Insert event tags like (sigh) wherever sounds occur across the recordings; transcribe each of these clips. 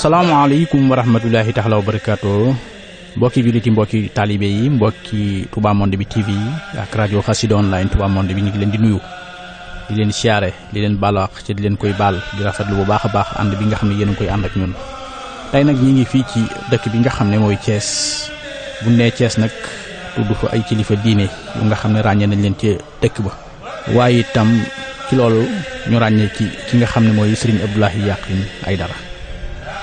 asalaamaaleykum wa rahmatulahi taala wa barakaatu mbokki jullit yi mbokki taalibe yi mbokki Touba Monde bi TV ak rajo Xassida online Touba tubaamonde bi ñu ngi leen di nuyu di leen siyaare di leen balaax ci di leen koy baal di rafetlu bu baax a baax ànd bi nga xam ne yéen koy ànd ak ñun. tey nag ñi ngi fii ci dëkk bi nga xam ne mooy Thiès bu nee cees nag tudd fa ay kilifa diine yu nga xam ne ràññee nañ leen ci dëkk ba waaye itam ci loolu ñu ràññee ci ki nga xam ne mooy Serigne Abdoulaye Yakhine Aidara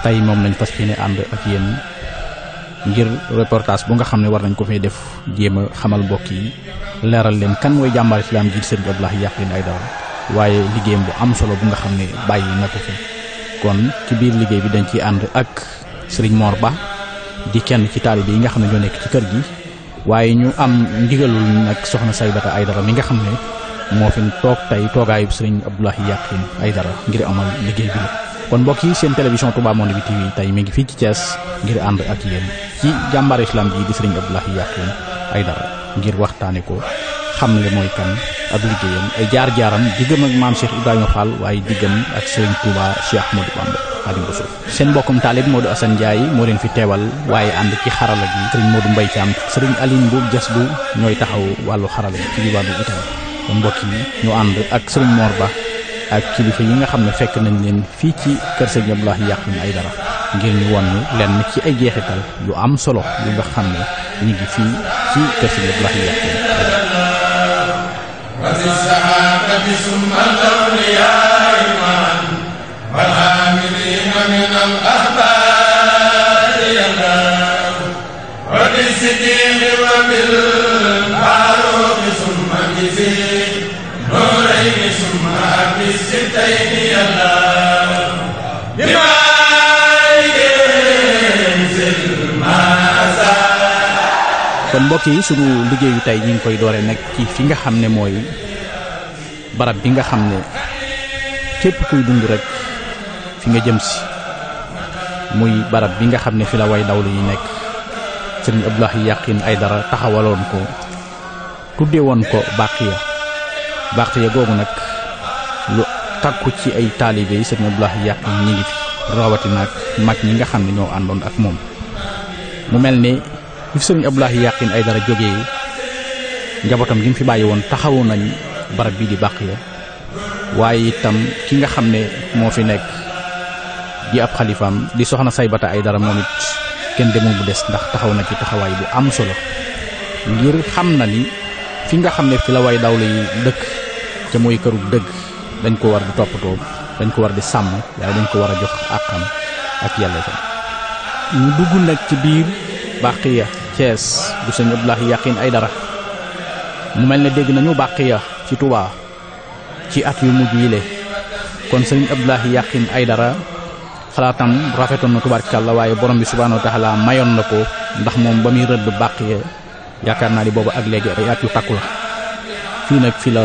tey moom nañ fas yéene ànd ak yéen ngir reportage bu nga xam ne war nañ ko fee def jéem a xamal mbokk yi leeral leen kan mooy ci jàmbaar islaam ji sëriñ Abdoulaye Yakhine Aidara waaye liggéeyam bu am solo bu nga xam ne bàyyi na ko fi kon ci biir liggéey bi dañ ciy ànd ak sëriñ moor Ba di kenn ci taalibe yi nga xam ne ñoo nekk ci kër gi waaye ñu am ndigalul nag soxna Saybata Aidara mi nga xam ne moo fi toog tey toogaayu sëriñ Abdoulaye Yakhine Aidara amal liggéey bi kon mbokk yi seen télévision Touba Monde bi TV tey mi ngi fii ci Thiès ngir ànd ak yéen ci jàmbaar islam ji di Serigne Abdoulaye Yakhoune Aidara ngir waxtaane ko xam le mooy kan ab liggéeyam ay jaar-jaaram diggam ak maam Cheikh Ibrahima Fall waaye diggam ak Serigne Touba Cheikh Ahmadou ak Xaadimu Rasuul seen mbokkum taalib Modou Assane Ndiaye moo leen fi teewal waaye ànd ci xarala gi Serigne Modou Mbaye Thiam Serigne Aline Mbour jas bu ñooy taxaw wàllu xarala ci diwaanu mbokk yi ñu ànd ak Serigne Ba ak kilifa yi nga xam ne fekk nañ leen fii ci kër sëñ Abdoulaye Yakhoune Aidara ngir ñu won ñu lenn ci ay jeexital yu am solo yu nga xam ne ñu ngi fii ci kër sëñ Abdoulaye Yakhoune Aidara الستين الله بما kon mbokk yi sunu liggéeyu tey ñu ngi koy doore nag ci fi nga xam ne mooy barab bi nga xam ne képp kuy dund rek fi nga jëm si muy barab bi nga xam ne fi la way dawlu yi nekk sëriñ Abdoulaye ay dara taxawaloon ko tudde woon ko bàq ya bàq ya googu nag lu takku ci ay taalibe yi sëñ Abdoulaye yàq ñi ngi fi rawatina mag ñi nga xam ne ñoo àndoon ak moom mu mel ne bi fi sëñ Abdoulaye Yàqin ay dara jógee njabootam gi mu fi bàyyi woon taxawu nañ barab bi di bàq ya waaye itam ki nga xam ne moo fi nekk di ab xalifaam di soxna saybata ay dara moom it kenn demul bu des ndax taxaw na ci taxawaay bu am solo ngir xam na ni fi nga xam ne fi la way dawle yi dëkk ca mooy kërug dëgg dañ ko war di toppatoo dañ ko war di sàmm waaye dañ ko war a jox àqam ak yàlla tam dugg nag ci biir bàq ya Cees bu sëñ Abdoulaye ay dara mu mel ne dégg nañu Baqiya ci Touba ci at yu mujj yile kon sëñ Abdoulaye Yaqin Aydara xalaatam rafetoon na tubaarkàlla waaye borom bi subhaanahu wa taala mayoon na ko ndax moom ba muy rëdd bàq Baqiya yaakaar naa ni boobu ak léegi ay at yu takku la fii nag fi la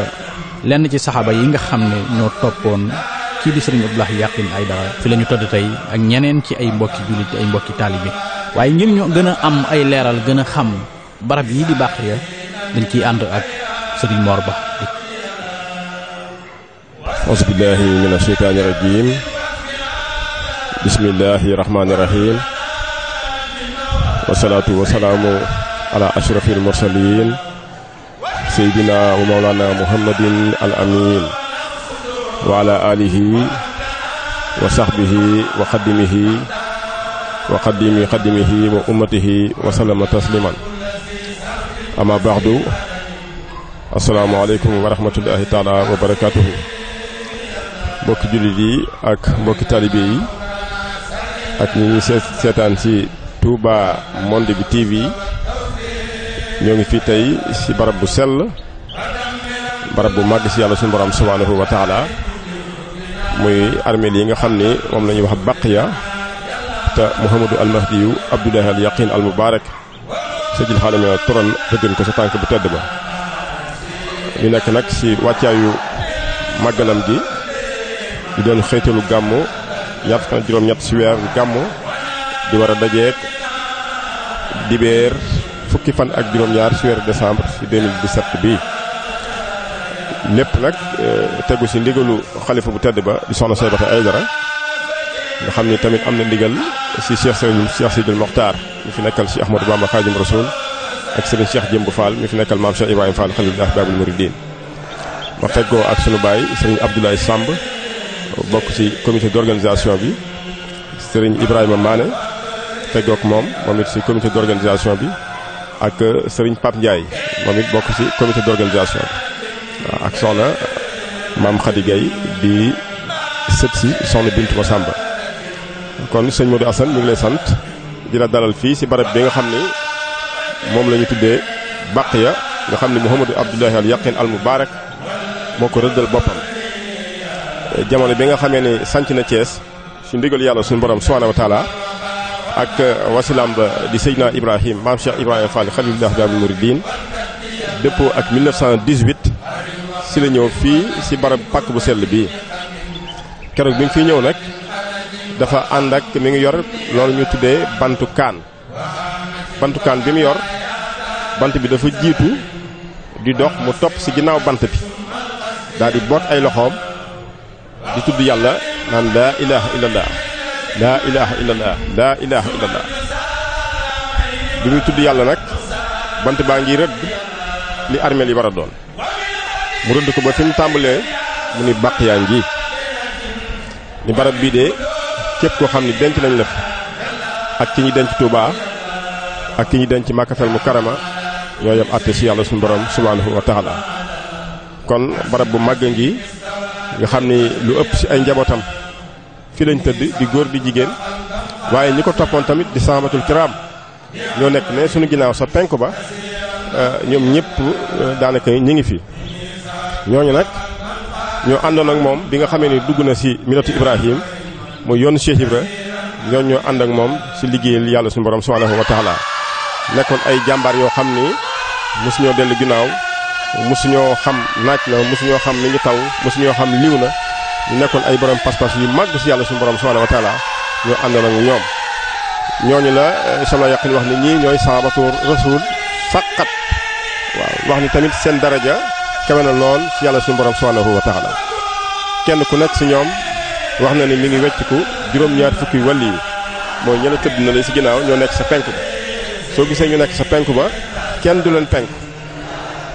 lenn ci saxaaba yi nga xam ne ñoo toppoon kii di sëriñ Abdoulaye Yakhine Aidara fi la todd tey ak ñeneen ci ay mbokki jullit ay mbokki taalibe waaye ngir ñu gën a am ay leeral gën a xam barab yi di baax ya dañ ciy ànd ak sëriñ Mor Ba. asbillahi min asheytaani rajim bismillahi rahmaani rahim wasalaatu wasalaamu ala ashrafil mursalin seydina wa mawlana muhammadin al amin wa ala alihi wa sahbihi wa xaddimihi wa xaddimi xaddimihi wa ummatihi wa sallama tasliman ama baxdu asalaamaaleykum wa rahmatullahi taala wa barakaatuhu mbokki jullit yi ak mbokki taalibe yi ak ñi ñuy seetaan ci Touba Monde bi TV ñoo ngi fii tey ci barab bu sell barab bu màgg ci yàlla suñu borom subhanahu wa taala muy armeel yi nga xam ni moom lañuy ñuy wax baqiya te Mouhamadou al Mahdiyu Abdoulahi al Yaqin al Mubarak sa jil xaale na turan rëggan ko sa tànk bu tedd ba ñu nekk nag ci wàccaayu màggalam gi di doon xëytalu gàmmu ñaar fukk ak juróom-ñett gàmmu di war a dajeek dibeer fukki fan ak juróom-ñaar ci weeru décembre ci 2017 bii. lépp nag euh, tegu ci ndigalu xalifa bu tedd ba di soxna ay Aydara nga xam ni tamit am na ndigal ci Cheikh Serigne Cheikh Sidil Mokhtar mi fi nekkal Cheikh Ahmadou Bamba Khadim Rasoul ak Serigne Cheikh Jëmb Fall mi fi nekkal maam Cheikh Ibrahima Fall Khalilullah Babul Mouridine ma feggoo ak sunu baay Serigne Abdoulaye sàmb bokk ci comité d'organisation bi Serigne Ibrahima Mané feggook moom moom it ci comité d'organisation bi ak euh, sëriñ Pape Ndiaye moom it bokk ci comité d'organisation waaw ak soxna maam Khady Gueye di sët si soxna Bintu Massamba kon sëñ Modou Assane ñu ngi lay sant di la dalal fii ci barab bi nga xam ni moom lañu tuddee tuddee ya nga xam ni Mouhamadou Abdoulahi al Yaqin al Mubarak moo ko rëddal boppam jamono bi nga xamee ni sanc na cees su ndigal yàlla suñ borom subhanahu wa ak euh, wasilaam ba di Seydina Ibrahim maam Cheikh Ibrahima Fall xalilullah daal muridin dëppoo ak 1918 si la ñëw fii si barab pàkk bu sell bi keroog bi mu fi ñëw nag dafa ànd ak mu ngi yor loolu ñu tuddee bantu kaan bantu kaan bi mu yor bant bi dafa jiitu di dox mu topp ci ginnaaw bant bi daal boot ay loxoom di tudd yàlla naan laa ilaha illallah laa ilaha illallah laa bi muy tudd yàlla nag bant baa ngi rëdd li armeel yi war a doon mu rëdd ko ba fi mu tàmbalee mu ni bàq yaa ngi ni barab bii de képp koo xam ne denc nañ la fi ak ki ñi denc Touba ak ki ñi denc Makkatal mu karama ñoo yem àtte ci yàlla suñu borom subhanahu wa taala kon barab bu màgg ngi nga xam ni lu ëpp ci ay njabootam fi lañ tëdd di góor di jigéen waaye ñi ko toppoon tamit di saamatul kiraam ñoo nekk ne suñu ginnaaw sa penku ba euh, ñoom ñëpp euh, daanaka ñi ngi fi. ñoo ñooñu nag ñoo àndoon ak moom bi nga xamee ni dugg na si milatu Ibrahim mu yoonu Cheikh Ibra ñooñu ñoo ànd ak moom si liggéeyal yàlla suñu borom subhanahu wa taala nekkoon ay jàmbaar yoo xam ni mosuñoo dellu ginnaaw mosuñoo xam naaj na mosuñoo xam ni ngi taw mosuñoo xam liw na. ñu nekkoon ay borom pas-pas yu màgg ci yàlla suñu borom subhanahu wa taala ñoo àndoon ñu ñoom ñooñu la eh, sama yaqin wax ni ñii ñooy saabatu rasul faqat waaw wax ni tamit seen daraja kawe na lool ci yàlla suñu borom subhanahu wa taala kenn ku nekk ci ñoom wax na ni mi ngi wecciku juróom-ñaar fukki wàll yi mooy ñëla tëdd na la ci ginnaaw ñoo nekk sa penku ba soo gisee ñu nekk sa penku ba kenn du leen penk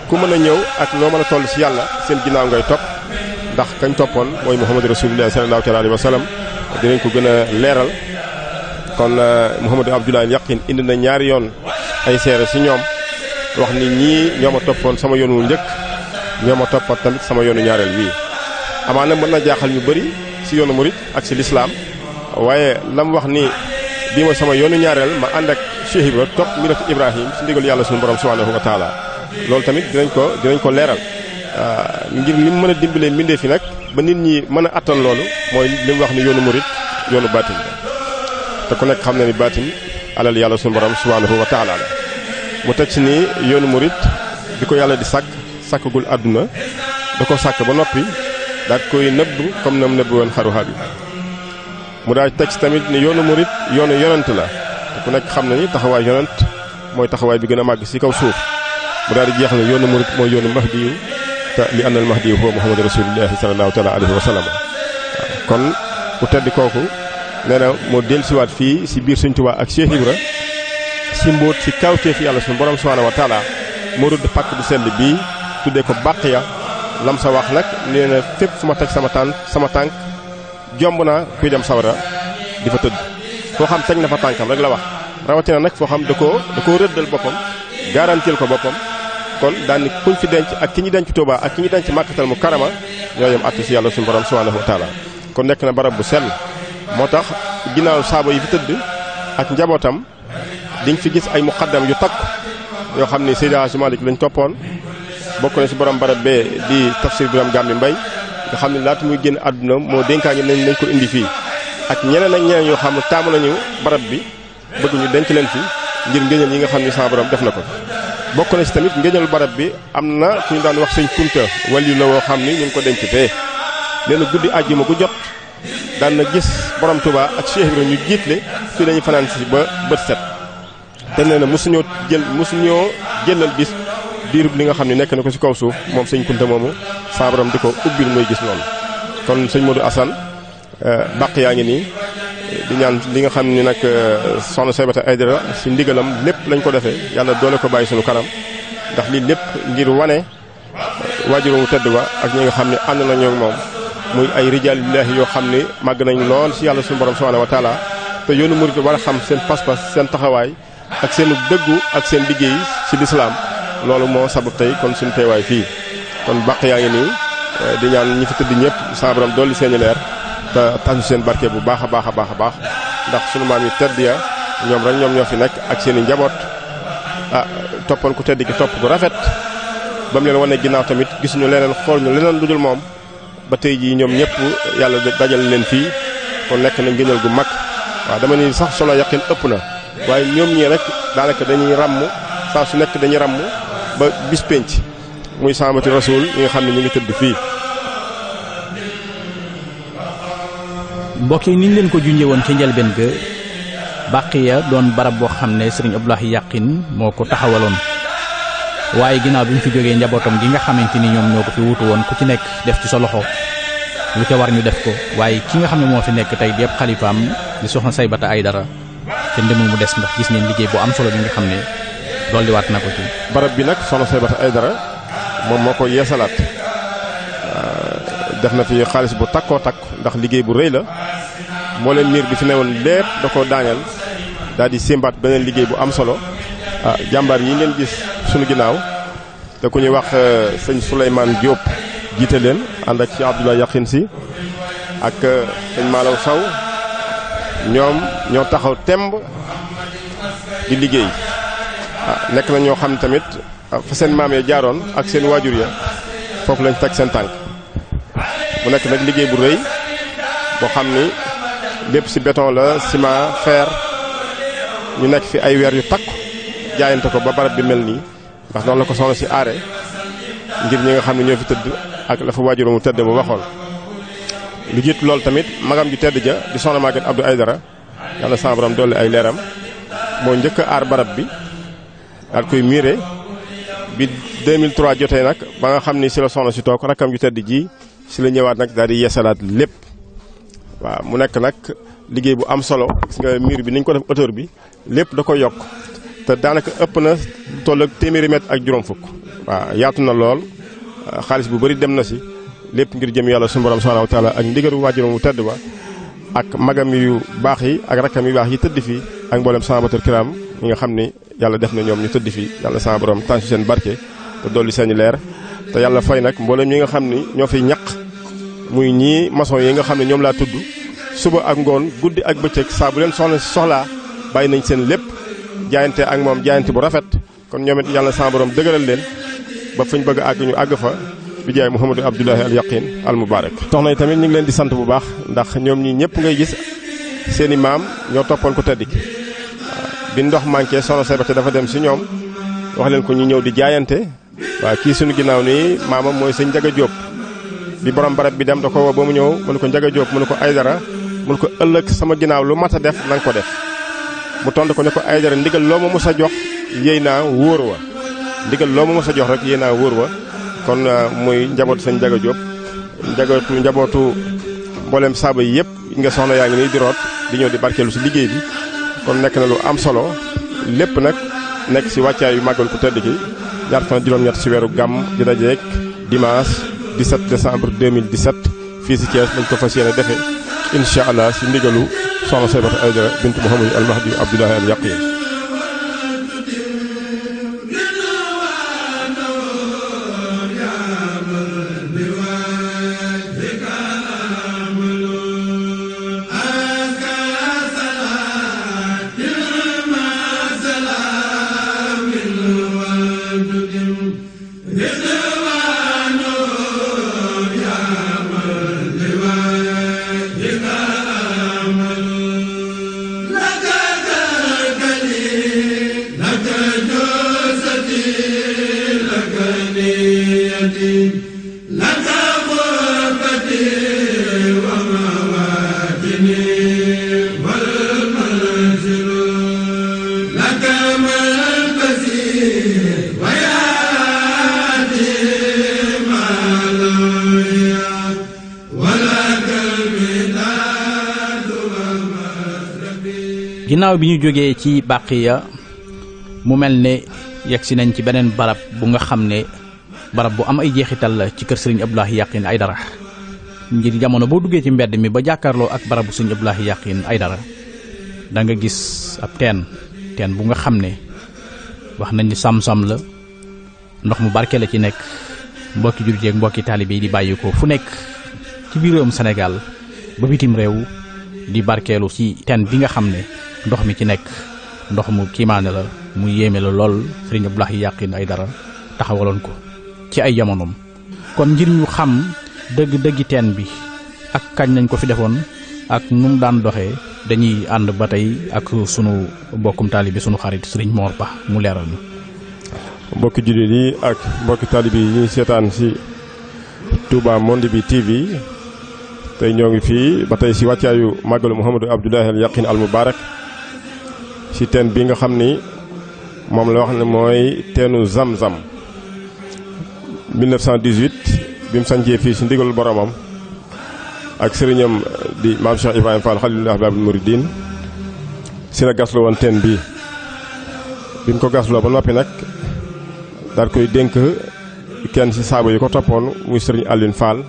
ku mën a ñëw ak loo mën a toll ci yàlla seen ginnaaw ngay topp ndax kañ toppoon mooy Muhammad Rasulullah sallallahu taala alayhi wa sallam dinañ ko gën a leeral kon euh, Muhammad Abdoulaye Yaqin indi na ñaari yoon ay seere si ñoom wax ni ñii ñoo ma toppoon sama yoon wu njëkk ñoo ma toppat tamit sama yoonu ñaareel wii amaana mën na jaaxal yu bari si yoonu murit ak si lislaam waaye lam wax ni bii mooy sama yoonu ñaareel ma ànd ak Cheikh Ibra topp milatu Ibrahim si ndigal yàlla suñu borom subhanahu wa taala loolu tamit dinañ ko dinañ ko leeral Euh, ngir li mën a dimbalee mbindee fi nag ba nit ñi mën a attan loolu mooy li wax ni yoonu murit yoonu baatin te ku nekk xam na ni baatin alal yàlla sunu borom subhaanahu wa taala la mu teg ci ni yoonu murit bi ko yàlla di sàkk sàkkagul àdduna da ko sàkk ba noppi daat koy nëbb comme nam nëbb woon xaru bi mu daa teg ci tamit ni yoonu murit yoonu yonent la te ku nekk xam na ni taxawaay yonent mooy taxawaay bi gën a màgg ci kaw suuf mu daal di jeex ne yoonu murit mooy yoonu mahdi li anna al mahdi huwa muhammadu rasulillahi sallallahu taala alayhi wa sallam kon ku tedd kooku nee na moo dellusiwaat fii si biir Sëñ Tuubaa ak Cheikh Ibra si mbóot si kawteef yàlla suñu borom subhaanahu wa taala moo rëdd pakk bu sell bii tuddee ko bàq ya lam sa wax nag nee na fépp fu ma teg sama tànk sama tànk jomb naa kuy dem sawara di fa tëdd foo xam teg na fa tànkam rek la wax rawatina nag foo xam da koo da koo rëddal boppam garantil ko boppam kon daan ni kuñ fi denc ak ki ñu denc Touba ak ki ñu denc màkkatal mu karama ñoo yem àtte si yàlla suñu borom subhanahu wa taala kon nekk na barab bu sell moo tax ginnaaw saabo yi fi tëdd ak njabootam diñ fi gis ay muqaddam yu takk yoo xam ni Seydi Hadji Malick lañ toppoon bokk na si borom barab bee di tafsir Biram Gambi Mbay nga xam ne laata muy génn àdduna moo dénkaane nañ nañ ko indi fii ak ñeneen ak ñeneen yoo xam ne taamu nañu barab bi bëgguñu denc leen fi ngir ngëneel yi nga xam ne sa def na ko bokk na si tamit ngëñal barab bi am na ku ñu daan wax sëñ wal yi la woo xam ni ñu ko denc fee nee na guddi àjjuma gu jot daan na gis borom Touba ak Cheikh Ibrahima ñu jiitle fii lañu fanaan si ba bët set te nee na mosuñoo jël mosuñoo jëlal bis diirub li nga xam ne nekk na ko si kaw suuf moom sëñ Kunta moomu saa di ko ubbil muy gis noonu kon sëñ Modou Assane euh, bàq yaa ngi nii di ñaan li nga xam ni nag euh, soxna Saybata Aydara si ndigalam lépp lañ ko defee yàlla doole ko bàyyi suñu kanam ndax lii lépp ngir wane waajuru tedd wa ak ñi xam ne ànd nañu ak moom muy ay rijaalillahi yoo xam ni màgg nañ lool si yàlla suñu borom subhanahu wa taala te yoonu murid war a xam seen pas-pas seen taxawaay ak seen dëggu ak seen liggéey si lislaam loolu moo sabab tey kon suñu teewaay fii kon bàq yaa ngi nii di ñaan ñi fi tëdd ñëpp saa borom seeni leer te tax seen barke bu baax a baax a baax a baax ndax sunu maam yi tedd ya ñoom rek ñoom ñoo fi nekk ak seen i njaboot ah toppoon ku tedd ki topp ku rafet ba mu leen wane ginnaaw tamit gisuñu leneen xool ñu leneen lu jul moom ba tey jii ñoom ñëpp yàlla dajal leen fii kon nekk na ngëneel gu mag waaw dama ni sax solo yaqin ëpp na waaye ñoom ñii rek daanaka dañuy ràmm saa su nekk dañuy ràmm ba bis penc muy saamati rasul yi nga xam ne ñu ngi tëdd fii mbokk yi niñ leen ko junjee woon ci njëlbeen ga ya doon barab boo xam ne sëriñ Abdoulaye Yaqin moo ko taxawaloon waaye ginnaaw bi ñu fi jógee njabootam gi nga xamante ni ñoom ñoo ko fi wutu woon ku ci nekk def ci sa loxo lu ca war ñu def ko waaye ki nga xam ne moo fi nekk tey yëpp xalifaam di soxna Saybata Aydara te ndemul mu des ndax gis ngeen liggéey bu am solo bi nga xam ne dolliwaat na ko ci. barab bi nag soxna Saybata Aydara moom moo ko yeesalaat. def na fi xaalis bu takkoo takk ndax liggéey bu rëy la moo leen miir bi fi newoon lépp da ko daaneel daal di simbaat beneen liggéey bu am solo ah jàmbaar yi ngeen gis sunu ginnaaw te ku ñuy wax eh, sëñ Souleymane Diop jiite leen ànd ak Cheikh Abdoulaye Yakhine Sy ak eh, sëñ Malaw Sow ñoom ñoo taxaw temb di liggéey ah, nekk na ñoo xam tamit ah, fa seen maam ya jaaroon ak seen waajur ya foofu lañ teg seen tànk mu nekk nag liggéey bu rëy boo xam ni lépp ci beton la ciment fer ñu nekk fi ay weer yu takku jaayante ko ba barab bi mel nii ndax noonu la ko soxla ci aare ngir ñi nga xam ne ñoo fi tëdd ak la fa waajuroo mu tëdd ba waxoon lu jiitu loolu tamit magam ju tedd ja di soxna Maguette Abdou Aydara yàlla sama borom dolli ay leeram moo njëkk aar barab bi daal koy miire bi 2003 jotee nag ba nga xam ni ci la soxna si toog rakkam ju tedd ji si la ñëwaat nag daal di yeesalaat lépp waaw mu nekk nag liggéey bu am solo gis nga mur bi niñ ko def hauteur bi lépp da ko yokk te daanaka ëpp na toll ak téeméeri mètre ak juróom fukk waaw yaatu na lool ah, xaalis bu bari dem na si lépp ngir jëm yàlla su borom subhanahu wa taala ak ndigalu waajuram mu tedd ba ak magam yu baax yi ak rakkam yu baax yi tëdd fii ak mboolem sahabatul kiram ñi nga xam ni yàlla def na ñoom ñu tëdd fii yàlla sama borom tànn si seen barke te dolli seen leer te yàlla fay nag mboolem ñi nga xam ni ñoo fi ñaq muy ñii maçon yi nga xam ne ñoom laa tudd suba ak ngoon guddi ak bëccëg saa bu leen soxla soxlaa bàyyi nañ seen lépp jaayante ak moom jaayante bu rafet kon ñoom yàlla sama borom dëgëral leen ba fuñ bëgg àgg ñu àgg fa bi jaay Mouhamadou Abdoulahi al yaqin al mubarak soxna yi tamit ñu ngi leen di sant bu baax ndax ñoom ñii ñëpp ngay gis seen i maam ñoo toppoon ko teddik bi ndox manqué soxna Sébata dafa dem si ñoom wax di jaayante waaw kii suñu ginnaaw nii maamam mooy sëñ Njaga Jóob bi borom barab bi dem da ko ba mu ñëw mu ne ko Njaga Jóob mu ne ko Aydara mu ne ko ëllëg sama ginnaaw lu mat a def na nga ko def mu tontu ko ne ko Aydara ndigal loo ma mos a jox yéy naa wóor wa ndigal loo ma mos a jox rek yéy naa wóor wa kon euh, muy njabootu sëñ Njaga Jóob njabootu njabootu mboolem saaba yi yëpp yi nga soxna yaa ngi nii di root di ñëw di barkeelu si liggéey bi kon nekk na lu am solo lépp nag nekk si wàccaay yu màggal ku tëdd ki ñaar fan juróom-ñett ci weeru gàmm di dajeek dimanche 17 décembre 2017 fii si Thiès lañ ko fas yéene defee incha allah ci ndigalu soxna Saybata Aydara bint Mouhamadou Al Mahdi Abdoulaye Al Yaqin ginnaaw bi ñu jógee ci bàq ya mu mel ne yegsi nañ ci beneen barab bu nga xam ne barab bu am ay jeexital la ci kër sëriñ Abdoulaye ay dara ngir jamono boo duggee ci mbedd mi ba jàkkaarloo ak barabu sëriñ Abdoulaye Yakhine ay da danga gis ab teen teen bu nga xam ne wax nañ ni sam-sam la ndox mu barke la ci nekk mbokki jur jeeg mbokki taalibe yi di bàyyi ko fu nekk ci biir réewum Sénégal ba bitim réew di barkeelu ci teen bi nga xam ne ndox mi ci nekk ndox mu kiimaane la mu yéeme la lool sëriñ Abdou Lahi Yaqin ay dara taxawaloon ko ci ay jamonoom kon ngir ñu xam dëgg dëggi teen bi ak kañ nañ ko fi defoon ak nu mu daan doxee dañuy ànd ba tey ak sunu mbokkum bi sunu xarit sëriñ Mor Ba mu leeral ñu mbokki jullit yi ak mbokki taalibi yi ñuy seetaan ci Touba Monde bi TV tey ñoo ngi fii ba tey si wàccaayu màggalu Mouhamadou Abdoulahi al Yaqin al Mubarak ci teen bi nga xam ni moom la wax ne mooy teenu Zamzam 1918 bi mu sancee fii si ndigal boromam ak sëriñam di maam Cheikh Ibrahima Fall Xalilullah Baabul Muridin si la gaslu woon teen bii bi mu ko gasloo ba noppi nag daal koy dénk kenn si saaba yi ko toppoon muy sëriñ Alioune Fall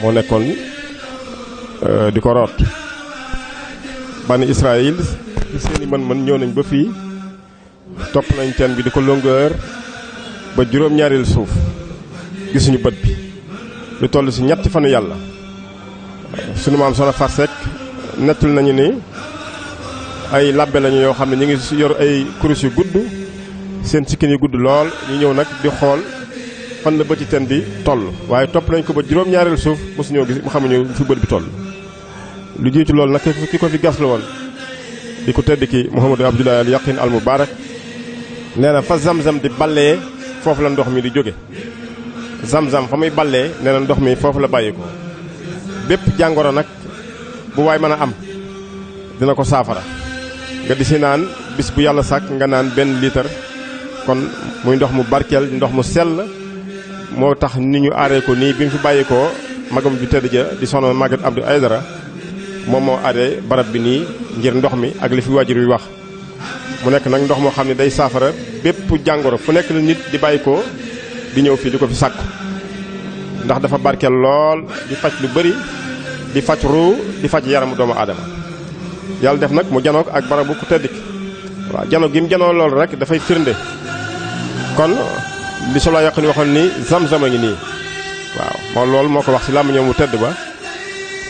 moo nekkoon Euh, di ko root bani Israël ci seen i mën-mën ñëw nañ ba fii topp nañ teen bi di ko longueur ba juróom-ñaareelu suuf gisuñu bët bi lu toll si ñetti fanu yàlla sunu maam soxna Far Seck nettul nañu ni ay labbe lañu yoo xam ne ñu ngi yor ay kurus yu gudd seen sikkin yu gudd lool ñu ñëw nag di xool fan la bëti teen bi toll waaye topp nañ ko ba juróom-ñaareelu suuf mosuñoo gis mu xamuñu fi bët bi toll lu jiitu loolu nag ki ko fi gas la woon di ko tëdd ki Mouhamadou Abdoulaye al Yaqin al Mubarak nee na fa zam-zam di balee foofu la ndox mi di jóge zam-zam fa muy ballee nee na ndox mi foofu la bàyyi ko bépp jàngoro nag bu waay mën a am dina ko saafara nga di si naan bis bu yàlla sàkk nga naan benn litre kon muy ndox mu barkeel ndox mu sell moo tax ni ñu aaree ko nii bi mu fi bàyyi ko magam ju tedd ja di soxna Maguette Abdou Aydara moom moo aaree barab bi nii ngir ndox mi ak li fi waajur wi wax. mu nekk nag ndox moo xam ne day saafara bépp jàngoro fu nekk la nit di bàyyi ko di ñëw fii di ko fi sàkku ndax dafa barkeel lool di faj lu bari di faj ruu di faj yaramu doomu aadama yàlla def nag mu janook ak barabu ku tedd ki waaw janook gi mu janoo lool rek dafay firnde kon. li solo yàq ni waxoon ni zam-zam a ngi nii waaw moom loolu moo ko wax ci làmmiñam mu tedd ba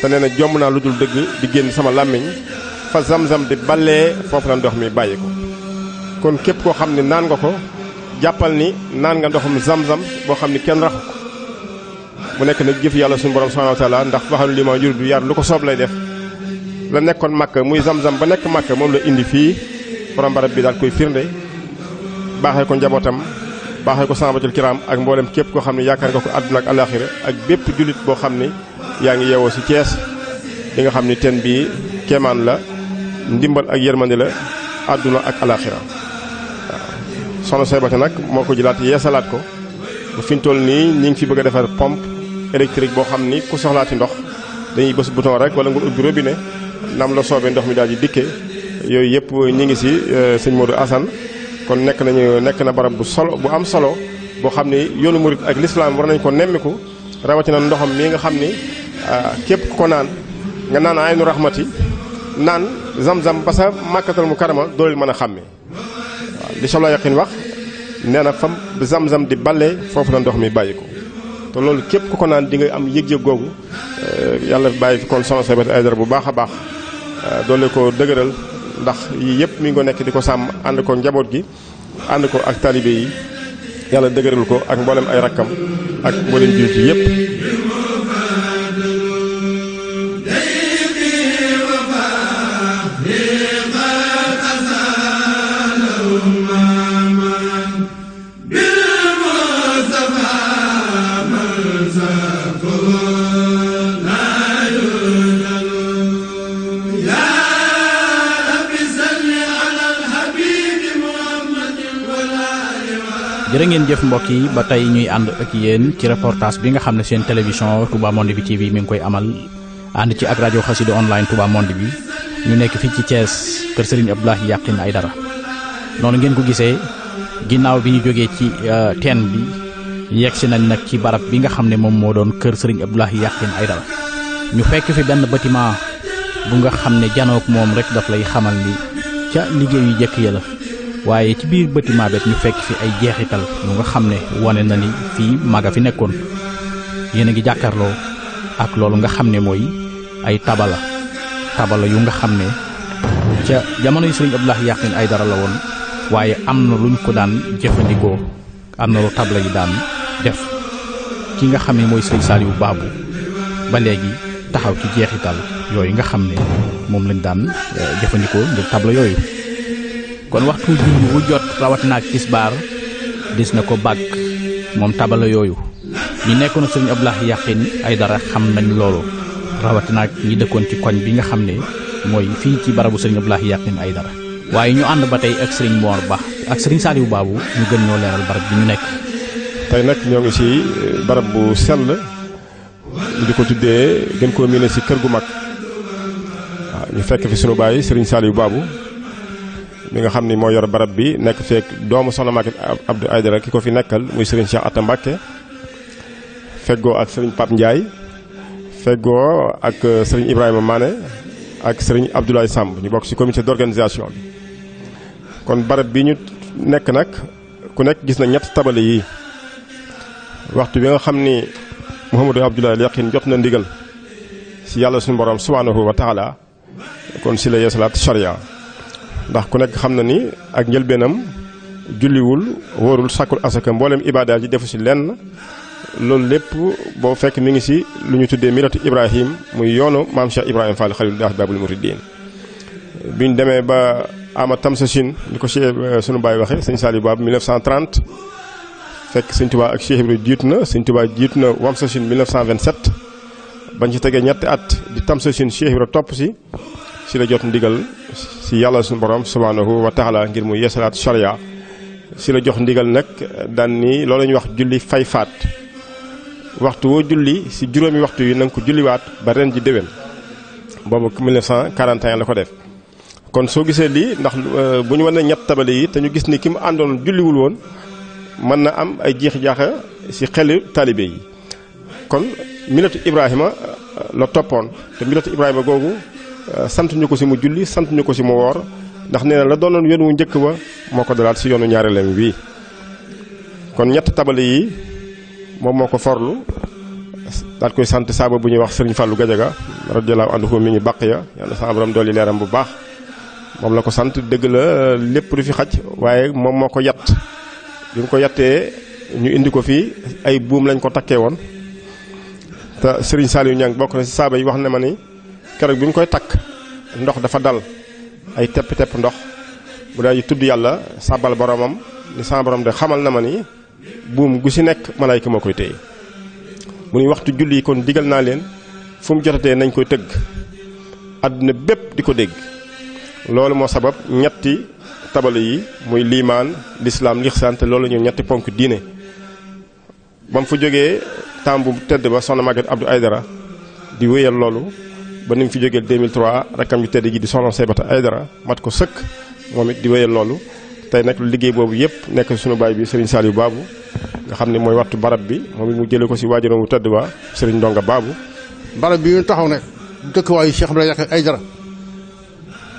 te nee na jomb naa lu dul dëgg di génn sama làmmiñ fa zam-zam di ballee foofu la ndox mi bàyyi ko kon képp koo xam ne naan nga ko jàppal ni naan nga ndoxum zam-zam boo xam ni kenn raxu ko mu nekk nag jëf yàlla suñu borom subhanahu wa ndax waxanu li ma jur du yar lu ko soob def la nekkoon màkk muy zam-zam ba nekk màkk moom la indi fii borom barab bi daal koy firnde baaxee ko njabootam baaxee ko sahabatul kiram ak mboolem képp ko xam ne yaakaar nga ko àdduna ak alaxira ak bépp jullit boo xam ne yaa ngi yeewoo ci Thiès di nga xam ni ten bii kemaan la ndimbal ak yërmande la àdduna ak alaxira waaw soxna Soybata nag moo ko jëlaat yeesalaat ko ba fi ñu toll nii ñu ngi fi bëgg a defar pompe électrique boo xam ni ku soxlaati ndox dañuy bës bouton rek wala nga ubbi robine nam la soobee ndox mi daal di dikke yooyu yëpp ñu ngi si euh, sëñ Modou Assane kon nekk nañu nekk na barab bu solo bu am solo boo xam ni yoonu murit ak lislaam war nañ ko nemmiku rawatina ndoxam mii nga xam ni ah, képp ku ko naan nga naan a aynu raxmati naan zam-zam ba sa màkkatal mu karama dooleel mën a xàmme waaw li soxla yaqin wax nee na fam zam-zam di balle foofu la ndox mi bàyyi ko te loolu képp ku ko naan di nga am yëg-yëg googu eh, yàlla bàyyi fi kon soxna Sébét Aïdara bu baax a baax eh, doole ko dëgëral ndax yii yëpp mu ngi ko nekk di ko sàmm ànd ko njaboot gi ànd ko ak taalibe yi yàlla dëgëral ko ak mboolem ay rakkam ak mboolem jullit yi yëpp ngeen jëf mbokk yi ba tey ñuy ànd ak yéen ci reportage bi nga xam ne seen télévision Touba Monde bi TV mi ngi koy amal ànd ci ak rajo xasida online Touba Monde bi ñu nekk fii ci Thiès kër Serigne Abdoulaye Yakhine Aidara noonu ngeen ko gisee ginnaaw bi ñu jógee ci euh, teen bi yegg si nañ nag ci barab bi nga xam ne moom moo doon kër Serigne Abdoulaye Yakhine Aidara ñu fekk fi benn bâtiment bu nga xam ne janook moom rek daf lay xamal ni ca liggéey yu jëkk ya waaye ci biir bëti maabet ñu fekk fi ay jeexital yu nga xam ne wane na ni fii maga fi nekkoon yéen a ngi jàkkaarloo ak loolu nga xam ne mooy ay tabala tabala yu nga xam ne ca jamonoy sëriñ Abdoulaye Yaqin ay dara la woon waaye am na luñ ko daan jëfandikoo am na lu tabla yi daan def ki nga xam ne mooy sëriñ Saliou baabu ba léegi taxaw ci jeexital yooyu nga xam ne moom lañ daan eh, jëfandikoo ngir tabla yooyu kon waxtu julli wu jot rawatinaak naak tisbaar dis na ko bàkk moom tabala yooyu ñi nekkoon sëriñ Abdoulaye Yakhine ay dara xam nañ loolu rawat naak ñi dëkkoon ci koñ bi nga xam ne mooy fii ci barabu sëriñ Abdoulaye Yakhine ay dara waaye ñu ànd ba tey ak sëriñ Mor Ba ak sëriñ Saliou Babou ñu gën ñoo leeral barab bi ñu nekk tey nag ñoo ngi ci eh, barab bu sell di ko tuddee gën koo miine ci kër gu mag waaw ñu fekk fi sunu baay sëriñ Saliou Babou bi nga xam ni moo yor barab bi nekk feek doomu soxna Maguette Abdou Aidara ki ko fi nekkal muy sëriñ Cheikh Atta Mbacke feggoo ak sëriñ Pape Ndiaye feggoo ak euh, sëriñ Ibrahima Mané ak sëriñ Abdoulaye Samb ñu bokk ci comité d'organisation bi kon barab bi ñu nekk nag ku nekk gis na ñett tabale yi waxtu bi nga xam ni Mouhamadou Abdoulaye al Yaqin jot na ndigal ci yàlla suñu borom subhanahu wa taala kon si la yeesalaat charia ndax ku nekk xam na ni ak njëlbeenam julliwul wóorul sàkkul asaka mbooleem ibaada ji defu si lenn loolu lépp boo fekk mi ngi si lu ñu tuddee milatu Ibrahim muy yoonu maam Cheikh Ibrahim Fall Xalilullaah Baabul Muridiin bi ñu demee ba ama tam Chine ni ko Cheikh euh, sunu baay waxee sëñ Saliou Baab 1930 fekk sëñ Tuubaa ak Cheikh Ibrahim jiitu na sëñ Tuubaa jiitu na wamsa Chine 1927 bañ ci tegee ñetti at di tamsa Chine Cheikh topp si. ci la jot ndigal si yàlla suñu borom subhanahu wa taala ngir mu yeesalaat sharia si la jox ndigal nag daan ni loolu la ñuy wax julli fay faat waxtu woo julli si juróomi waxtu yi na ko julliwaat ba ren ji déwén boobu 1941 la ko def. kon soo gisee lii ndax euh, bu ñu wane ñett tabale yi te ñu gis ni ki mu àndoon julliwul woon mën na am ay jeex jaaxa si xelu taalibe yi kon milatu Ibrahima euh, la toppoon te milatu Ibrahima googu. Euh, santuñu ko si mu julli santuñu ko si mu woor ndax nee na la doonoon yoon wu njëkk ba moo ko dalaat si yoonu ñaareelam wii kon ñett tabale yi moom moo ko forlu daal koy sant saaba bu ñuy wax sëriñ Fallou Gadiaga radiyallahu anhu mi ngi bàq ya yàlla sa abaram dool yi leeram bu baax moom la ko sant dëgg la lépp lu fi xaj waaye moom moo ko yat bi mu ko yattee ñu indi ko fii ay buum lañ ko takkee woon te sëriñ Saliou Niang bokk na saaba yi wax na ma ni keroog bi mu koy takk ndox dafa dal ay tepp-tepp ndox mu daal tudd yàlla sàbbal boromam ni sama borom de xamal na ma ni buum gu ci nekk malayka moo koy téye mu ni waxtu julli kon digal naa leen fu mu jotatee nañ koy tëgg àdduna bépp di ko dégg loolu moo sabab ñetti tabalu yi muy liimaan lislaam lixsaan te loolu ñoom ñetti ponk diine ba mu fa jógee tàmbu tedd ba soxna Maguette abdu Aydara di wéyal loolu ba ni mu fi jógee 2003 rakkam ju tedd ji di soxna ay dara mat ko sëkk moom it di wéyal loolu tey nag liggéey boobu yëpp nekk suñu baay bi Serigne Saliou Babou nga xam ne mooy wattu barab bi moom it mu jëlee ko si waajuram bu tedd ba Serigne Ndonga Babou. barab bi taxaw ne dëkkwaayu Cheikh Ibrahima Yakh Aydara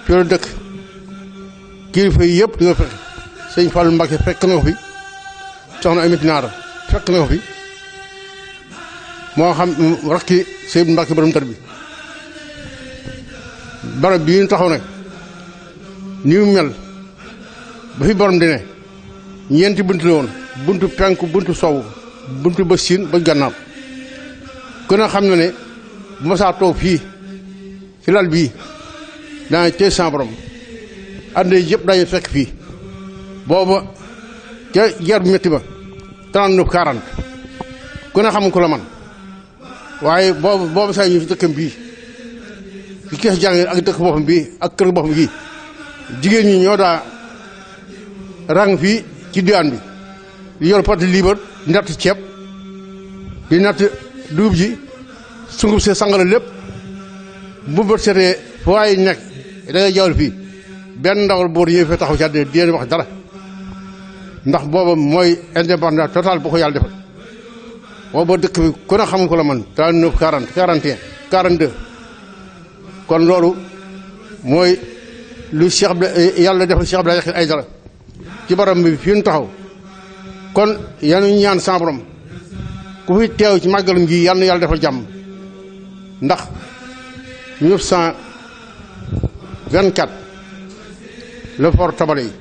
fi la dëkk kilifa yi yëpp di nga fekk sëñ Fallou Mbacke fekk na ko fi soxna Amit Naara fekk na ko fi moo xam rakki sëñ Mbacke borom tër bi. barab bii ñu taxaw nag mu mel ba fi borom di ñeenti bunt la woon buntu penku buntu sow buntu ba siin ba gannaaw gën a xam na ne bu ma saa toog fii ci lal bii daañu tey sa borom ànd yëpp daañu fekk fii booba ca jar bu métti ba trente-neuf quarante gën a xam ku la man waaye boobu boobu saa ñu fi bii ki kees jàng ak dëkk boppam bi ak kër boppam gi jigéen ñi ñoo daa rang fii ci diwaan bi di yor pati liibar di natt ceeb di natt dugub ji sungub see sangala lépp bu bët seetee foo ay nekk da ngay jawal fii benn ndawal boor ñëw fee taxaw ci àddina di leen wax dara ndax booba mooy indépendance totale bu ko yàlla defal booba dëkk bi ku ne xam ko la man trente-neuf quarante kon loolu mooy lu Cheikh yàlla defal Cheikh Abdoulaye Yakhine Aidara ci baram bi fi ñu taxaw kon yal ñaan sa borom ku fi teew ci màggalum gi yal yàlla defal jàmm ndax 1924 la for tabale yi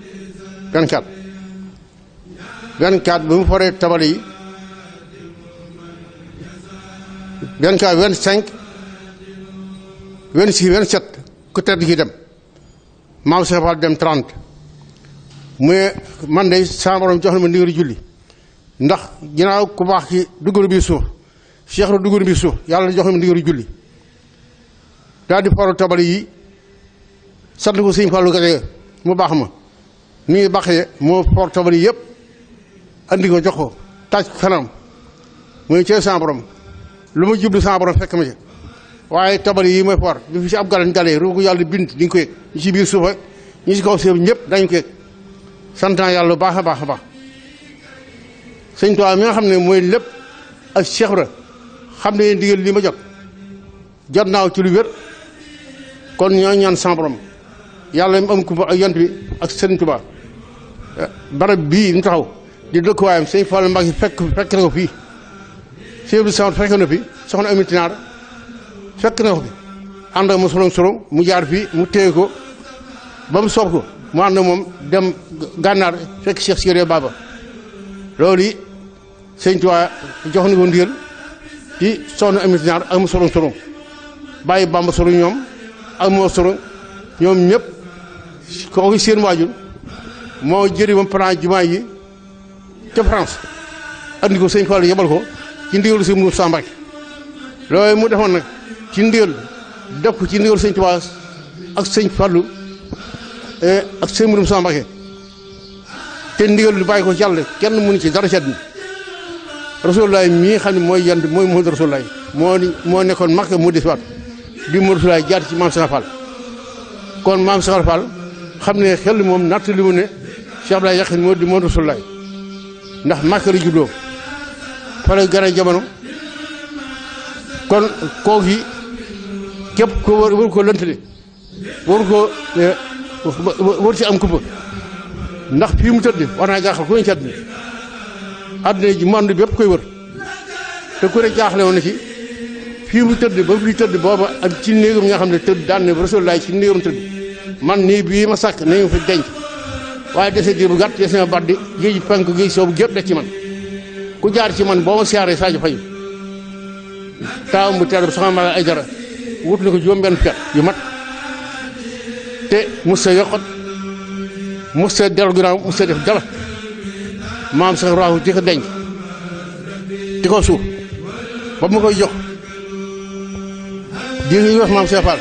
24 24 bi mu foree tabale yi 24 25 vingt six vingt sept ku tedd ki dem maam Cheikh Fall dem trente mu ne man de sama borom jox na ma ndigal julli ndax ginnaaw ku baax ki duggalu bi suuf Cheikh la duggalu bi yàlla jox na ma ndigal julli daal di foro tabal yi sant ko sëñ Fallou Gaye mu baax ma ni ngi baaxee moo foro tabal yi yëpp andi ko jox ko tàcc kanam muy cee sama borom lu ma jublu sama borom fekk ma ci waaye tabar yi mooy for ñu fi si ab galan gale ru ko yàlla bind di nga ko yëg ñu si biir suufa ñu si kaw suuf ñëpp dañ ko yëg sant baax a baax a baax sëñ mi nga xam ne mooy lépp ak Cheikh Ibra xam ne ndigal li ma jot jot naaw ci lu wér kon ñoo ñaan sama yàlla mu am kumpa ak yant bi ak sëñ Tuubaa barab bii ñu taxaw di dëkkuwaayam sëñ Fall Mbacke fekk fekk na ko fii sëñ Abdou Samad fekk na fi soxna Ami Tinaar fekk na ko fi ànd ak ma solong mu jaar fii mu téye ko ba mu soob ko mu ànd moom dem gànnaar fekk Cheikh Siré Baba loolu yi sëñ Tuubaa jox na ko ndigal ci soxna amit ñaar ak ma solong solong bàyyi Bàmba solong ñoom ak moo solong ñoom ñëpp kooku seen waajur moo jëri moom plan jumaa yi ca France andi ko sëñ Fall yebal ko ci ndigalu si mu loolu mu defoon nag ci ndigal def ko ci ndigal sëñ Tuubaa ak sëñ Fallu eh, ak sëñ Murum Sama Mbàkke te ndigal lu bàyyi ko ci kenn mënu ci dara ci àddina Rasulullah mii xam ne mooy yant mooy Muhammadu Rasulullah moo moo nekkoon Makka mu des waat bi mu Rasulullah jaar ci maam Saxar Fall kon maam Saxar Fall xam ne xel moom natt li mu ne Cheikh Abdoulaye Yakhine moo di moo Rasulullah ndax Makka la juddoo fa la gën a jamono kon kooku képp ko war ko lëntale eh, war ko war ci am kumpa ndax fii mu tëdd war naa jaaxal ku ne ci àdduna àdduna ji monde bi koy wër te ku ne jaaxle woon na ci fii mu tëdd ba fii tëdd booba am ci néegam nga xam ne tëdd daan ne Rasulullaay ci néegam tëdd man nii bii ma sàkk nañu fi denc waaye dese diir bu gàtt dese ma baddi géej penk géej soobu gépp def ci man ku jaar ci man boo ma siyaaree Sadio Faye taawam bu teel sama mag ay dara wut na ko juróom-benn kat yu mat te mos a yokkut mos a dellu ginnaaw mos a def dala maam sax raaxu di ko denc di ko suuf ba mu koy jox di ñuy wax maam Cheikh Fall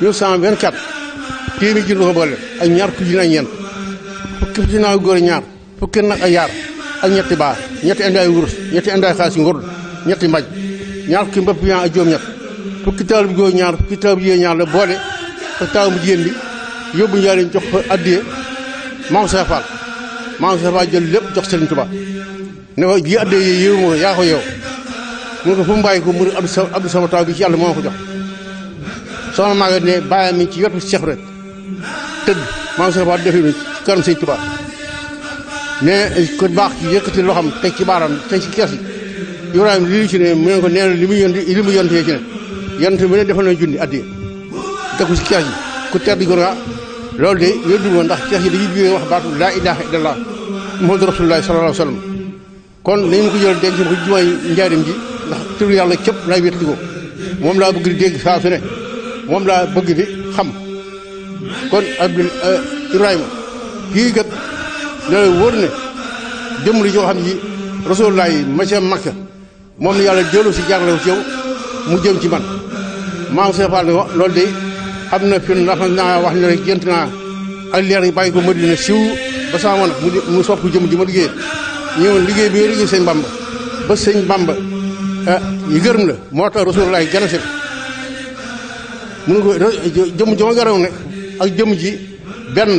1924 téeméer ji ko boole ak ñaar fukki junni ak ñeent fukki fukki naaw góor ñaar fukki na ay yaar ak ñetti baa ñetti indaay wurus ñetti indaay xaalis ngurdu ñetti mbaj ñaar fukki mbëpp yaa ak juróom-ñett fukki taal bi góor ñaar fukki taal bi jigéen ñaar la boole te taal bu jigéen bi yóbbu njaay lañ jox ko addiye maam Cheikh Fall maam Cheikh Fall jël lépp jox Serigne Touba ne ko ji addiye yi yéewu ma ko yaa ko yow mu ne ko fu mu bàyyi ko mu ne abdu sama taw bi ci yàlla moo ma ko jox soxna maa ne bàyyi mi ci yotu Cheikh rek tëdd maam Cheikh Fall defi ci kanam Serigne Touba ne ko baax ci yëkkati loxam teg ci baaram teg ci kersi Ibrahima li li ci ne mu ne ko nee na li mu yonti li mu yontee ci ne yonent bi ne defal nañ junni addiya def ko si ceex yi ku tedd ko nga loolu de yëdduma ndax ceex yi dañuy jógee wax baatu laa ilaha illallah muhammadu rasulullah sallallahu alayhi wa sallam kon nañ ma ko jël denc ma ko jumaay njaarim ji ndax turu yàlla cëpp laay wéetli ko moom laa bëgg di dégg saa su ne moom laa bëgg di xam kon abdul eh, ibrahima kii gat ne la wóor ne jëmm li joo xam ji rasulullah yi macha makka moom la yàlla jëlu si jaarale ko ci yow mu jëm ci man maam Cheikh Fall ne am na fi ndax naa wax ne rek gént naa ak leer ko Madina siw ba sama nag mu sopp jëm ji ma liggéey ñëwoon liggéey bi nga liggéey sëñ Bamba ba sëñ Bamba yi ah, gërëm la moo tax Rasulullah gën a set mun ko jëm ji ma garaw ne ak jëm ji benn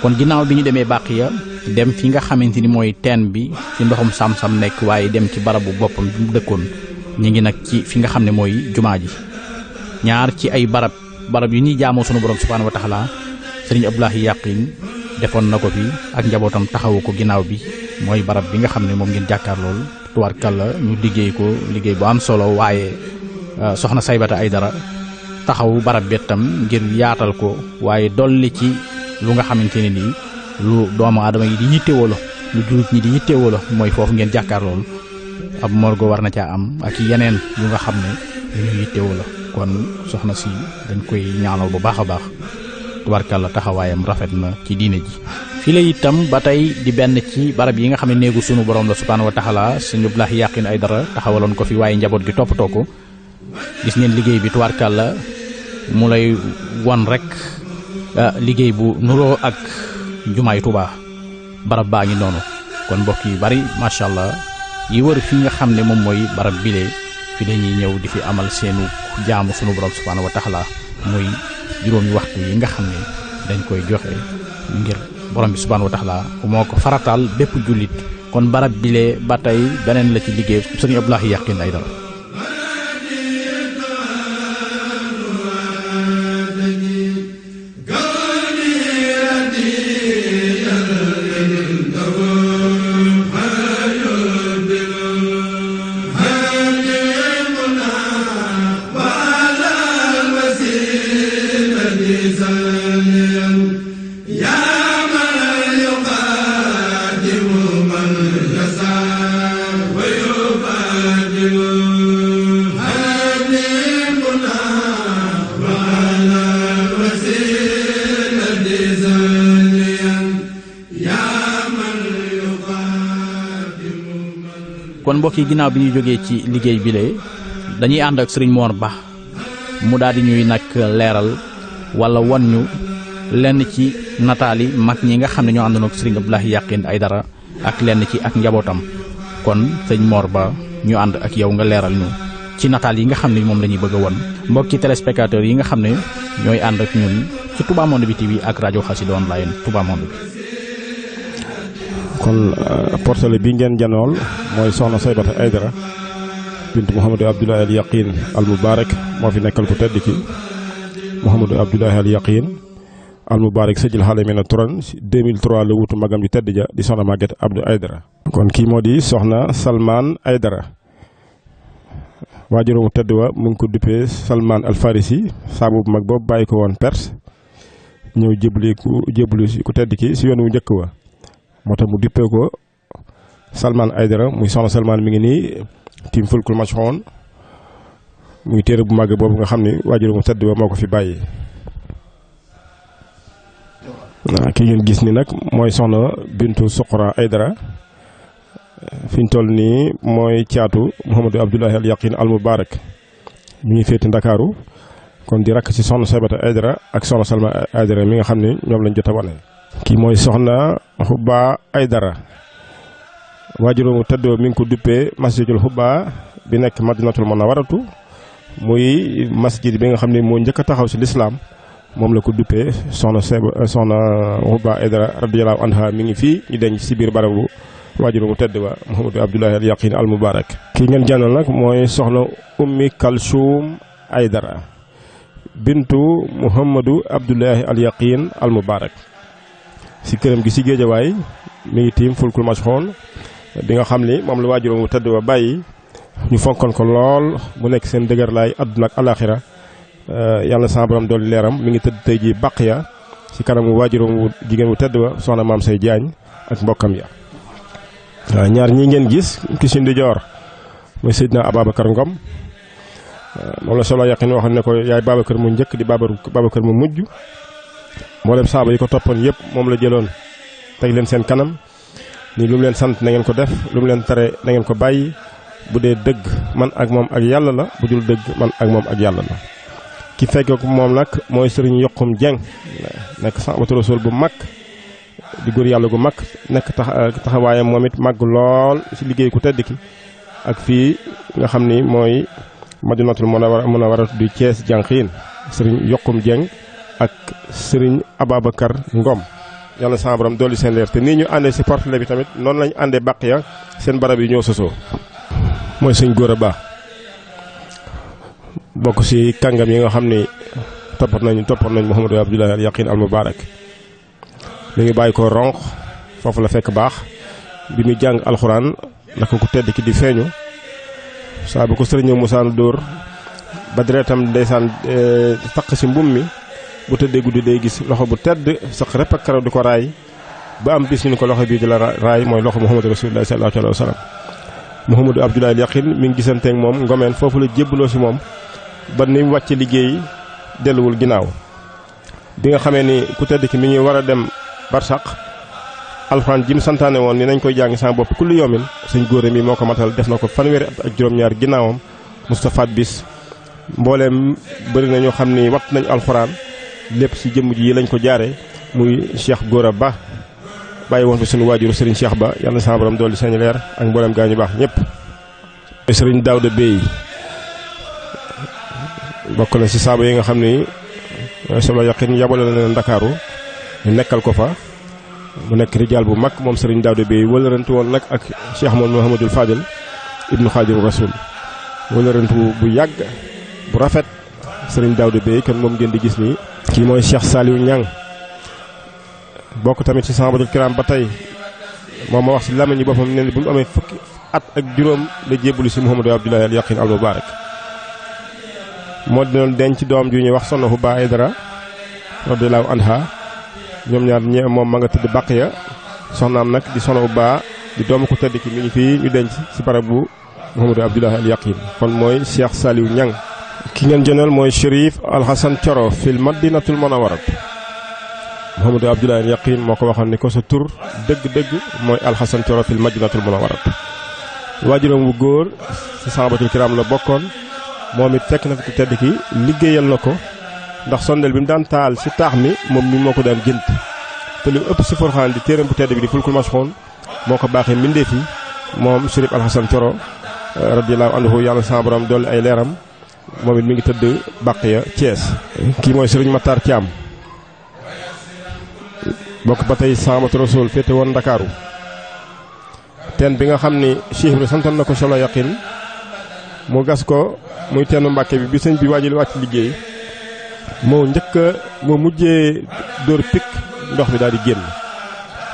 kon ginnaaw bi ñu demee Baqiya dem fi nga xamante ni mooy teen bi ci ndoxum sam-sam nekk waaye dem ci barabu boppam bi mu dëkkoon ñu ngi nag ci fi nga xam ne mooy jumaa ji ñaar ci ay barab barab yu ñuy jaamoo sunu borom subhaanahu wa taala sëriñ Abdoulaye Yaqin defoon na ko fi ak njabootam taxawu ko ginnaaw bi mooy barab bi nga xam ne moom ngeen jàkkaar loolu tubaarkàlla ñu liggéey ko liggéey bu am solo waaye euh, soxna saybata ay dara taxawu barab bettam ngir yaatal ko waaye dolli ci lu nga xamante ne nii lu doomu aadama yi di yittewoo la lu jullit la mooy foofu ngeen jàkkaar loolu ab morgo war na caa am ak yeneen yu nga xam ne yu ñu yittewoo la kon soxna si dañ koy ñaanal bu baax a baax la taxawaayam rafet na ci diine ji fii la itam ba tey di benn ci barab yi nga xam ne néegu sunu borom la subhaanahu wa taala suñu blaax yàqin ay dara taxawaloon ko fi waaye njaboot gi toppatoo ko gis ngeen liggéey bi tubarkàlla mu lay won rekk ah, liggéey bu nuroo ak jumaay Touba barab baa ngi noonu kon mbokk yu bari macha allah yi wër fi nga xam ne moom mooy barab bile fi dañuy ñëw di fi amal seenu jaamu sunu borom subhaanahu wa taala muy juróomi waxtu yi nga xam ne dañ koy joxe ngir borom bi subhaanahu wa taala moo ko farataal bépp jullit kon barab bile ba tey beneen la ci liggéey sëriñ Abdoulahi Yaqin ay dara mbokk ginnaaw bi ñu jógee ci liggéey bi lee dañuy ànd ak sëriñ Mor Ba mu daal di ñuy nag leeral wala wan ñu lenn ci nataali mag ñi nga xam ne ñoo àndoon ak sëriñ Abdoulaye Yakhine Aidara ak lenn ci ak njabootam kon sëñ moor Ba ñu ànd ak yow nga leeral ñu ci nataal yi nga xam ne moom lañuy ñuy bëgg a won mbokki téléspectateurs yi nga xam ne ñooy ànd ak ñun ci Touba Monde bi TV ak rajo Xassida Online Touba Monde bi kon euh, portale bi ngeen janool mooy soxna Saybata Aydara bint Mouhamadou Abdoulaye Al Yaqin Al Moubarak moo fi nekkal ku tedd ki Mouhamadou Abdoulaye Al Yaqin Al Moubarak sëjil xale mi na turan 2003 la wutu magam ju tedd ja di soxna Maguette Abdou Aydara kon kii moo di soxna Salman Aydara waajuróomu tedd wa mu ngi ko duppee salmaan Al Farisi saabu bu mag boobu bàyyi ko woon Perse ñëw jébli ku jébli ku tedd ki si yoon wu njëkk wa moo tax mu duppee ko Salman Aydara muy soxna Salman mi ngi nii tiim fulkul mashxoon muy téere bu màgg boobu nga xam ni waajur mu tedd ba moo ko fi bàyyi. waaw ki ngeen gis ni nag mooy soxna Bintu Suqra Aydara fi ñu toll nii mooy caatu Mouhamadou Abdoulahi al Yaqin al Mubarak mi ngi féete Ndakaaru kon di rakk ci soxna Sabata Aydara ak soxna Salma Aydara mi nga xam ni ñoom lañ jot a wane. kii mooy soxna ay Hubba Aydara waajuróomu tëddoo mi ngi ko duppee masjidul Hubba bi nekk madinatul waratu muy masjid bi nga xam ni moo njëkk a taxaw si lislaam moom la ko duppee soxna Seba soxna Hubba Aydara radiyallahu anha mi ngi fii ñu denc si biir barabu waajuróomu tëdd ba Muhammadu Abdullahi al Yaqin al Mubarak kii ngeen nag mooy soxna Ummi Kalsum Aydara bintu Muhammadu Abdullahi al Yaqin al Mubarak si këram gi si géejawaay mi ngi tiim fulkul masxoon bi nga xam ni moom la waajuróom wu tëdd wa bàyyi ñu fonkoon ko lool mu nekk seen dëgërlaay àdduna ak alaaxira euh, yàlla sa dool dolli leeram mu ngi tëdd tey ji bàq ya si kanamu waajuróom wu jigéen wu tëdd wa soxna maam say jaañ ak mbokkam ya waaw ñaar ñi ngeen gis ki si ndijoor mooy Seydina Ababacar Ngom euh, moom la solo yaqin waxoon ne ko yaay Babacar mu njëkk di Babacar mu mujj mboolem saaba yi ko toppoon yëpp moom la jëloon teg leen seen kanam nii lu leen sant na ngeen ko def lu leen tere na ngeen ko bàyyi bu dee dëgg man ak moom ak yàlla la bu jul dëgg man ak moom ak yàlla la. ki fekkee moom nag mooy sëriñ Yokkum Jeng nekk saabatu rasul bu mag di góor yàlla gu mag nekk euh, taxawaayam moom it mag lool si liggéey ku tedd ki ak fii nga xam ni mooy mën a war madinatul munawwara munawwara du Cees jànqiin sëriñ Yokkum Jeng ak sëriñ Ababacar Ngom yàlla sama borom dolli seen leer te nii ñu àndee si portele bi tamit noonu lañu àndee bàq ya seen barab yi ñoo sosoo mooy suñ góor a baax bokk ci kàngam yi nga xam ni toppat nañu toppat nañu Mouhamadou Abdoulaye al Yaqin al Mubarak mi ngi bàyyi ko ronq foofu la fekk baax bi muy jàng alxuraan naka ku tedd ki di feeñu saa ko sëriñ musaan dóor ba deretam ndeysaan eh, taq si mbuum mi bu tëddee guddi day gis loxo bu tedd sax rep ak karaw di ko raay ba am bis ñu ko loxo bii di la raay mooy loxo Muhammadu Rasulullah sallallahu alayhi wa sallam Muhammadu Abdoulaye Yaqin mi ngi gisanteeg moom ngomeen foofu la jébbaloo si moom ba ni mu wàcce liggéey delluwul ginnaaw bi nga xamee ni ku tedd ki mi ngi war a dem barsaq alxuraan ji mu santaane woon ni nañ koy jàng sama bopp kulli yoomin suñ góore mi moo ko matal def na ko fanweeri at ak juróom-ñaar ginnaawam Moustapha bis mbooleem bëri na ñoo xam ni watt nañu alxuraan lépp ci jëmm ji lañ ko jaare muy Cheikh góora Ba bàyyi woon fi suñu waajuru sëriñ Cheikh Ba yàlla na sa borom dolli seen leer ak mboolem gaa ñu baax ñëpp. Serigne Daouda Bey bokk na ci saaba yi nga xam ni soxla yaqin yabale na leen Ndakaaru ñu nekkal ko fa mu nekk rijaal bu mag moom sëriñ Serigne Daouda Bey wëlërante woon nag ak Cheikh moom Mouhamadul Fadil ibnu Xaadimu Rasuul wëlërante bu yàgg bu rafet Serigne Daouda Bey kon moom ngeen di gis nii. kii mooy Cheikh Saliou Niang bokk tamit ci Sambadoul Kiram ba tey moom ma wax si làmmiñu boppam ne bu mu amee fukki at ak juróom la jébbalu si Mouhamadou Abdoulaye al Yaqin al Mubarak moo di doon denc doom ju ñuy wax soxna Huba Aydara radiyallahu anha ñoom ñaar ñe moom ma nga bàq ya soxnaam nag di soxna Huba di doomu ko tëdd ki mi ngi fii ñu denc si barab bu Mouhamadou Abdoulaye al Yaqin kon mooy Cheikh Saliou ñaŋ ki ngeen joneel mooy Chérif Alxasan Coro fil madinatul munawwara Mouhamadou Abdoulaye Yaqin moo ko waxoon ni ko sa tur dëgg-dëgg mooy Alxasan Coro fil madinatul munawwara waajuram wu góor ci sahabatul kiram la bokkoon moom it fekk na fi tedd ki liggéeyal na ko ndax sondeel bi mu daan taal ci taax mi moom mi moo ko daan jënt te lu ëpp ci forxaan di téeram bu tedd bi di fulkul masxoon moo ko baaxee mbindeef yi moom Chérif Alxasan Coro radiyallahu anhu yàlla sa borom dolli ay leeram moom it mi ngi tëdd Baqiya Thiès. kii mooy Serigne Matar Thiam bokk ba tey Saamatu Rasuul féete woon Ndakaaru teen bi nga xam ni Cheikh Ibrahima santoon na ko solo yaqin mu gas ko muy teenu Mbàkke bi bi sëñ bi waajal wàcc liggéey moo njëkk a moo mujjee dóor pik ndox mi daal di génn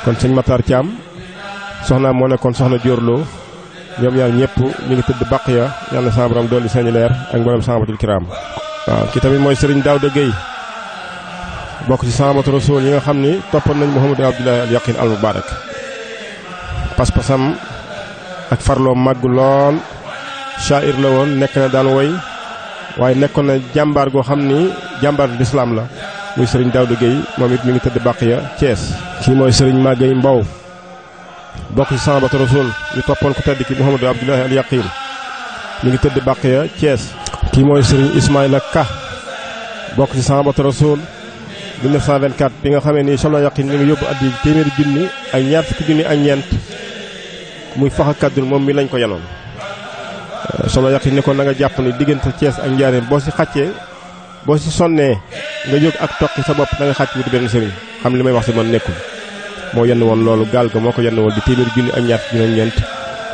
kon sëñ Matar Thiam soxnaam moo nekkoon soxna Dior Lo ñoom ñaar ñëpp ñu ngi tëdd bàq ya yàlla na sama borom dolli seeni leer ak borom saamatul kiraam. waaw ki tamit mooy Serigne Daouda Gueye bokk ci saamatu rasul yi nga xam ni toppoon nañ Mouhamadou Abdoulaye al yaqin al mubarak pas-pasam ak farloo màgg lool shaair la woon nekk na daan woy waaye nekkoon na jàmbaar goo xam ni jàmbaar lislaam la muy Serigne Daouda Gueye moom it mi ngi tëdd bàq ya Thiès. kii mooy sëriñ Magaye Mbow. bokk ci sahabatu rasul yu toppoon ko tedd ki Mouhamadou Abdoulahi al Yaqin mi ngi tëdd ya cees kii mooy Serigne Ismaïla Ka bokk ci sahabatu rasul 1924 bi nga xamee ni Cheikh al Yaqin mi ngi yóbbu addi téeméeri junni ak ñaar fukki junni ak ñeent muy fax kaddu moom mii lañ ko yanoon. Cheikh al Yaqin ni ko na nga jàpp ni diggante cees ak Njaaréem boo ci xàccee boo si sonnee nga jóg ak tokki sa bopp da nga xàcc wuti benn sëriñ xam li may wax si man nekku moo yenn woon loolu gaal ga moo ko yenn woon di téeméer junni ak ñaar juróom-ñeent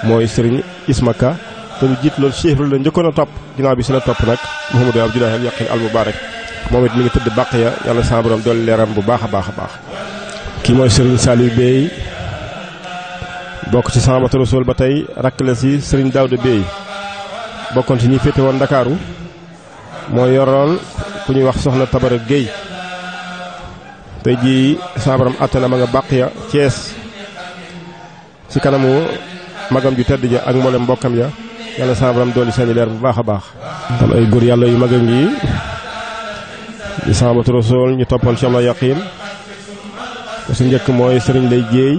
mooy sëriñ Ismaka te lu jiit loolu Cheikh Ibrahima la njëkkoon a topp ginnaaw bi si la topp nag Mouhamadou Abdoulaye al yaqin al mubarak moom it mi ngi tëdd bàq ya yàlla sa borom dool leeram bu baax a baax a baax kii mooy sëriñ saali Bey bokk ci Sambatou Rassoul ba tey rakk la si sëriñ Daouda Bey bokkoon si ñi féete woon Ndakaaru moo yoroon ku ñuy wax soxna Tabara Gueye tey jii saabaram àtte na ma nga bàq ya Cees ci kanamu magam ju tedd ja ak mboolem mbokkam ya yàlla saabaram dooli seeni leer bu baax a baax kon ay góor yàlla yu mag a ngi di ñu toppoon ci la yaqiin su njëkk mooy sëriñ lay jéey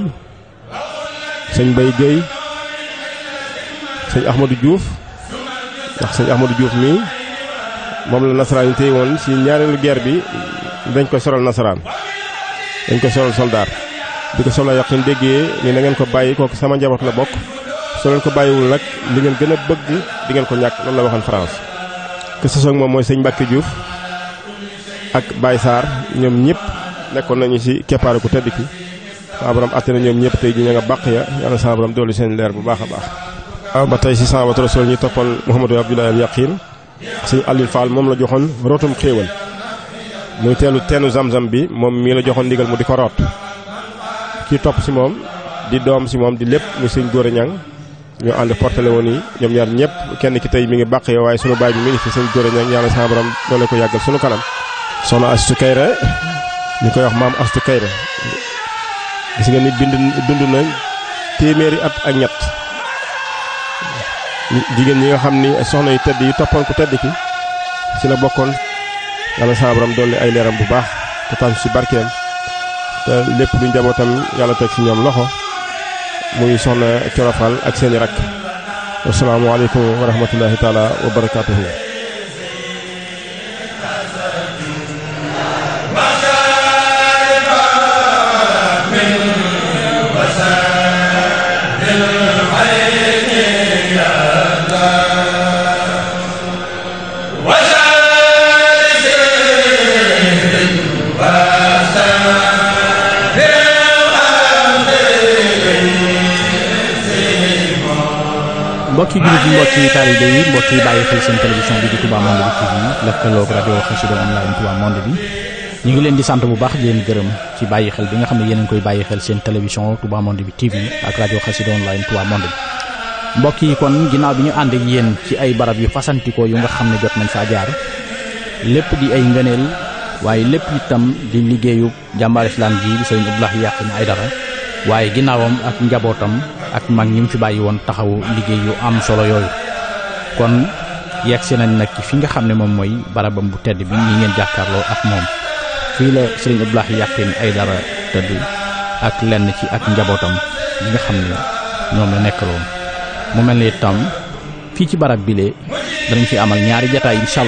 sëñ bay géey sëñ ahmadu juuf ndax sëñ ahmadu juuf mii moom la nasaraan yi téye woon ci ñaareelu guerre bi dañ koy soral nasaraan dañ ko solal soldaar di ko solal yaqin déggee ni na ngeen ko bàyyi kooku sama njaboot la bokk soo leen ko bàyyiwul nag li ngeen gën a bëgg di ngeen ko ñàkk loolu la waxoon France ke sosoog moom mooy sëñ Mbacke Diouf ak Baye saar ñoom ñëpp nekkoon nañu ci keppaaru ku tedd ki saa borom àtte na ñoom ñëpp tey ji ña nga bàq ya yàlla sa borom doolu seen leer bu baax baax waaw ba tey si sa sahabato rasul ñi toppoon Mouhamadou Abdoulaye al Yaqin sëñ Aliou Fall moom la joxoon rootum xéewal muy teelu teenu zam-zam bi moom mii la joxoon ndigal mu di ko root ci topp si moom di doom si moom di lépp mu sëñ góor a ñang ñu ànd portale woon yi ñoom ñaar ñëpp kenn ki tey mi ngi bàq yow waaye sunu baay bi mi ngi fi sëñ góor a ñang yàlla sa borom doole ko yàggal sunu kanam soxna Astu Kayre ñu koy wax maam Astu Kayre gis nga ni bind dund na téeméeri at ak ñett jigéen ñi nga xam ni soxna yu tedd yi toppoon ku tedd ki ci la bokkoon yàlla sama borom dolli ay leeram bu baax te taas ci barkeem te lépp lu njabootam yàlla teg ci ñoom loxo muy soxna corofal ak seeni rakk asalaamaaleykum wa rahmatullahi taala wa barakaatuhu mbokki jullit yi mbokki taalibe yi mbokki bàyyi xel seen télévision bi di Touba Monde bi TV lëkkaloog rajo Xassida online Touba Monde bi ñu ngi leen di sant bu baax di leen gërëm ci bàyyi xel bi nga xam ne yéen a koy bàyyi xel seen télévision Touba Monde bi TV ak rajo Xassida online Touba Monde bi mbokk yi kon ginnaaw bi ñu ànd ak yéen ci ay barab yu fasantikoo yu nga xam ne jot nañ faa jaar lépp di ay ngëneel waaye lépp itam di liggéeyu jàmbaar islam ji sëriñ Abdoulaye Yakhine Aidara waaye ginnaawam ak njabootam ak mag ñi mu fi bàyyi woon taxawu liggéey yu am solo yooyu kon yegg nañ nag fi nga xam ne moom mooy barabam bu tedd bi ñi ngeen jàkkaarloo ak moom fii la sëriñ Abdoulaye ay dara tëdd ak lenn ci ak njabootam ñi nga xam ne ñoom la nekkaloon mu mel ni tam fii ci barab bile danañ fi amal ñaari jataay incha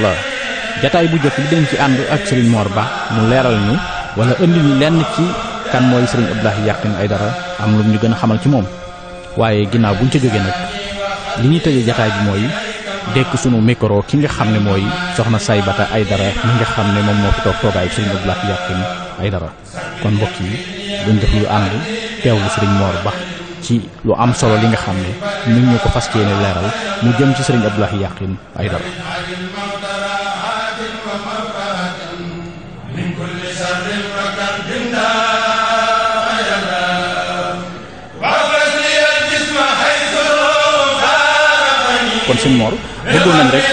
jataay bu jot li dañ ci ànd ak sëriñ moor Ba mu leeral ñu wala ënd ñu lenn ci kan mooy Serigne Abdoulaye ay dara am lu ñu gën a xamal ci moom waaye ginnaaw buñ ca jógee nag li ñuy tëjee jataay bi mooy dekk sunu micro ki nga xam ne mooy soxna ay Aidara mi nga xam ne moom moo fi toog toogaayu Serigne Abdoulaye Yakhine dara kon mbokk yi duñ def yu ànd teewlu Serigne Mor Ba ci lu am solo li nga xam ne ñu ñu ko fas yéene leeral mu jëm ci Serigne Abdoulaye Yakhine Aidara kon sëñ Mor bëggoon nañ rek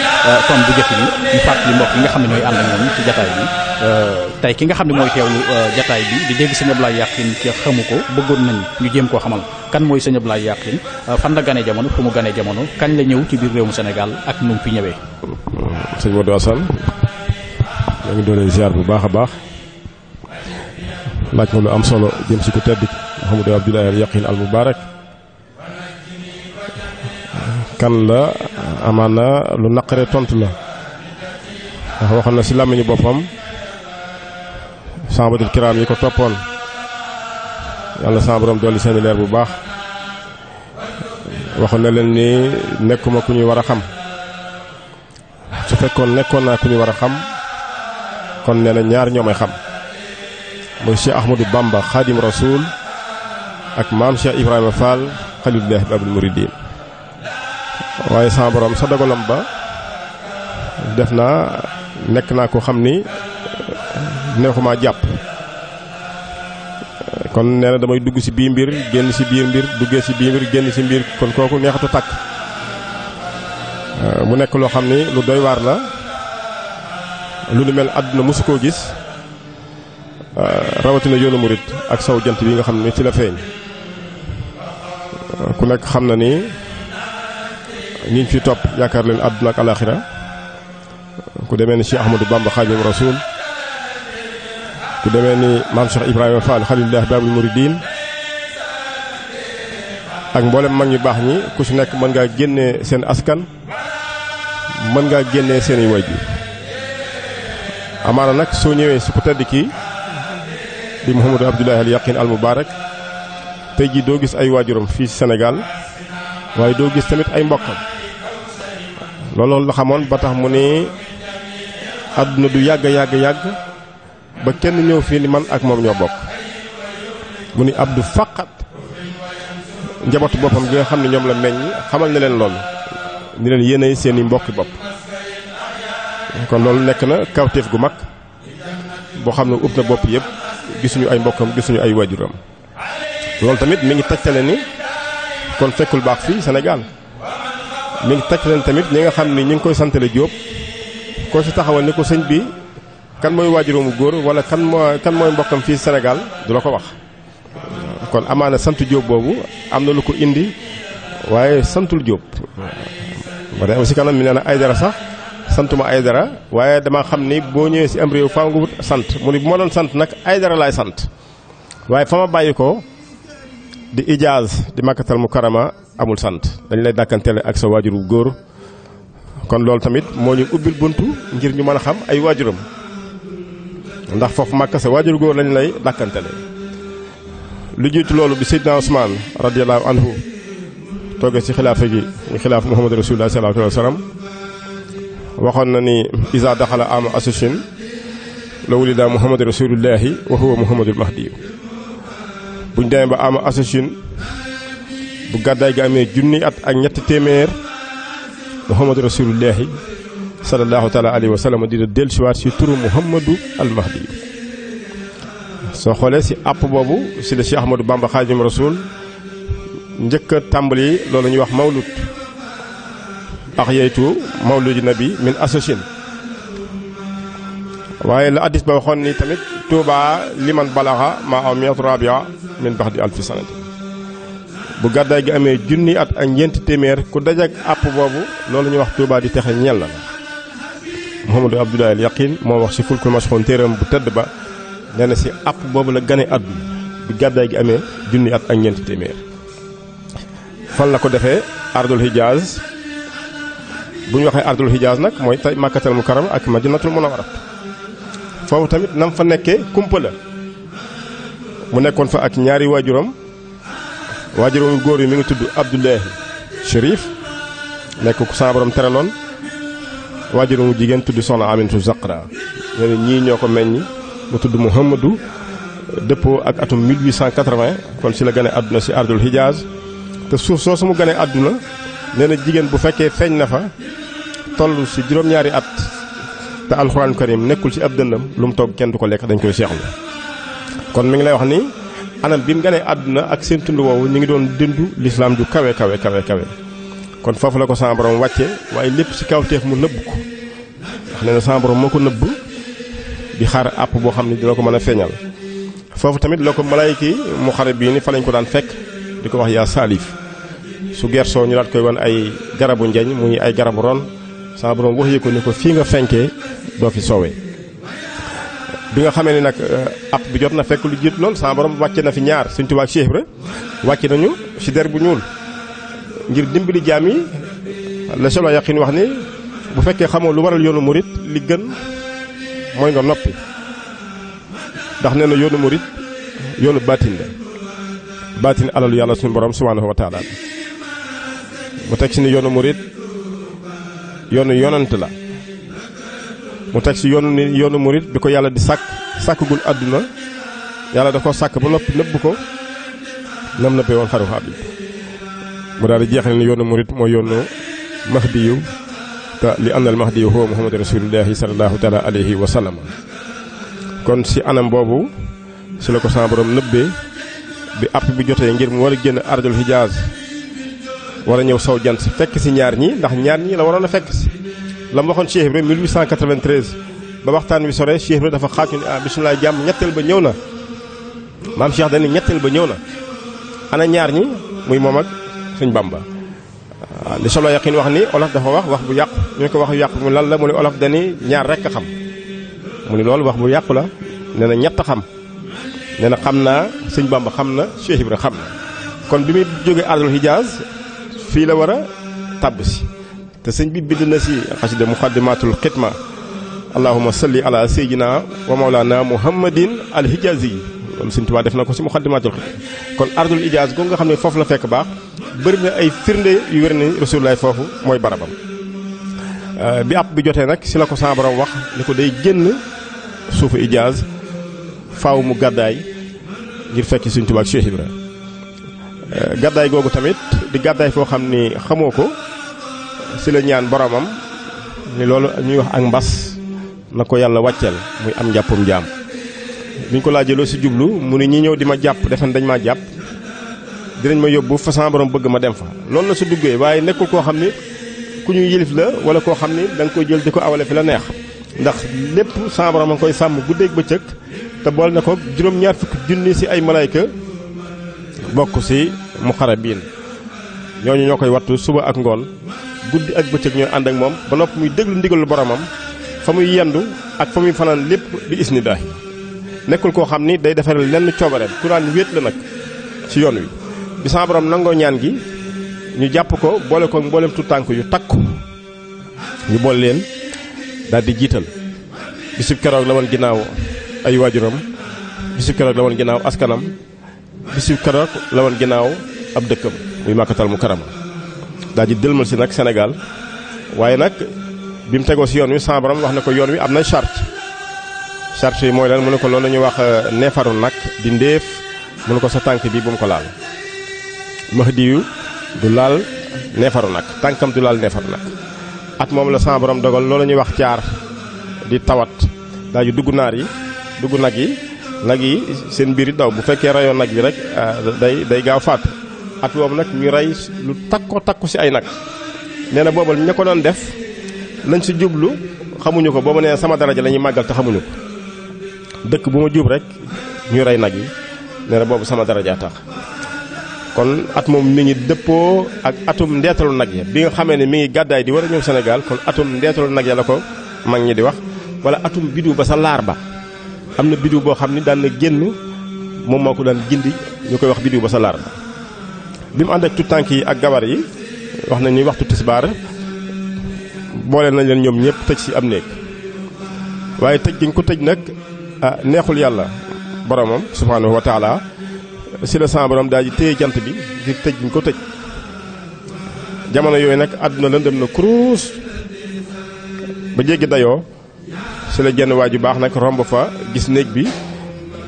kon euh, bu jëkk bi ñu fàttali mbokk yi nga xam ne ñooy ànd ak ñoom ci jataay bi euh, tey ki nga xam ne mooy teewlu euh, jataay bi di dégg sëñ Abdoulaye Yakhine ki xamu ko bëggoon nañ ñu jéem koo xamal kan mooy sëñ Abdoulaye Yakhine fan la gane jamono fu mu gane jamono kañ la ñëw ci biir réewum senegal ak nu mu fi ñëwee. sëñ Modou Assane maa ngi doon bu baax a baax laaj ma am solo jëm si ko tedd Mouhamadou Abdoulaye Yakhine al Moubarak kan la amaana lu naqaree tontu la ndax waxoon na ci làmmiñu boppam sàmbatul kiraam yi ko toppoon yàlla sama borom dolli seeni leer bu baax waxoon na leen ni nekkuma ku ñuy war a xam su fekkoon nekkoon naa ku ñuy war a xam kon nee na ñaar ñoo may xam muy Cheikh Ahmadou Bamba Khadim Rasoul ak maam Cheikh Ibrahima Fall Khalilullah Babul Mouridine waaye sama borom sa dogalam ba def naa nekk naa ko xam ni euh, neexuma jàpp kon nee na damay dugg ci bii mbir génn ci biir mbir duggee ci bii génn ci mbir kon kooku neexatu tàkk euh, mu nekk loo xam ni lu doy waar la lu nu mel àdduna mosu koo gis euh, rawatina yoonu murit ak saw jant bi nga xam ne ci la feeñ ku nekk xam na ni ñi ñu fi topp yaakaar leen àdduna ak alaaxira ku demee ni Cheikh Ahmadou Bamba Xaadimu Rasuul ku demee ni maam Cheikh Ibrahima Fall Xaliilullah Baabul Muridiin ak mboolem mag ñu baax ñi ku ci nekk mën ngaa génnee seen askan mën ngaa génnee seeni waajur amaana nag soo ñëwee su ko tedd kii di Mouhamadou Abdoulaye al Yaqin al Moubarak tey jii doo gis ay waajuram fii Sénégal waaye doo gis tamit ay mbokkam loolu la xamoon ba tax mu ni àdduna du yàgg yàgg yàgg ba kenn ñëw fii ni man ak moom ñoo bokk mu ni ab du faqat njabootu boppam gi nga xam ne ñoom la meññ xamal na leen loolu ni leen yéenay seen i mbokki bopp kon loolu nekk na kawteef gu mag boo xam ne ub na bopp yépp gisuñu ay mbokkam gisuñu ay waajuram loolu tamit mu ngi tajtale ni kon fekkul baax fii Sénégal mi ngi teg leen tamit ñi nga xam ni ñu ngi koy santale Diop koo ci taxawal ni ko sëñ bi kan mooy waajuróomu góor wala kan mooy kan mooy mbokkam fii Sénégal du la ko wax. kon amaane sant Diop boobu am na lu ko indi waaye santul Diop. ba tey aussi kanam mi nee na ay dara sax santuma ay dara waaye dama xam ni boo ñëwee si am réew faaw nga sant mu ni bu ma doon sant nag ay dara laay sant waaye fa ma bàyyi ko di ijaaz di makkatal mu karama amul sant dañ lay dàkkantele ak sa waajur góor kon loolu tamit moo ñu ubbil bunt ngir ñu mën a xam ay waajuram ndax foofu màkk sa waajur góor lañ lay dàkkantele lu jiitu loolu bi Seydina Ousmane radiyallahu anhu toogee ci xilaafa gi ñu xilaaf Muhammad rasulullah sallallahu waxoon na ni isa daxala ama asashin la wulida Muhammad rasulullahi wa huwa Muhammadul Mahdi buñ demee ba ama assasin bu gàddaay gi amee junni at ak ñetti téeméer muhammadu rasulullahi sallallahu taala alayhi wa sallam dina dellusiwaat si turu muhammadu almahdi soo xoolee si àpp boobu si la Cheikh Ahmadou Bamba Xaadimu Rasuul njëkk a tàmbali loolu ñuy wax mawlud axyaytu mawludi nabi min assasin waaye la addis ba waxoon nii tamit Touba liman balaxa maa aw miatu rabia min bax di alfi sanati bu gàddaay gi amee junni at ak ñeenti téeméer ku dajak àpp boobu loolu ñuy wax Touba di texe ñel la Mouhamadou Abdoulaye al Yaqin moo wax si fulkul masxoon téeram bu tëdd ba nee na si àpp boobu la gane àdduna bi gàddaay gi amee junni at ak njeenti téeméer fan la ko defee ardul hijaaz bu ñu waxee ardul hijaaz nag mooy tey màkkatal mukarram ak madinatul munawwara foofu tamit nam fa nekkee kumpa mu nekkoon fa ak ñaari waajuram waajuram góor yi mi ngi tudd Abdoulahi Chérif nekk ku saa borom teraloon mu jigéen tudd Soxna Aminatu Zaqra ñeneen ñii ñoo ko meññi mu tudd mu Muhammadu dëppoo ak atum 1880 kon si la gane àdduna si ardul Hijaaz te suuf soo su mu gane àdduna nee na jigéen bu fekkee feeñ na fa toll si juróom-ñaari at te alxuraan karim nekkul ci ab dënnam lu mu togg kenn du ko lekk dañ koy seexlu kon mu ngi lay wax ni anam bi mu ganee àdduna ak seen tund woowu ñu ngi doon dëndu lislaam ju kawe kawe kawe kawe kon foofu la ko sama borom wàcce waaye lépp ci kawteef mu nëbb ko wax ne na sama moo ko nëbb di xar àpp boo xam ne dina ko mën a feeñal foofu tamit loo ko malaayka yi mu xare bii ni fa lañ ko daan fekk di ko wax yaa saalif su gersoo ñu daat koy wan ay garabu njeñ muy ay garabu ron sama borom waxee ko ne ko fii nga fenkee doo fi soowee bi nga xamee ne nag euh, at bi jot na fekk lu jiit lool sama borom wàcce na fi ñaar Sëriñ Tuubaa ak Cheikh wàcce nañu si der bu ñuul ngir dimbali jaam yi la solo wax ni bu fekkee xamoo lu waral yoonu murit li gën mooy nga noppi ndax nee na yoonu murit yoonu baatin la baatin alalu yàlla suñu borom subhaanahu wa taala teg ci yoonu murit yoonu yonant la mu teg ci yoonu ni yoonu murit bi ko yàlla di sàkk sàkkagul àdduna yàlla da ko sàkk ba noppi nëbb ko nam nëbbee woon xaru xaab yi mu daal di jeexal ni yoonu murit mooy yoonu mahdiyu te li àndal mahdiyu huwa muhammadu rasuulullahi sallallahu taala alayhi wa sallam kon si anam boobu si la ko sama borom nëbbee bi app bi jotee ngir mu war a génn ardul hijaaz war a ñëw sow jant fekk si ñaar ñi ndax ñaar ñi la waroon a fekk si la mu waxoon Cheikh Ibrahima 1893 ba waxtaan wi sore Cheikh Ibrahima dafa xaaju ne ah bisimilah jàmm ñetteel ba ñëw na maam Cheikh dañu ñetteel ba ñëw na ana ñaar ñi muy moom ak suñ Bamba waaw ah, li solo yaqin wax ni olof dafa wax wax bu yàqu ñu ko wax bu yàqu mu lan la mu ne olof dani ñaar rekk a xam mu ne loolu wax bu yàqu la nee na ñett xam nee na xam naa sëñ Bamba xam na Cheikh Ibrahima xam na kon bi fii la war a tàbb si te sëñ bi bind na si xasida muqaddimatul xitma allahuma salli ala sayyidina wa mawlana muhammadin al hijazi yi loolu sëñ Tuubaa def na ko si muqaddimatul xitma kon ardul ijaaz googu nga xam ne foofu la fekk baax bëri na ay firnde yu wér ni foofu mooy barabam euh, bi ab bi jotee nag si la ko sa borom wax ni ko day génn suufu ijaaz faaw mu gàddaay ngir fekk sëñ Tuubaa ak Cheikh Ibra euh, gàddaay googu tamit di gàddaay foo xam ni xamoo ko si la ñaan boromam ni loolu ñuy wax ak mbas na ko yàlla wàcceel muy am njàppum jaam bi ñu ko laajee loo si jublu mu ni ñi ñëw di ma jàpp defen dañ maa jàpp dinañ ma yóbbu fa sama borom bëgg ma dem fa loolu la su duggee waaye nekkul koo xam ni ku ñuy yilif la wala koo xam ni danga nga koy jël di ko awale fi la neex ndax lépp sama borom a ngi koy sàmm guddee guddeeg bëccëg te boole na ko juróom-ñaar si ay malayka bokk si muqarrabiin ñooñu ñoo koy wattu suba ak ngoon guddi ak bëccëg ñooy ànd ak moom ba nopp muy déglu ndigalu boromam fa muy yendu ak fa muy fanaan lépp bi is ni nekkul koo xam ni day defaral lenn coobareem ku daan wéet la nag ci yoon wi bi sama borom nangoo ñaan gi ñu jàpp ko boole ko mboolem tànk yu takku ñu boole leen daal di jiital bisub keroog la woon ginnaaw ay waajuram bisub keroog la woon ginnaaw askanam bisub keroog la woon ginnaaw ab dëkkam muy màkkatal mu karama daa ji dëlmal si nag Sénégal waaye nag bi mu tegoo si yoon wi sa borom wax na ko yoon wi am na charte charte yi mooy lan mu ne ko loolu la ñuy wax euh, neefaru nag di ndéef mu ne ko sa tànk bi bu mu ko laal mahdi yu du laal neefaru nag tànkam du laal neefaru nag at moom la sa borom dogal loolu la ñuy wax caar di tawat daa ji dugg naar yi dugg nag yi nag yi seen biir yi daw bu fekkee rayoon nag yi rek euh, day day gaaw faatu at woom nag ñu rey lu takko takku si ay nag nee na boobal ña ko doon def lañ si jublu xamuñu ko boobu nee sama daraja la ñuy màggal te xamuñu ko dëkk bu ma jub rek ñu rey nag yi nee na boobu sama daraja tax kon at moom mi ngi dëppoo ak atum ndeetalu nag ya bi nga xamee ne mi ngi gàddaay di war a ñëw Sénégal kon atum ndeetalu nag ya la ko mag ñi di wax wala atum bidiw ba sa laar ba am na bidiw boo xam ni daan na génn moom moo ko daan gindi ñu koy wax bidiw ba laar bi mu ànd ak tout tànk yi ak gabar yi wax nañ ni waxtu tisbaar boole na leen ñoom ñëpp tëj ci am néeg waaye tëj gi ñu ko tëj nag ah, neexul yàlla boromam subhaanahu wa si la sama borom daal di téye jant bi ngir tëj gi ñu ko tëj jamono yooyu nag àdduna lëndëm na kuruus ba jéggi dayoo si la jenn waa ju baax nag romb fa gis néeg bi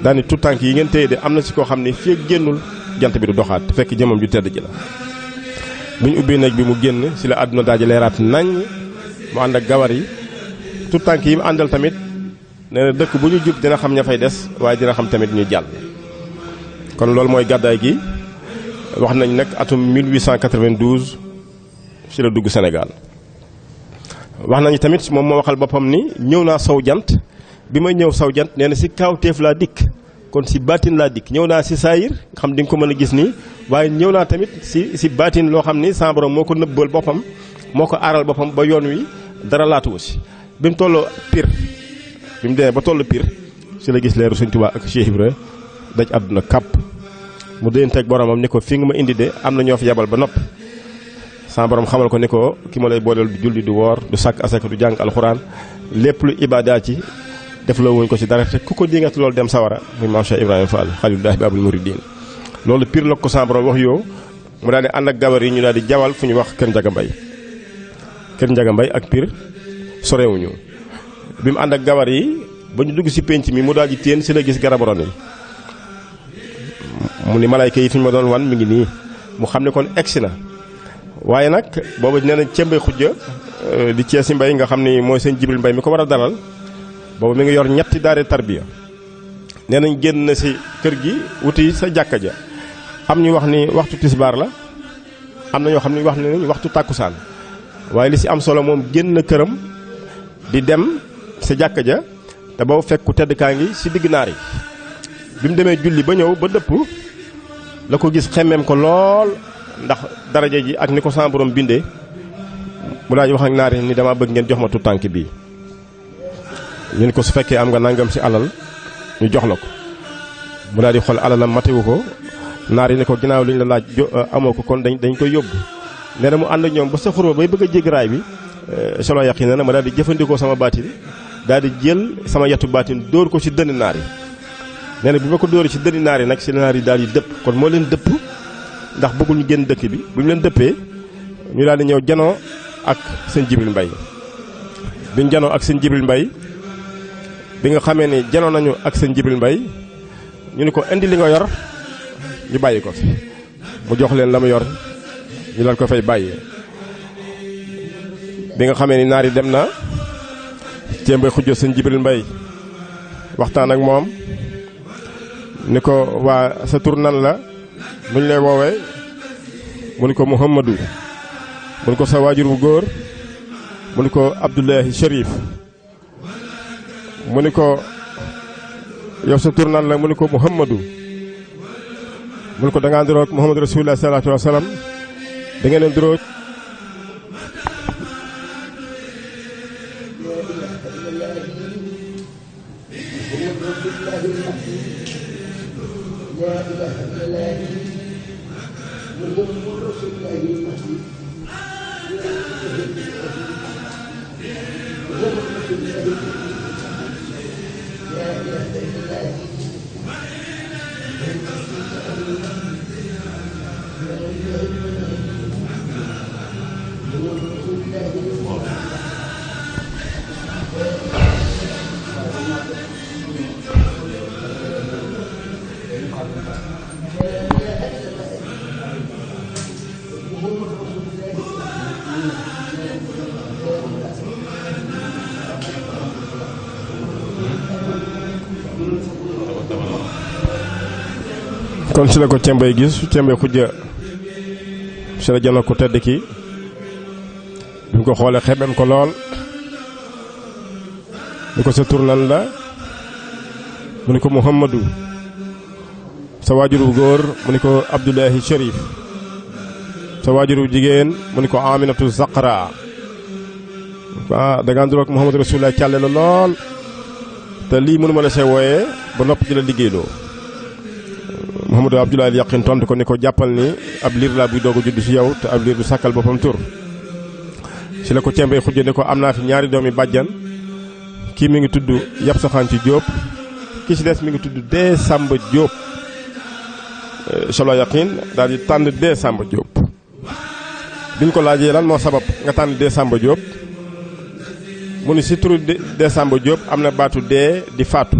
daani tout tànk yi ngeen téye di am na si koo xam ne fi ak génnul jant bi du doxaat te fekk jëmam ju tedd ji la bu ñu ubbee néeg bi mu génn ci la àdduna daal di leeraat nañ mu ànd ak gawar yi tout yi mu àndal tamit nee dëkk bu ñu jub dina xam ña fay des waaye dina xam tamit ñu jàll kon loolu mooy gàddaay gi wax nañ nag atum 1892 ci la dugg Sénégal wax nañu tamit moom moo waxal boppam ni ñëw naa saw jant bi may ñëw saw jant nee na si kaawteef laa dikk kon si baatin laa dikk ñëw naa si saayir nga xam di nga ko mën a gis nii waaye ñëw naa tamit si si baatin loo xam ni sa moo ko nëbbal boppam moo ko aaral boppam ba yoon wi dara laatuwu si bi mu tolloo pir bi mu demee ba tollu piir si la gis leeru Sëñ Tuubaa ak Cheikh Ibra daj àdduna kàpp mu déyanteeg boromam ni ko fii nga ma indi de am na ñoo fi yabal ba noppi sa borom xamal ko ni ko ki ma lay booleel du julli du woor du sàkk asaka du jàng alxuraan lépp lu ibaadaat ci def loo wuñ ko ci dara te ku ko dingat loolu dem sawara muy maam Cheikh Ibrahima Fall xalilullahi baabul muridin loolu piir la ko sembrom wax yoo mu daal di ànd ak gawar yi ñu daal di jawal fu ñu wax kër njaga mbay kër njaga mbay ak pir sorewuñu bi mu ànd ak gawar yi ba ñu dugg ci penc mi mu daal di téen ci la gis garab ron yi mu ni malayka yi fi ñu ma doon wan mi ngi nii mu xam ne kon egsi na waaye nag booba nee na cembe xujja euh, di ceesi mbay nga xam ni mooy seen jibril mbay mi ko war a dalal boobu mi ngi yor ñetti daare tarbiya nee nañ génn na si kër gi wuti sa jàkka ja am ñu wax ni waxtu tisbaar la am na ñoo xam ne wax nañ waxtu tàkkusaan waaye li si am solo moom génn këram di dem sa jàkka ja te boo fekku ku tedd kaa ngi si digg naar yi bi mu demee julli ba ñëw ba dëpp la ko gis xemmeem ko lool ndax daraja ji ak ni ko sama borom bindee mu daal di wax ak naar yi ni dama bëgg ngeen jox ma tuut tànk bii ñu ne ko su fekkee am nga nangam ci alal ñu jox la ko mu daal xol xool alalam matewu ko naar yi ne ko ginnaaw li ñu la laaj euh, amoo ko kon dañ dañ koy yóbbu nee na mu ànd ñoom ba safur ba bay bëgg a jéggi raay bi solo yàq yi nee na ma daal di jëfandikoo sama baatin daal di jël sama yettu baatin dóor ko ci dënn naar yi nee na bi ma ko dóoree ci dënn naar yi nag ci naar yi daal di dëpp kon moo leen dëpp ndax bëggul ñu génn dëkk bi bu ñu leen dëppee ñu daal di ñëw janoo ak seen Jibril Mbay bi ñu ak seen Jibril Mbay bi nga xamee ni janoo nañu ak sëñ Jibril Mbay ñu ni ko indi li nga yor ñu bàyyi ko fi mu jox leen la mu yor ñu dal ko fay bàyyi bi nga xamee ni naar yi dem na Jémbay xujjo sëñ Jibril Mbay waxtaan ak moom ni ko waa sa tur nan la nuñ lay woowee mu ni ko Muhammadu mu ni ko sa waajur bu góor mu ni ko Abdullahi Sharif mu ni ko yow sa tur nan la mu ni ko Muhammadu mu ni ko da ngaa ndiroog Muhammadu rasulullah salaatu wa salaam da ngeen ndiroog si la ko cembay gis cembay xujja si la jëloon ko tedd ki bi ko xoole xeebeen ko lool ni ko sa tur lan la mu ni ko Muhammadu sa waajur wu góor mu ni ko Abdullahi Cherif sa waajur bu jigéen mu ni ko Aminatu Zaqra ah da ngaa nduroog Muhammadu Rasulullah càlle la lool te lii mënuma la see wooyee ba nopp di la liggéeyloo Mouhamadou Abdoulaye Yaqin tontu ko ni ko jàppal ni ab liir laa buy doog a si yow te ab liir du sàkkal boppam tur si la ko cembee xujje ni ko am naa fi ñaari doomi bàjjan kii mi ngi tudd Yab Saxaan ci jóob ki si des mi ngi tudd Dee Samba Diop eh, solo Yaqin daal di tànn Dee Samba Diop biñ ko laajee lan moo sabab nga tànn Dee Samba Diop mu ni si turu Dee Samba Diop am na baatu dee di faatu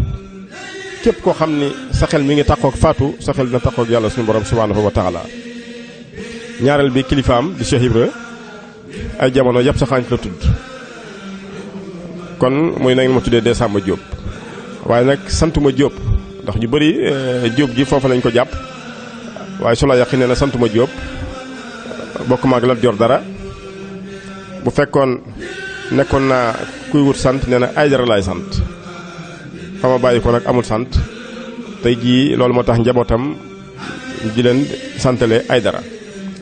képp koo xam ni sa xel mi ngi takkook faatu sa xel dina takkook yàlla suñu borom subhaanahu wa taala ñaareel bi kilifaam di Cheikh Ibra ay jamono yàpp sa xaanc la tudd kon muy na ngeen ma tuddee Samba jóob waaye nag ma jóob ndax ñu bëri jóob eh, ji foofu lañ ko jàpp waaye su la yàqi nee na santuma Diop bokk maag la jor dara bu fekkoon nekkoon naa kuy wut sant nee na ay dara laay sant fa ma bàyyi ko nag amul sant tey jii loolu moo tax njabootam ji leen santale ay dara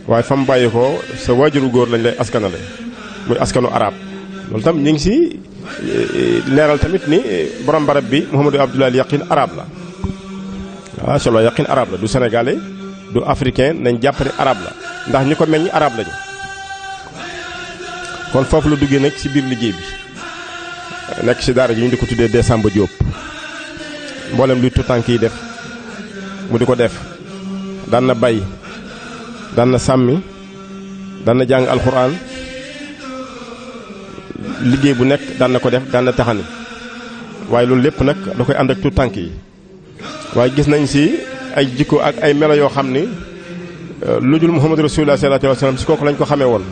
waaye fa mu bàyyi ko sa waajuru góor lañ lay askanale muy askanu arab loolu tam ñu ngi si eh, leeral tamit ni borom barab bi Mouhamadou Abdoulaye yaqin arab la waaw solo yaqin arab la du sénégalais du africain nañ jàpp ne arab la ndax ñi ko meññ arab lañ kon foofu lu duggee nag ci biir liggéey bi nekk si daara ji ñu di ko tuddee Décembre Diop mboolem luy tànk yi def mu di ko def daan na bay daan na sàmmi daan na jàng alxuraan liggéey bu nekk daan na ko def daan na taxani waaye loolu lépp nag da koy ànd ak tànk yi waaye gis nañ si ay jikko ak ay melo yoo xam ni euh, lu dul Muhammadu Rasulullah sallallahu alayhi wasallam si kooku lañ ko xamee woon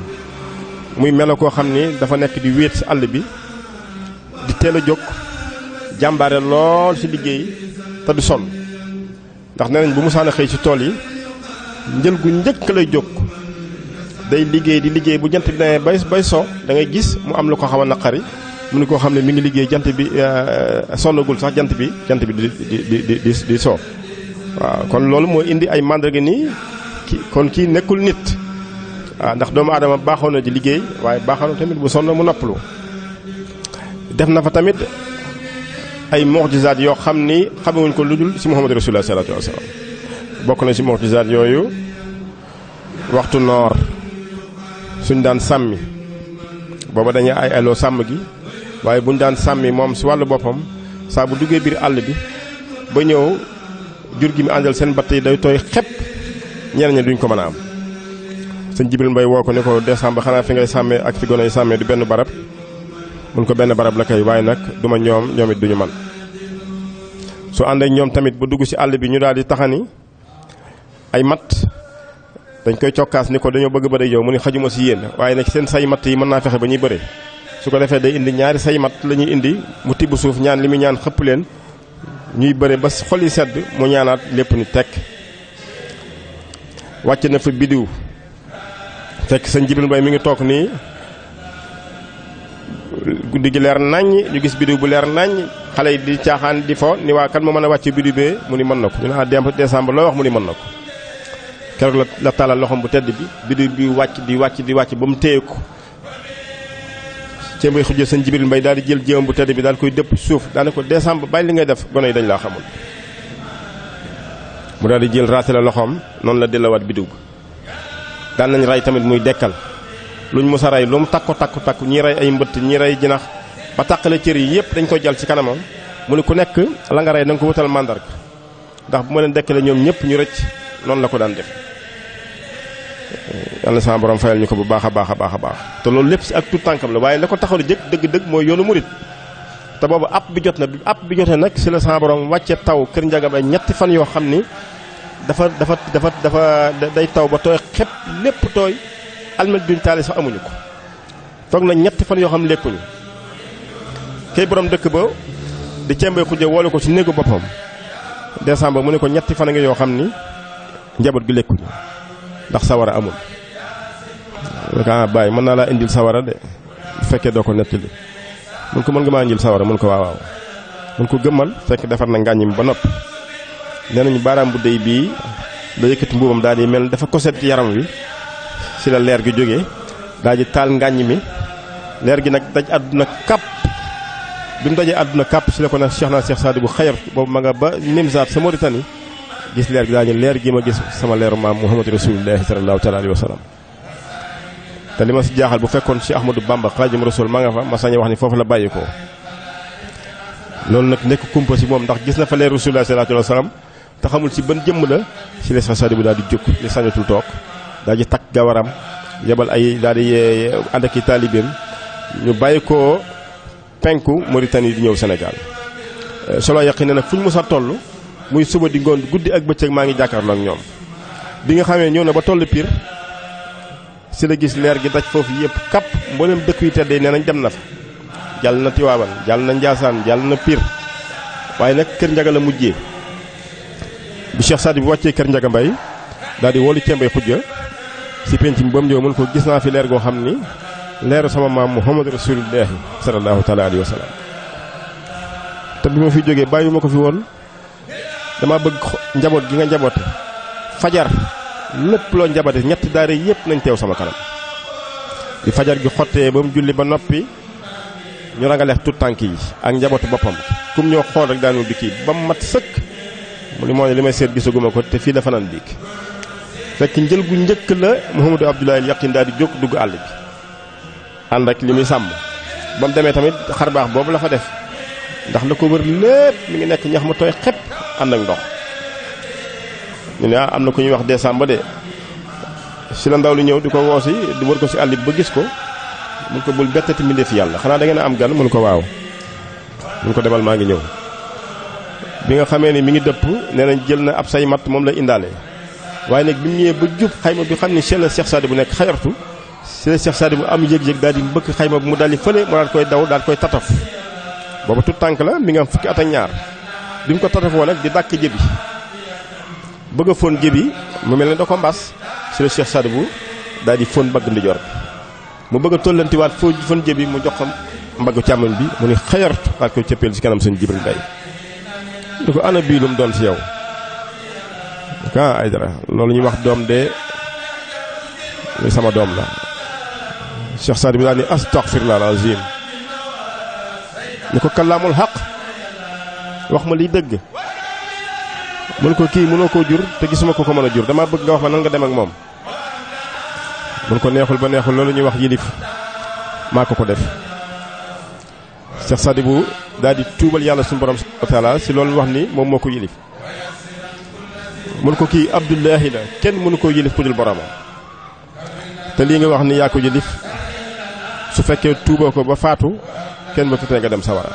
muy melo koo xam ni dafa nekk di wéet si àll bi di teel a jóg jàmbaare lool ci liggéey te du sonn ndax nee nañ bu musaana xëy ci tool yi njël gu njëkk lay jóg day liggéey di liggéey bu jant bi nee bay bay so da ngay gis mu am lu ko xam a naqari mu ne koo xam ne mi ngi liggéey jant bi euh, sonnagul sax jant bi jant bi di di di so waaw kon loolu moo indi ay màndarga nii kon kii nekkul nit waaw ndax doomu aadama baaxoon na di liggéey waaye baaxoon tamit bu sonn mu noppalu def na fa tamit ay mucjisaat yoo xam ni xamewuñ ko lu dul si Muhammad Rasulullah sallallahu alayhi wa sallam bokk na si mucjisaat yooyu waxtu noor suñ daan sàmmi booba dañuy ay aloo sàmm gi waaye buñ daan sàmmi moom si wàllu boppam saa bu duggee biir àll bi ba ñëw jur gi mu àndal seen batt yi day tooy xepp ñeneen ñi duñ ko mën a am sëñ Jibril Mbay woo ko ne ko décembre xanaa fi ngay sàmmee ak fi gone yi sàmmee du benn barab mun ko benn barab la koy waaye nag duma ma ñoom ñoom it duñu man su ànd ñoom tamit bu dugg ci àll bi ñu daal di taxani ay mat dañ koy cokkaas ni ko dañoo bëgg bëre yow mu ni xajuma ci yéen waaye nag seen say mat yi mën naa fexe ba ñuy bëre su ko defee day indi ñaari say mat lañuy ñuy indi mu tibb suuf ñaan li muy ñaan xëpp leen ñuy bëre ba xol yi sedd mu ñaanaat lépp ni tekk wàcc na fa biddiw fekk sëñ Jibril Mbay mi ngi toog nii guddi gi leer naññ ñu gis biddiw bu leer naññ xale yi di caaxaan di fo ni waa kan ma mën a wàcc biddiw bee mu ni mën na ko ñu naan ah, démb décembre loo wax mu ni mën na ko keroog la la loxoom bu tedd bi biddiw bi wàcc di wàcc di wàcc ba mu téye ko cee muy xujjee sëñ Jibril Mbay daal di jël jéem bu tedd bi daal koy dëpp suuf daane ko décembre bàyyi li ngay def gone yi dañ laa xamul mu daal di jël raase la loxoom noonu la delluwaat biddiw bi daan nañ ray tamit muy dekkal luñ mos a rey lu mu takku takku takku ñi rey ay mbëtt ñi rey jinax ba tàqale cër yi yëpp dañ ko jal ci kanamam mu ne ku nekk la nga rey na nga ko wutal màndarga ndax bu ma leen dekkale ñoom ñëpp ñu recc noonu la ko daan def yàlla sama borom fayal ñu ko bu baax a baax a baax a baax te loolu lépp si ak tout tànkam la waaye la ko taxaw jëkk dëgg-dëgg mooy yoonu murit te boobu app bi jot na app bi jotee nag si la sama borom wàcce taw kër njagam ñetti fan yoo xam ni dafa dafa dafa dafa day taw ba tooy xépp lépp tooy almet bi ñu taale amuñu ko foog na ñetti fan yoo xam lekkuñu kay boroom dëkk ba di cembee xujje woole ko ci néegu boppam décembre mu ne ko ñetti fan a ngi yoo xam ni njaboot gi lekkuñu ndax sawara amul ah bàyyi mën naa laa indil sawara de bu fekkee doo ko nettali mun ko mën nga maa indil sawara mën ko waaw waaw ko gëmmal fekk defar na ngàññi ba noppi nee nañu baaraam bu dey bii da yëkkati mbuubam daal di mel dafa koset ci yaram wi ci la leer gi jógee daal di taal ngàññ mi leer gi nag daj àdduna kàpp bi mu dajee àdduna kàpp si la ko nag Cheikh naa Cheikh Saadi bu xayar boobu ma nga ba Nimzaat sa Mauritanie gis leer gi daa leer gi ma gis sama leeru maam Muhammadu Rasulillahi sallallahu taala alayhi wa sallam te li ma si jaaxal bu fekkoon si Ahmadou Bamba Xaadimu Rasuul ma nga fa ma sañ wax ni foofu la bàyyi ko loolu nag nekk kumpa ci moom ndax gis na fa leeru Rasulillahi sallallahu alayhi wa sallam te xamul si ban jëmm la si la Cheikh Saadi bu daal di jóg li sañatul daal takk gawaram yebal ay daal di ànd taalibeem ñu bàyyi ko penku Mauritanie di ñëw Sénégal. Euh, solo yaqi ne nag fu ñu mos a toll muy suba di ngoon guddi ak bëccëg maa ngi jàkkaarloo ak ñoom bi nga xamee ñëw na ba toll piir si la gis leer gi daj foofu yëpp kap mboolem dëkk yu teddee nee nañ dem na fa. jàll na Tiwaawan jàll na Njaasaan jàll na piir waaye nag kër njaga la mujjee bu Cheikh Saadi bu wàccee kër njaga mbay daal di wóolu cembay si penc mi ba mu ñëw mën ko gis naa fi leer goo xam ni leeru sama maam Muhammad Rasulullahi sallallahu taala alayhi wa sallam te bi ma fi jógee bàyyi ma ko fi woon dama bëgg njaboot gi nga njaboote fajar lépp loo njaboote ñetti daara yëpp nañ teew sama kanam di fajar gi xottee ba mu julli ba noppi ñu rangaleex tut tànk yi ak njabootu boppam kum ñoo xool rek daanu dikki ba mu mat sëkk mu ni moo ne li may seet gisaguma ko te fii la fanaan biig fekk njël bu njëkk la Mouhamadou Abdoulaye Yaqin daal di jóg dugg àll bi ànd ak li muy sàmm ba mu demee tamit xar baax boobu la fa def ndax la ko wër lépp mi ngi nekk ñax ma tooy xepp ànd ak ndox ñu ne ah, am na ku ñuy wax décembre de si la ndaw li ñëw di ko woo si di wër ko si àll bi ba gis ko mun ko bul bettati mbindeef yàlla xanaa da ngeen am gan mun ko waaw mun ko demal maa ngi ñëw bi nga xamee ni mi ngi dëpp nee nañ jël na ab say matt moom la indaale waaye nag bi mu ñëwee ba jub xayma bi xam ne ci la Cheikh bu nekk xayartu ci la Cheikh bu am yëg-yëg daal di mbëkk xayma bi mu daal di fële mu daal koy daw dal koy tataf booba tut tànk la mi nga am fukki at ak ñaar bi mu ko tatafoo nag di dàkk jëbi bëgg a jëbi mu mel ni da ko mbaas ci la Cheikh Saadi bu daal di fóon mbagg ndijoor bi mu bëgg a tollantiwaat foo fóon jëbi mu jox ko mbaggu càmmoñ bi mu ni xayartu daal koy cëppeel ci kanam sëñ Jibril Bay di ko yow kan Aydara loolu ñuy wax doom de li sama doom la Cheikh Saad bi daal ni astaghfirullah alazim ni ko kalaamul xaq wax ma liy dëgg mën ko kii mënoo koo jur te gisuma ko ko mën a jur dama bëgg nga wax ma nan nga dem ak moom mën ko neexul ba neexul loolu ñuy wax yilif maa ko ko def Cheikh Saad bu daal di tuubal yàlla su borom subhanahu wa taala si loolu wax ni moom moo ko yilif mën ko kii Abdullahi la kenn mënu koo yëlif ku dul boromam te lii nga wax ni yaa ko yëlif su fekkee tuuboo ko ba faatu kenn ba tutee nga dem sawara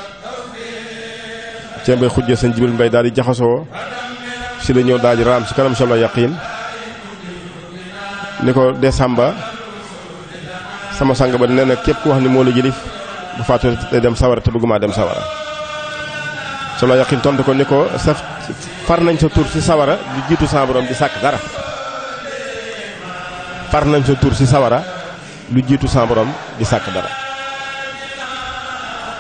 ceeb bay xujjee sëñ Jibril Mbay daal di jaxasoo si la ñëw daal di raam si kanam solo yaqiin ni ko sàmba sama sang ba nee na képp wax ni moo la yëlif bu faatu day dem sawara te bëgguma dem sawara solo la yaqin tontu ko ni ko sa far nañ sa tur ci sawara di jiitu sa borom di sàkk dara far nañ sa tuur ci sawara lu jiitu sa di sàkk dara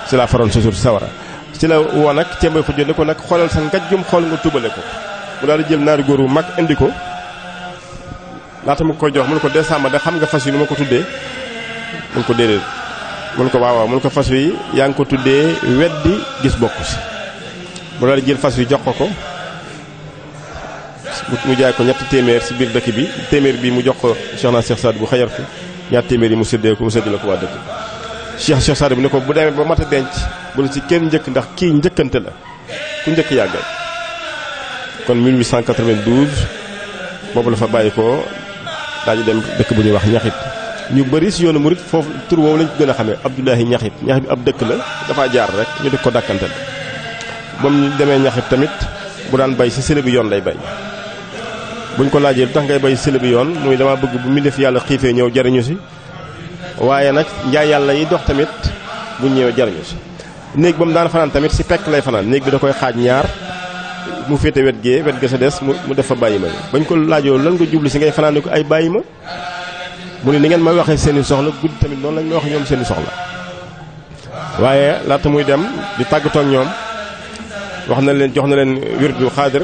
ci la faroon sa tur ci sawara ci la woo nag cemboy ko jël ko nag xoolal sa ngajjum xool nga tubale ko mu daal jël naari góor wu mag indi ko laata mu ko jox mu ne ko décembre da xam nga fas yi nu ma ko tuddee mu ko déedéet mu ko waaw waaw mu ko fas yi yaa ngi ko tuddee weddi gis bokku si bu daal jël fas wi jox ko ko mu jaay ko ñetti téeméer si biir dëkk bi téeméer bi mu jox ko Cheikh naa Cheikh Saad bu ñaar téeméer mu séddee ko mu séddale ko waa dëkk Cheikh Cheikh Saad ne ko bu demee ba mat a denc bu la kenn njëkk ndax kii njëkkante la ku njëkk yàggal kon 1892 boobu la fa bàyyi ko daañu dem dëkk bu ñuy wax ñaxit ñu bëri si yoonu murit foofu tur woowu lañ ko gën a xamee Abdoulahi ñaxit ñaxit bi ab dëkk la dafaa jaar rek ñu di ko dàkkante la ba mu demee ñaxit tamit bu daan bay si sële yoon lay bay buñ ko laajee lu tax ngay bay si sële yoon muy dama bëgg bu mi def yàlla xiifee ñëw jariñu si waaye nag njaay yàlla yi dox tamit buñ ñëwee jariñu si néeg ba mu daan fanaan tamit si pekk lay fanaan néeg bi da koy xaaj ñaar mu féete wet gee wet ga sa des mu def fa bàyyi ma bañ ko laajoo lan nga jublu si ngay fanaan ko ay bàyyi ma mu ne ni ngeen may waxee seen i soxla guddi tamit noonu lañ may wax ñoom seeni i soxla waaye laata muy dem di tàggatoo ak wax na leen jox na leen wirdu xaadir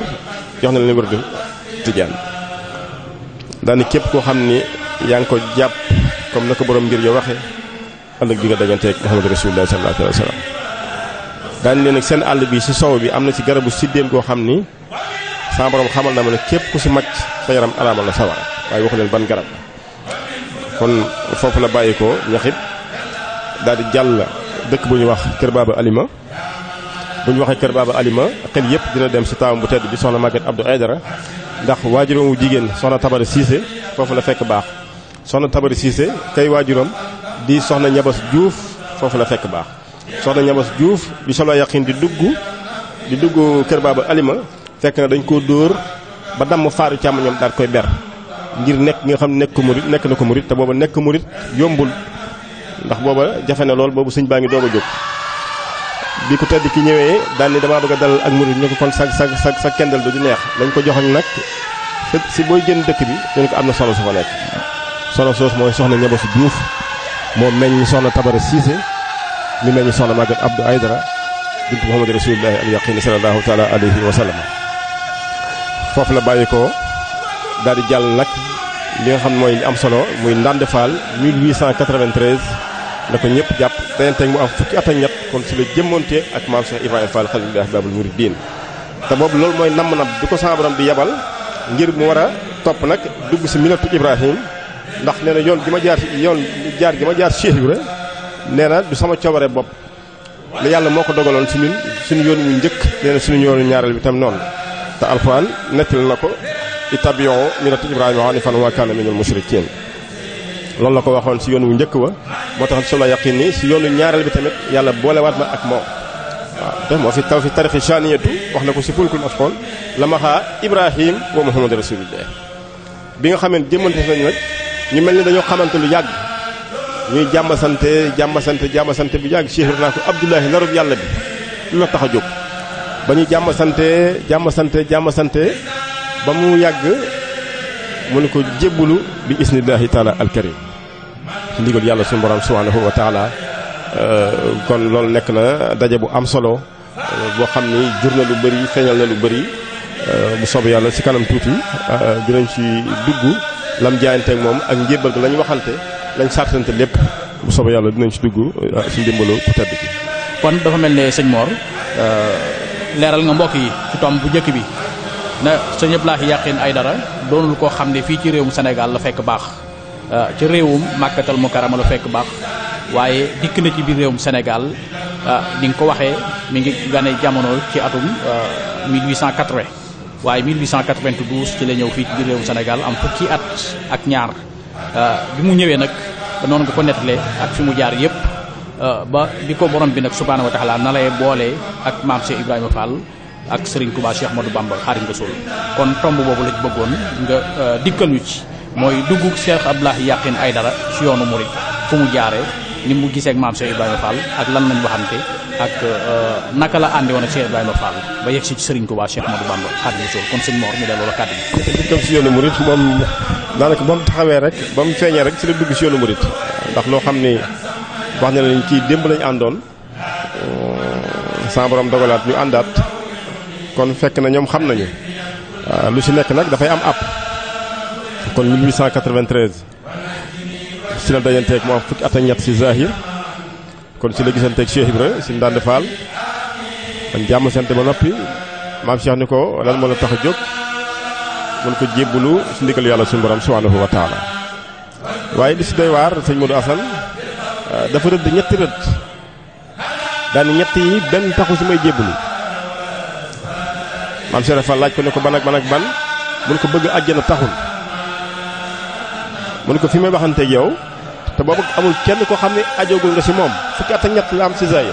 jox na leen wirdu tijaan daani képp koo xam ni yaa ngi ko jàpp comme na ko borom ngir yo waxe ëllëg bi nga dajanteeg Muhammad rasulullah sallallahu alayhi wa sallam leen nag seen àll bi si sow bi am na ci garabu siddéem koo xam ni sama borom xamal na ma ne képp ku si màcc sa yaram araamal na sawara waaye waxu leen ban garab kon foofu la bàyyi ko ñaxit daal di jàll dëkk bu ñuy wax Kër Baaba Alima bu ñu waxee kër Baba Alima xel yëpp dina dem si taawam bu tedd bi soxna Maguette Abdou Aydara ndax waajuram wu jigéen soxna Tabara Cissé foofu la fekk baax soxna Tabara Cissé kay waajuram di soxna Ñabas Diouf foofu la fekk baax soxna Ñabas Diouf bi soxna Yaqin di dugg di dugg kër Baba Alima fekk na dañ koo dóor ba damm faaru càmmoñam daal koy ber ngir nekk nga xam nekk ko murit nekk na ko murit te booba nekk murit yombul ndax booba jafe ne lool boobu sëñ baa ngi doog a jóg bi ku tedd ki ñëwee daal ni damaa bëgg a dalal ak murid ñu ko kon sa sa sa sa kendal du du neex dañ ko joxoñ nag si booy jën dëkk bi ñu ko am na soxna su fa nekk soxna soos mooy soxna ñebo si Diouf moo meññ soxna Tabara Cissé mi meññ soxna Maguette Abdou Aydara bint Muhammad Rasulullahi al yaqin sallallahu taala alayhi wa sallam foofu la bàyyi ko daal di jàll nag li nga xam mooy li am solo muy Ndande Fall 1893 la ko ñëpp jàpp beneen tey mu am fukki at ak ñett kon si la jëmmante ak maam Cheikh Ibrahima Fall Xaliilullah Baabul Muridiin te boobu loolu mooy namm nam bi ko sama borom di yebal ngir mu war a topp nag dugg si milatu Ibrahim ndax nee na yoon gi ma jaar yoon jaar gi ma jaar Cheikh Ibra nee na du sama coobare bopp la yàlla moo ko dogaloon si ñun suñu yoon wu njëkk nee na suñu yoonu ñaareel bi tam noon te alxuraan nettal na ko ittabi'u millata Ibrahima hanifan wa ma kaana minal loolu la ko waxoon si yoon wu njëkk wa moo tax solo yaqin ni si yoonu ñaareel bi tamit yàlla boole waat ma ak moom waaw te moo fi taw fi tarixi chaniyatu wax na ko si fulkul afqool la ma xaa ibrahim wa muhammad rasulillah bi nga xamee jëmmante nañu nag ñu mel ni dañoo xamante lu yàgg ñuy jàmm sante jàmm sante jàmm sante bu yàgg Cheikh naa ko Abdoulahi narub yàlla bi lu la tax a jóg ba ñu jàmm sante jàmm sante jàmm sante ba mu yàgg mu ne ko jébbalu bi isnillahi taala alkarim ndigal yàlla suñu borom subhanahu wa taala euh, kon loolu nekk na daje bu am solo euh, boo xam ni jur na lu bëri feeñal na lu bëri euh, bu soob yàlla si kanam tuuti dinañ ci dugg lam jaayanteeg moom ak njébbal ko lañ waxante lañ sartante lépp bu soob yàlla dinañ ci dugg si ndimbalu ku tedd ki kon dafa mel ne sëñ Mor leeral nga mbokk yi ci tomb bu njëkk bi na sëñ Abdoulaye ay dara doonul koo xam ne fii ci réewum Sénégal la fekk baax euh, ci réewum Makkatal Mukarrama la fekk baax waaye dikk na ci biir réewum Sénégal euh, ni nga ko waxee mi ngi gane jamono ci atum 1880 euh, waaye 1892 ci la ñëw fii ci biir réewum Sénégal am fukki at ak ñaar bi mu ñëwee nag noonu nga ko nettalee ak fi mu jaar yépp ba di ko borom bi nag subhaanahu wa taala na lay boole ak maam Cheikh Ibrahima Fall ak Serigne Touba Cheikh Ahmadou Bamba nga Rasuul kon tomb boobu lañ bëggoon nga euh, dikkal ñu ci mooy dugg Cheikh Abdoulaye Yakhine Aidara ci yoonu murid fu mu jaaree ni mu gisee ak maam Cheikh Ibrahima Fall ak lan lañ waxante ak euh, naka la àndi woon ak Cheikh Ibrahima Fall ba yegg si Serigne Touba Cheikh Ahmadou Bamba Xaadimu Rasuul kon sëñ Mor ñu delloo la kàddu gi. dikkal si yoonu murid moom daanaka ba mu taxawee rek ba mu feeñee rek si la dugg si yoonu murid ndax loo xam ni wax na lañ kii démb lañ àndoon euh, sans borom dogalaat ñu àndaat. kon fekk na ñoom xam nañu ah, lu si nekk nag dafay am app kon 1893 ci la dajanteeg mu am fukki at ak Zahir kon si la gisanteeg si Ibra ci Ndande Fall kon jàmm sant ba noppi maam Cheikh ni ko lan moo la tax a jóg mun ko jébbalu ci ndigalu yàlla suñu borom subhanahu wa waaye li ci doy waar sëñ Modou Assane ah, dafa rëdd ñetti rëdd daani ñett yi benn taxu ci may maam Cheikh Fall laaj ko ne ko ban ak ban ak ban mun ko bëgg àjjana taxul mu ne ko fi may waxante yow te boobu amul kenn koo xam ne ajogul nga si moom fukki at ñett la am si zaay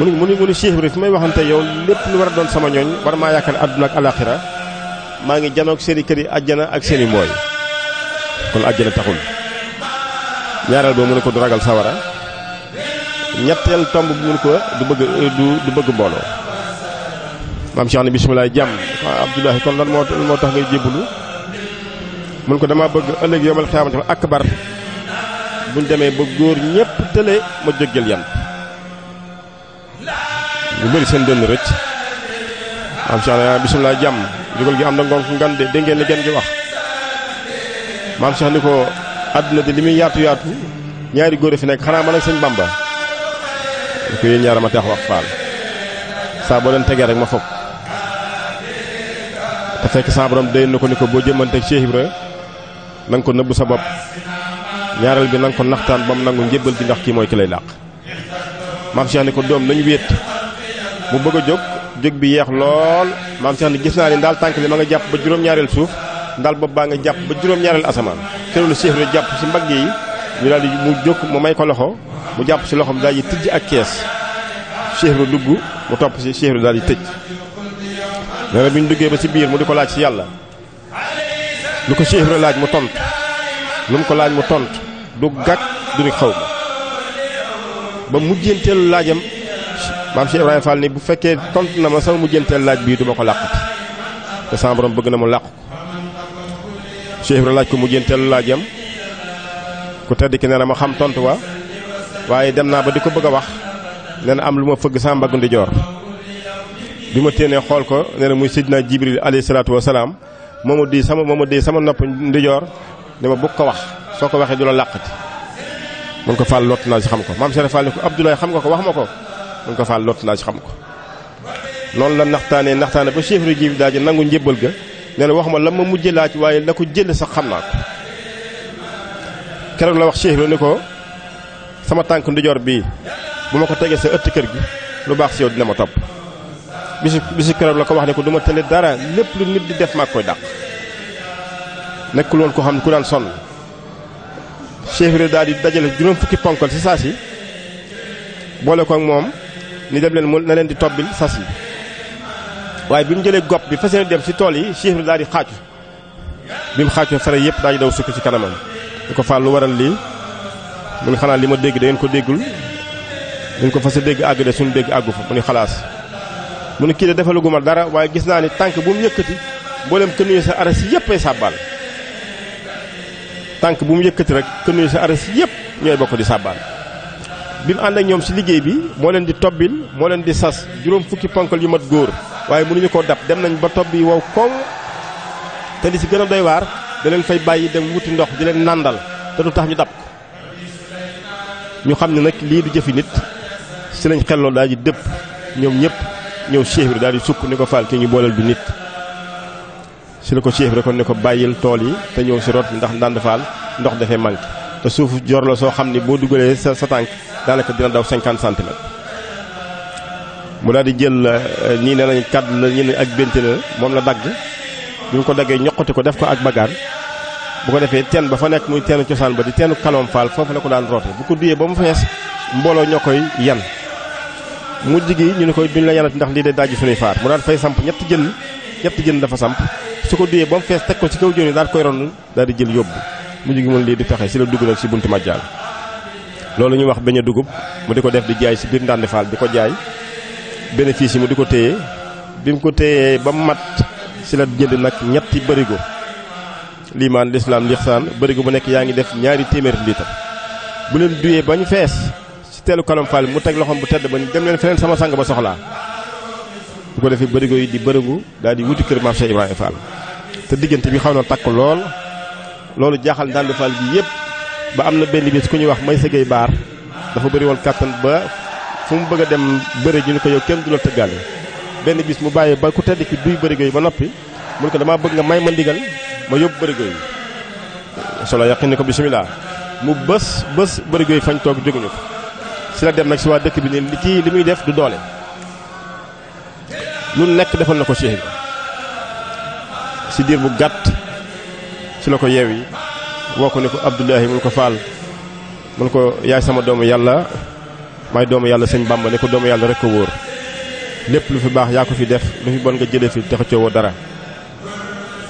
mu mun mu ni Cheikh bi fi may waxanteeg yow lépp lu war a doon sama ñooñ war maa yaakaar àdduna ak alaxira maa ngi janoog seeni kër yi àjjana ak seeni i kon àjjana taxul ñaareel boobu mu ne ko du ragal sawara ñetteel tomb bi mu ne ko du bëgg du bëgg mbooloo. maam Cheikh ne bisimilah jàmm waaw Abdoulahi kon lan moo moo tax ngay jébbalu mun ko dama bëgg ëllëg yomal xiyaamati fa akbar buñ demee ba góor ñëpp tële ma jóggal yan ñu bëri seen dënn rëcc maam Cheikh ah, jàmm jógal gi am na ngoon ku ngan de dégg ngeen li ngeen gi ni ko àdduna de li muy yaatu yaatu ñaari góor fi nekk xanaa man ak sëñ Bamba ñu ko yéen ñaar ma tax wax faal saa boo leen tegee rek ma foog te fekk sa borom déy na ko ni ko boo jëmmanteeg Cheikh Ibra nan ko nëbbu sa bopp ñaareel bi na nga ko naxtaan ba mu nangu njëbbal gi ndax kii mooy ki lay dàq. maam Cheikh ni ko doom nañu wéet mu bëgg a jóg jóg bi yeex lool maam Cheikh ni gis naa ni daal tànk li ma nga jàpp ba juróom-ñaareel suuf ndaal bopp baa ngi jàpp ba juróom-ñaareel asamaan keroog la Cheikh jàpp ci mbagg yi ñu daal di mu jóg mu may ko loxo mu jàpp si loxoom daal di tijj ak kees Cheikh dugg mu topp si daal di tëj nee bi ñu duggee ba ci biir mu di ko laaj ci yàlla lu ko Cheikh laaj mu tont lu mu ko laaj mu tont du gàkk du ni xaw ma ba mujjanteelu laajam maam Cheikh Ibrahima ni bu fekkee tont na ma sama mujjanteelu laaj bii du ma ko làqati te sama borom bëgg na mu làq ko laaj ko mujjanteelu laajam ku tedd ki nee na ma xam tontu wa waaye dem naa ba di ko bëgg a wax nee am lu ma fëgg sama ndijoor bi ma téenee xool ko nee na muy sidna jibril alayhi salaatu wa salaam moo ma di sama moo ma di sama nopp ndijoor ne ma bëgg ko wax soo ko waxee du la làqati mun ko faal lott naa si xam ko maam Cheikh Fall ne ko Abdoulaye xam nga ko wax ma ko mun ko faal lott naa ci xam ko noonu la naxtaanee naxtaane ba chef ru jibril ji nangu njëbbal ga nee na wax ma la ma mujj laaj waaye la ko jël sax xam naa keroog la wax Cheikh bi ne ko sama tànk ndijoor bii bu ma ko tegee sa ëtt lu baax si yow ma topp bisu bisu keroog la ko wax ne ko du ma dara lépp lu nit di def maa koy dàq nekkul woon ko xam ne ku daan sonn chef daal di dajale juróom fukki ponkal si saa si boole ko ak moom ni dem leen mu na leen di tobbil sas yi waaye bi mu jëlee gopp bi fas yéene dem si tool yi chef daal di xaaju bi mu xaajoo fere yëpp daa di daw sukk ci kanamam. di ko faal lu waral lii mu ne xanaa li ma dégg da ngeen ko déggul dañ ko fas a dégg àgg de suñu dégg àggu fa mu ne mu ne kii de defalaguma dara waaye gis naa ni tànk bu mu yëkkati mboolem kënuye sa aras yëpp ay sàbbaal tànk bu mu yëkkati rek kënuye sa aras yëpp ñooy bokk di sàbbaal bi mu ànd ak ñoom si liggéey bi moo leen di tobbil moo leen di sas juróom fukki ponkal yu mat góor waaye ñu koo dab dem nañu ba tobb yi wow koŋ te li ci gën a doy waar da fay bàyyi dem wuti ndox di leen nàndal te du tax ñu dab ñu xam ne nag lii du jëfi nit si lañ xelloo daal di ñoom ñëpp ñëw Cheikh Ibra daal di sukk ni ko faal ki ñu booleel du nit si la ko Cheikh Ibra kon ne ko bàyyil tool yi te ñëw si root ndax ndànd faal ndox dafay manqué te suuf jor la soo xam ni boo dugalee sa sa tànk daanaka dina daw cinquante centimètres mu daal di jël nii euh, ne nañ kàddu la ñii ne ak bénti la moom la dagg bi ñu ko daggee ñoqati ko def ko ak bagaan bu ko defee teen ba fa nekk muy teenu cosaan ba di teenu kaloom faal foofu la ko daan roote bu ko duyee ba mu fees mbooloo ñoo koy yan mujj gi ñu ne koy duñ la yanati ndax lii de daaju suñuy faar mu daal fay samp ñetti jën ñetti jën dafa samp su ko duyee ba mu fees teg ko ci kaw jën yi daal koy ron daal di jël yóbbu mujj gi mën lii du pexe si la dugg nag si buntu majjaan loolu ñu wax beñ dugub mu di ko def di jaay si biir Ndande Fall di ko jaay bénéfice yi mu di ko téye bi mu ko téyee ba mat si la jënd nag ñetti bërigo liimaan lislaam lixsaan bërigo bu nekk yaa ngi def ñaari téeméeri litre bu leen duyee bañ fees teelu Kalom Fall mu teg loxoom bu tedd ba dem leen feneen sama sang ba soxlaa bu ko defee bërigo yi di bërëngu daal di wuti kër maam Cheikh Ibrahima Fall te diggante bi xaw na takk lool loolu jaaxal Ndande Fall gi yëpp ba am na benn bés ku ñuy wax may sëgay baar dafa bëri woon kàttan ba fu mu bëgg a dem bëri ñu ne ko yow kenn du la tëggaale benn bis mu bàyyi ba ku tedd ki duy bërigo yi ba noppi mu ko damaa bëgg nga may ma ndigal ma yóbbu bërigo yi solo ko bisimilah mu bës bës bërigo fañ toog jóguñu ko si la dem nag si waa dëkk bi ni li kii li muy def du doole lu nekk defal na ko Cheikh Ibra si diir bu gàtt si la ko yeew yi woo ko ni ko Abdoulahi mun ko faal mun ko yaay sama doomu yàlla maay doomu yàlla sëñ Bàmba ni ko doomu yàlla rek ko wóor lépp lu fi baax yaa ko fi def lu fi bon nga jëlee fi te coowoo dara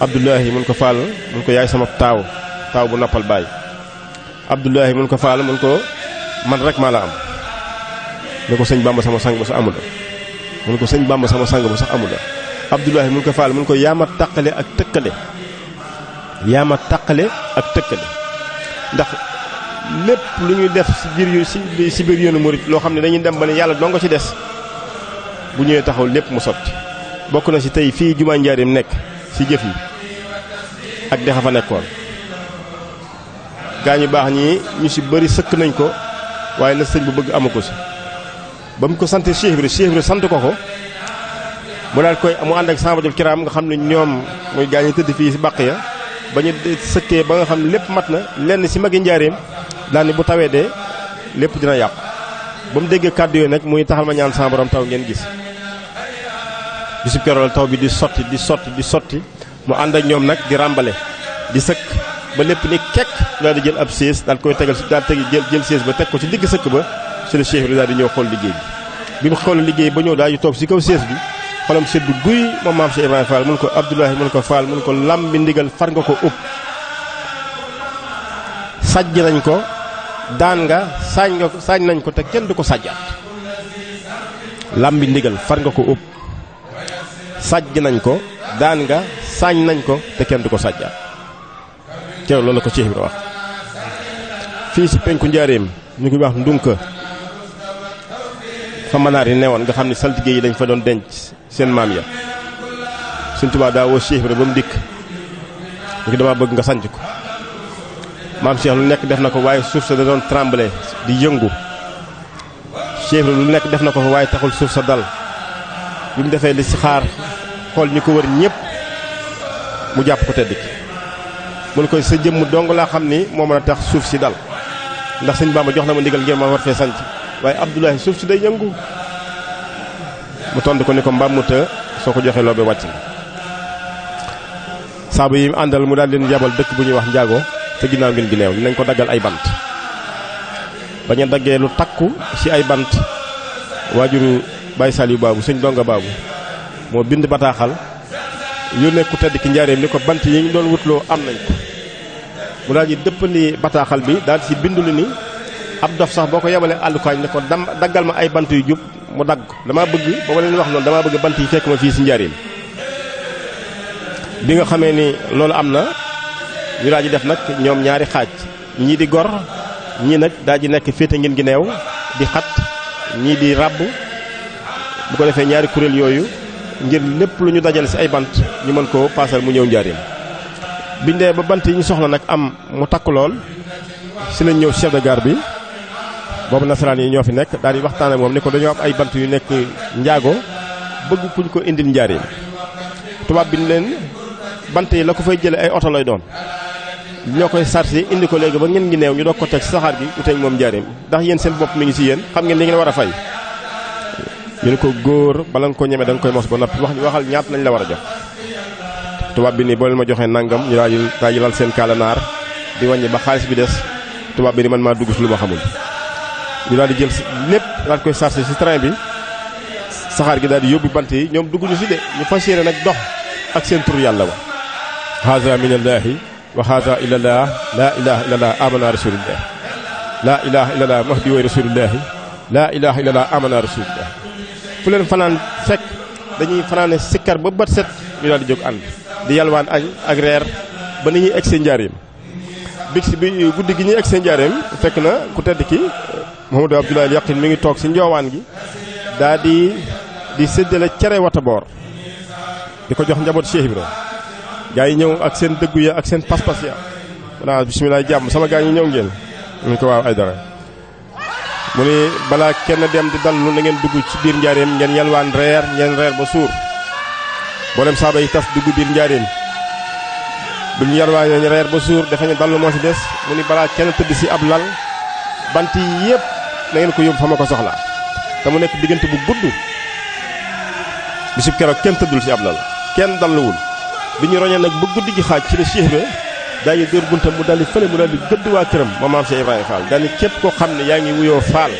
Abdoulahi mun ko faal mun ko yaay sama taaw taaw bu noppal baay Abdoulahi mun ko faal mun ko man rek maa la am ne ko sëñ bàmba sama sang ba sax amul la ko sëñ bàmba sama sang ba sax amul la abdoulahi mu ne ko faal mu ne ko yaama tàqale ak tëkkale yaama tàqale ak tëkkale ndax lépp lu ñuy def si biir si biir yoonu murit loo xam ne dañuy dem ba ne yàlla dong ko ci des bu ñëwee taxaw lépp mu sotti bokk na si tey fii jumaa njaarim nekk si jëf yi ak dexe fa nekkoon gaa ñu baax ñi ñu si bari sëkk nañ ko waaye la sëñ bu bëgg amu ko si ba mu ko sante Cheikh Ibra Cheikh Ibra sant ko ko mu daal koy mu ànd ak sàmbatul kiraam nga xam ne ñoom muy gaañ tëdd fii si bàq ya ba ñu sëkkee ba nga xam ne lépp mat na lenn si magi njaareem daal ni bu tawee dee lépp dina yàqu ba mu déggee kàddu yi nag muy taxal ma ñaan sama boroom taw ngeen gis bisub keroog taw bi di sotti di sotti di sotti mu ànd ak ñoom nag di ràmbale di sëkk ba lépp ni kekk daal di jël ab sées daal koy tegal daal teg jël jël sées ba teg ko ci digg sëkk ba si la Cheikh Ibrahima daal di ñëw xool liggéey bi bi mu xool liggéey ba ñëw daal di toog ci kaw sees bi xolam sedd guy moom maam Cheikh Ibrahima Fall mun ko Abdoulahi mun ko Fall mun ko lam ndigal far nga ko ëpp sajj nañ ko daan nga saañ nga saañ nañ ko te kenn du ko sajjaat làmbi bi ndigal far nga ko ëpp sajj nañ ko daan nga saañ nañ ko te kenn du ko sajjaat keroog loolu ko Cheikh Ibrahima wax fii si penku njaareem ñu ngi wax ndunka fa manaar yi woon nga xam ne saltige yi dañ fa doon denc seen maam ya Sëñ Tuubaa daa woo Cheikh Ibra ba mu dikk ngi dama bëgg nga sanc ko maam Cheikh lu nekk def na ko waaye suuf sa da di yëngu Cheikh Ibra nekk def na ko fa waaye taxul suuf sa dal bi mu defee li si xaar xool ñi ko wër ñépp mu jàpp ko tedd ki mun koy sa jëmm dong laa xam ni moo mën a tax suuf si dal ndax baa Bamba jox na ma ndigal ngir ma war fee sanc waaye Abdoulaye suuf si day yëngu mu tontu ko ni ko mbaam mu të soo ko joxee loobe wàcc na saabu yi àndal mu daal leen yabal dëkk bu ñuy wax njaago te ginnaaw ngeen gi neew dinañ ko daggal ay bant ba ñu daggee lu takku ci ay bant waajuru Baye yu Babou sëñ Donga baabu moo bind bataaxal yónnee ku tedd ki njaareem ni ko bant yi ngi doon wutloo am nañ ko mu daal di bataaxal bi daal ci bindu li ni ab dof sax boo ko yebalee àllukaañ ne ko dam daggal ma ay bant yu jub mu dagg damaa bëgg booba leen wax loolu damaa bëgg bant yi fekk ma fii si njariñ bi nga xamee ni loolu am na ñu daal di def nag ñoom ñaari xaaj ñii di gor ñii nag daal di nekk féete ngeen gi neew di xat ñii di ràbb bu ko defee ñaari kuréel yooyu ngir lépp lu ñu dajale si ay bant ñi mën koo paasal mu ñëw njariñ biñ dee ba bant yi ñu soxla nag am mu takk lool si la ñëw chef de gare bi boobu nasaraan yi ñoo fi nekk daal di waxtaan moom ni ko dañoo am ay bant yu nekk njaago bëgg kuñ ko indil njaariñ tubaab bi ni leen bant yi la ko fay jële ay oto lay doon ñoo koy sarsi indi ko léegi ba ngeen ngi neew ñu doog ko teg saxaar gi uteeg moom njaareem ndax yéen bopp mi ngi ci yéen xam ngeen li ngeen war a fay ñu ne ko góor bala nga ko ñeme da koy mos ba noppi wax waxal ñaata lañ la war a jox tubaab bi nii boo ma joxee nangam ñu daal di daal di lal seen kaalanaar di wàññi ba xaalis bi des tubaab bi ni man maa dugg ci lu ma xamul ñu daal di jël lépp daal di koy chargé ci train bi saxaar gi daal di yóbbu bant yi ñoom dugg ñu si de ñu fas yéene nag dox ak seen tur yàlla wa haza min allaahi wa haza ilallah laa ilaha illallah amana rasulillah laa ilaha illallah mahdi way rasulillahi laa ilaha illallah amana rasulillah fu leen fanaan fekk dañuy fanaane sikkar ba bët set ñu daal di jóg ànd di yalwaan ak reer ba ni ñuy egg seen njaareem big si bi guddi gi ñuy egg seen njaareem fekk na ku tedd ki Mouhamadou Abdoulaye Yaqin mi ngi toog ci njoowaan gi daa di di séddale cere wataboor di ko jox njaboot Cheikh Ibra gaa yi ñëw ak seen dëggu ya ak seen pas-pas ya mu naa bisimilah jàmm sama gaa yi ñëw ngeen mu ngi ko waaw ay dara mu ni balaa kenn dem di dallu na ngeen dugg ci biir njaareem ngeen yalwaan reer ngeen reer ba suur mboolem saaba yi tas dugg biir njaareem bu ñu yalwaan reer ba suur dafa ñu dallu moo ci des mu ni balaa kenn tëdd si ab lal bant yépp na ko yóbbu fa ma ko soxlaa te mu nekk diggante bu gudd bisub keroog kenn tëddul ci ab lal kenn dalluwul bi ñu roñee nag ba guddi gi xaaj ci la Cheikh ba daañu dóor buntam mu daal di fële mu daal gëdd waa këram ma maam Cheikh Ibrahima Fall daal di képp koo xam ne yaa ngi wuyoo Fall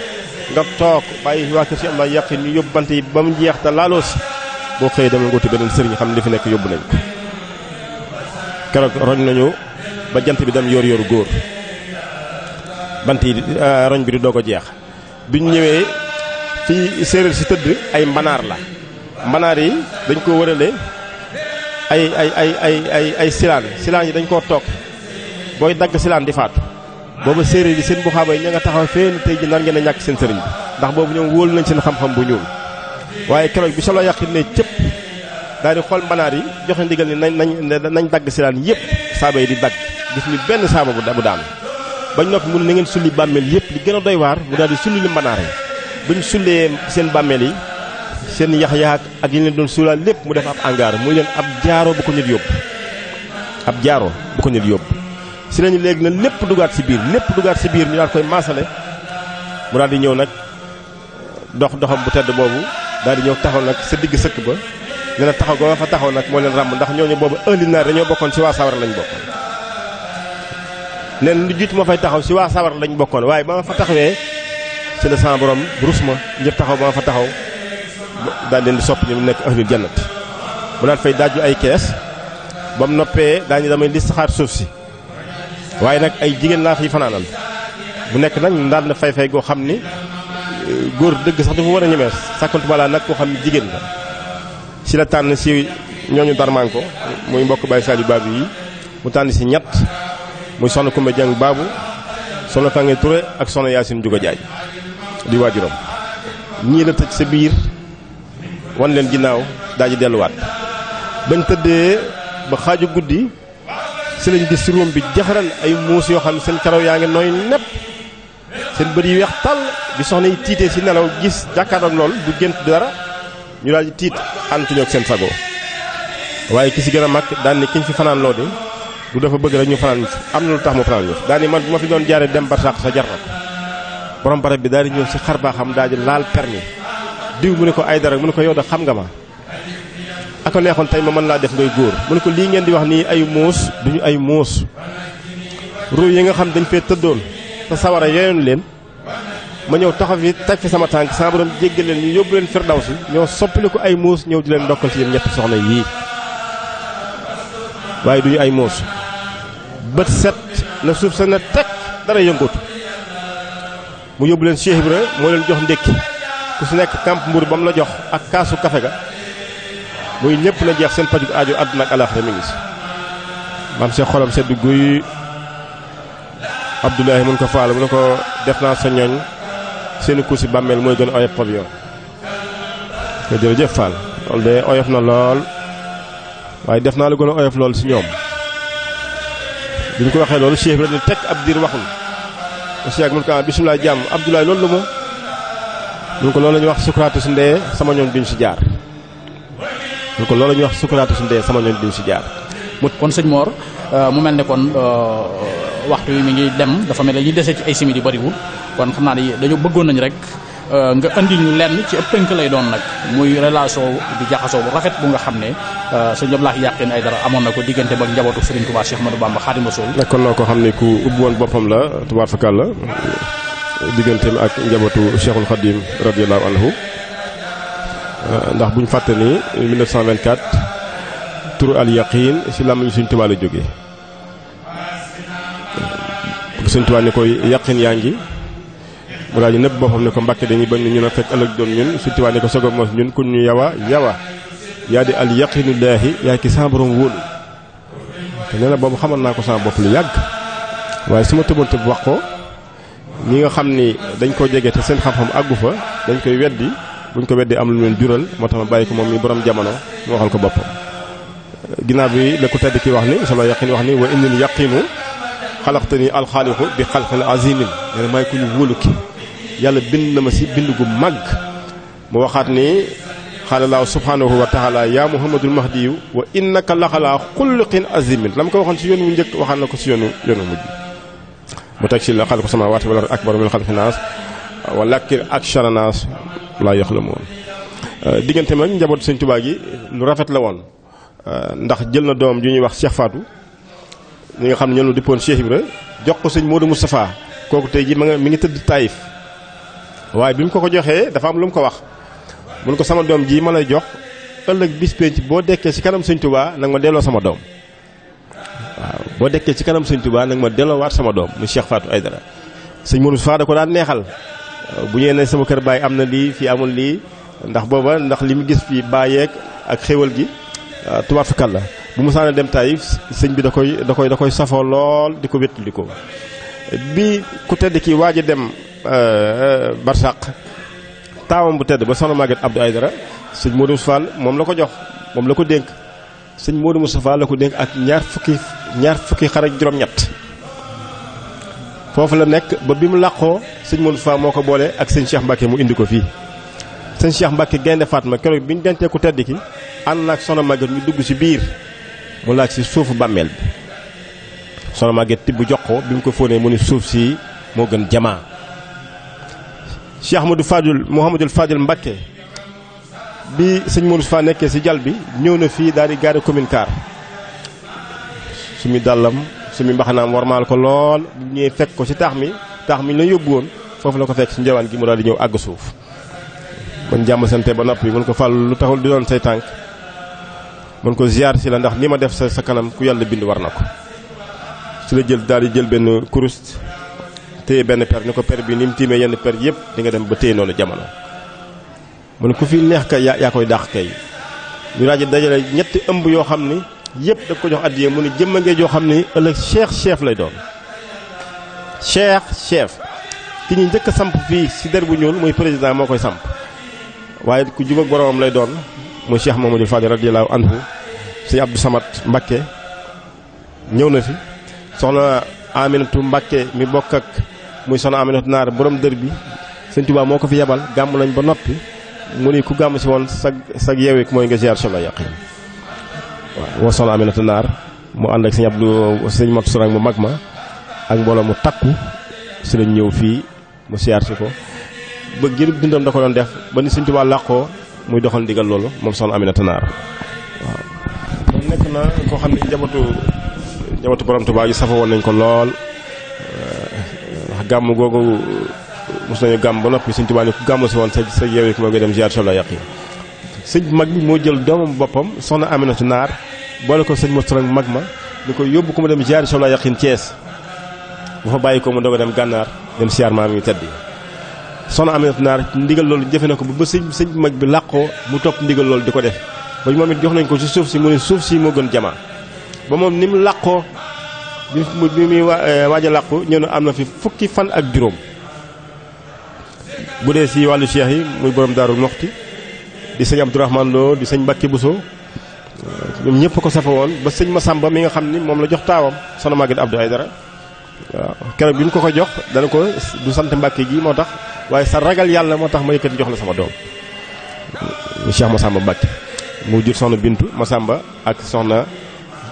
nga toog bàyyi waa kër si am na yàq ñu yóbbu bant yi ba mu jeex te laaloo si boo xëyee dama ngóoti beneen sëriñ xam ne li fi nekk yóbbu nañ ko keroog roñ nañu ba jant bi dem yor-yoru góor bant euh, roñ bi di doog a jeex. bi ñu ñëwee fi séeréer si tëdd ay mbanaar la mbanaar yi dañ ko wërale ay ay ay ay ay ay silaan silaan yi dañ koo toog booy dagg silaan di faatu booba séeréer yi seen bu xaaba yi ña nga taxaw feen tey ji nar ngeen a ñàkk seen sëriñ bi ndax boobu ñoom wóolu nañ seen xam-xam bu ñuul waaye keroog bi solo yàq ne cëpp daal di xool mbanaar yi joxe ndigal ni nañ nañ nañ dagg silaan yëpp saaba yi di dagg gis ñu benn saaba bu daanu bañ noppi mu ne na ngeen sulli bàmmeel yëpp li gën a doy waar mu daal di sulli li mbanaare buñ sullee seen bàmmeel yi seen yax yax ak yi leen doon suulaal lépp mu def ab angaar muy leen ab jaaro bu ko nit yóbbu ab jaaro bu ko nit yóbbu si nañu léegi na lépp dugaat si biir lépp dugaat si biir ñu daal koy maasale mu daal di ñëw nag dox doxam bu tedd boobu daal di ñëw taxaw nag sa digg sëkk ba dina taxaw ba fa taxaw nag moo leen ràmb ndax ñooñu boobu ëllëg dañoo bokkoon si waa sawara lañ bokkoon neen lu jiitu ma fay taxaw si waa sawar lañ bokkoon waaye ba ma fa taxawee si la sama borom rus ma ngir taxaw ba ma fa taxaw daal leen di soppi ñu nekk ahlul jannat mu daal fay daaju ay kees ba mu noppee daañu damay listixaar suuf si waaye nag ay jigéen laa fiy fanaanal bu nekk nag daal na fay fay goo xam ni euh, góor dëgg sax dafa war a ñemee sàkkantu balaa nag koo xam ni jigéen la si la tànn si ñooñu darmaan ko muy mbokk Baye Saliou Babou yi mu tànn si ñett muy soxna Kumba Dieng Baabu soxna Tange Touré ak soxna Yacine Juga Jaay di waajuram ñii la tëj sa biir wan leen ginnaaw daa ji delluwaat bañ tëddee ba xaaju guddi si lañ gis si ruum bi jaxaran ay muus yoo xam seen karaw yaa ngi nooy nepp seen bët yi weex tàll bi soxna yi tiitee si nelaw gis jàkkaaram lool du gént dara ñu daal tiit ànd ak seen sago waaye ki si gën a mag daan ni kiñ fi fanaan loo de du dafa bëgg rek ñu fanaan ñu fi am na lu tax mu fanaan ñu fi daal ni man bu ma fi doon jaaree dem barsàq sa jar na ko borom barab bi daal di ñëw si xar baa xam daal di laal permis diw mu ne ko ay dara mu ne ko yow da xam nga ma aka neexoon tey ma mën laa def ngay góor mu ne ko lii ngeen di wax nii ay muus ñu ay muus ruu yi nga xam dañ fee tëddoon te sawara yeyoon leen ma ñëw taxaw fi teg fi sama tànk sama borom jéggal leen ñu yóbbu leen si ñoo soppali ay muus ñëw di leen ndokkal ci yéen ñetti soxna yii waaye duñu ay muus bët set la suuf sa na teg dara yëngootu mu yóbbu leen Cheikh Ibra moo leen jox ndékki ku si nekk camp mburu ba mu la jox ak kaasu kafe ga muy lépp na jeex seen pajug aajo àdduna ak alaaxira mi ngi si maam see xolam sedd guy Abdoulahi mun ko faal mu ne ko def naa sa ñooñ seeni kuusi bàmmeel mooy gën a oyof pavillon te jërëjëf Fall loolu de oyof na lool waaye def naa lu gën a oyof lool si ñoom bi ko waxee loolu Cheikh bi dañu teg ab diir waxul aussi ak mun ko ah bisimilah jàmm Abdoulaye loolu la moom mun ko loolu la ñuy wax sukuraatu si ndee sama ñoon duñ si jaar mun ko loolu la ñuy wax sukuraatu si ndee sama ñoon duñ si jaar. mu kon sëñ Mor euh, mu mel ne kon euh, waxtu yi mu ngi dem dafa mel ne ñuy dese ci ay simi yu bëriwul kon xam naa ne dañu bëggoon nañu rek. Euh, nga indi ñu lenn ci ëpp tënk lay doon nag muy relation di jaxasoo bu rafet bu nga xam ne euh, sëñ Abdoulaye Yakhine dara amoon na ko diggante mag njabootu Serigne Touba Cheikh Ahmadou Bamba Khadim Rasoul nekkoon na ko xam ne ku ubbi woon boppam la diggante mi ak njabootu Cheikhul Khadim radiyallahu anhu euh, ndax buñ fàtte ni 1924 turu al yaqin si làmmiñu Sëñ Tuubaa la jógee Sëñ Tuubaa ni koy yaqin yaa ngi mu daal di nëbb boppam ne ko mbàkke dañuy bañ ñu la fekk ëllëg doon ñun suñ tubaab ko sogo ñun kun ñu yawa yawa yaa di al yaqinullaahi yaa ki sama borom wóolu te nee na boobu xamal naa ko sama bopp lu yàgg waaye su ma tëbante bu wax ko ñi nga xam ni dañ koo jege te seen xam-xam àggu fa dañ koy weddi buñ ko weddi am lu leen jural moo tax ma bàyyi ko moom mi borom jamono mu waxal ko boppam ginnaaw bi la ko tedd wax ni sama yaqin wax ni wa innil yaqinu xalaqtani alxaaliqu bi xalqin azimin nee na yàlla bind na ma ci bind gu mag mu waxaat ni xaalalaahu subhaanahu wa taala yaa muhammadul mahdiyu wa innaka laxalaa xulluqin azimin la ma ko waxoon ci yoon wu njëkk waxaat ko si yoonu yoonu mujj mu teg si la xalqu samaawaati wal ardi akbaru min xalqi naas walaakin aksara naas laa yaxlamuun euh, diggante mag njaboot sëñ Tuubaa gi lu rafet la woon euh, ndax jël na doom ju ñuy wax Cheikh Fatou ñi nga xam ne ñoo dippoon Cheikh Ibra jox ko sëñ Modou Moustapha kooku tey ji ma nga mi ngi tëdd Taïf waaye bi mu ko ko joxee dafa am lu mu ko wax mun ko sama doom jii ma lay jox ëllëg bis boo dekkee ci kanam sëñ Tuubaa nag ma delloo sama doom boo dekkee ci kanam sëñ Tuubaa nag ma delloowaat sama doom mu Cheikh Fatou Aydara sëñ Mourou Faa da ko daan neexal bu ñëwee sama kër baay am na lii fii amul lii ndax booba ndax li mu gis fii bàyyeeg ak xéwal gi tubaab fi kàlla bu mu saana dem Taïf sëñ bi da koy da koy da koy safoo lool di ko wétali ko bi ku tedd kii waaj a dem euh, barsàq taawam bu tedd ba soxna Maguette Abdou Aydara sëñ Modou Moustapha moom la ko jox moom la ko dénk sëñ Modou Moustapha la ko dénk ak ñaar fukki ñaar fukki xar ak ñett foofu la nekk ba bi mu làqoo sëñ Modou Moustapha moo ko boole ak sëñ Cheikh Mbacke mu indi ko fii. sëñ Cheikh Mbacke gaynde ma keroog bi ñu dencee ku tedd ki ànd naag soxna Maguette ñu dugg si biir mu laaj ci suufu bàmmeel bi. soxna Maguette tibb jox ko bi mu ko fóonee mu ne suuf sii moo gën jamaa Cheikh Ahmadou Fadul Mouhamadul Fadul Mbacké bi sëñ Modou faa nekkee si jal bi ñëw na fii daal di garé commune car su mi dàllam su mi mbaxanaam warmaal ko lool bu ñëwee fekk ko ci taax mi taax mi la yóbbu woon foofu la ko fekk ci njawaan gi mu daal di ñëw àgg suuf man jàmm sante ba noppi mun ko fal lu taxul di doon say tànk mun ko ziar si la ndax ni ma def sa sa kanam ku yàlla bind war na ko ci la jël daal di jël benn kurus téye benn per ni ko per bi ni mu tiimee yenn per yëpp di nga dem ba téye noonu jamono. mu ne ku fi neex kay yaa koy dàq kay ñu daal dajale ñetti ëmb yoo xam ni yëpp daf ko jox addiya mu ne jëmm ngee joo xam ni ëllëg cheikh chef lay doon. cheikh chef ki ñu njëkk samp fii si der bu ñuul muy président moo koy samp waaye ku jub ak boromam lay doon muy cheikh Mamadou Fadil radiyallahu anhu si Abdou Samad Mbacké ñëw na fi. soxna Aminatu Mbàkke mi bokk ak muy soxna Aminatu Naar borom dër bi sëñ Tuubaa moo ko fi yebal gàmm nañ ba noppi mu ni ku gàmm si woon sag sag yeewik mooy nga ziar soxna yàq waaw woo soxna Aminatu Naar mu ànd ak sëñ Abdou sëñ Matu Sarang mu mag ma ak mbooloo mu takku si lañ ñëw fii mu ziar si ko ba gërëm dundam da ko doon def ba ni sëñ Tuubaa làqoo muy doxal ndigal loolu moom soxna Aminatu Naar waaw. nekk na koo xam ne njabootu njabootu borom Tuubaa yi safa woon nañ ko lool ndax eh, eh, gàmm googu eh, mos nañu gàmm ba noppi suñ Tuubaa ni ku gàmm si woon sa sa yeeweeku moo ngi dem ziar soxla yàq yi sëñ mag bi moo jël doomam boppam soxna Aminatu Naar boole ko sëñ Moustapha mag ma ni ko yóbbu ko mu dem ziar soxla yàq yi Thiès bu fa bàyyi ko mu doog dem gànnaar dem siyaar maam yi tedd soxna Aminatu Naar ndigal loolu jëfe na ko ba sëñ sëñ mag bi làqoo mu topp ndigal loolu di ko def ba moom jox nañ ko ci suuf si mu suuf si moo gën jamaa ba moom ni mu làqoo bi muy eh, waaj a làqu ñëw na am na fi fukki fan ak juróom bu dee si wàllu cheikh yi muy borom daaru moxti di sëñ Abdourahmane Lo di sëñ Mbacke Bousso ñoom ñëpp ko safa woon ba sëñ ma Massamba mi nga xam ni moom la jox taawam soxna Maguette Abdou Aydara waaw keroog bi mu ko ko jox dana ko du sant Mbacke gi moo tax waaye sa ragal yàlla moo tax ma yëkkati jox la sama doom Cheikh Massamba Mbacke mu jur soxna Bintu Massamba ak soxna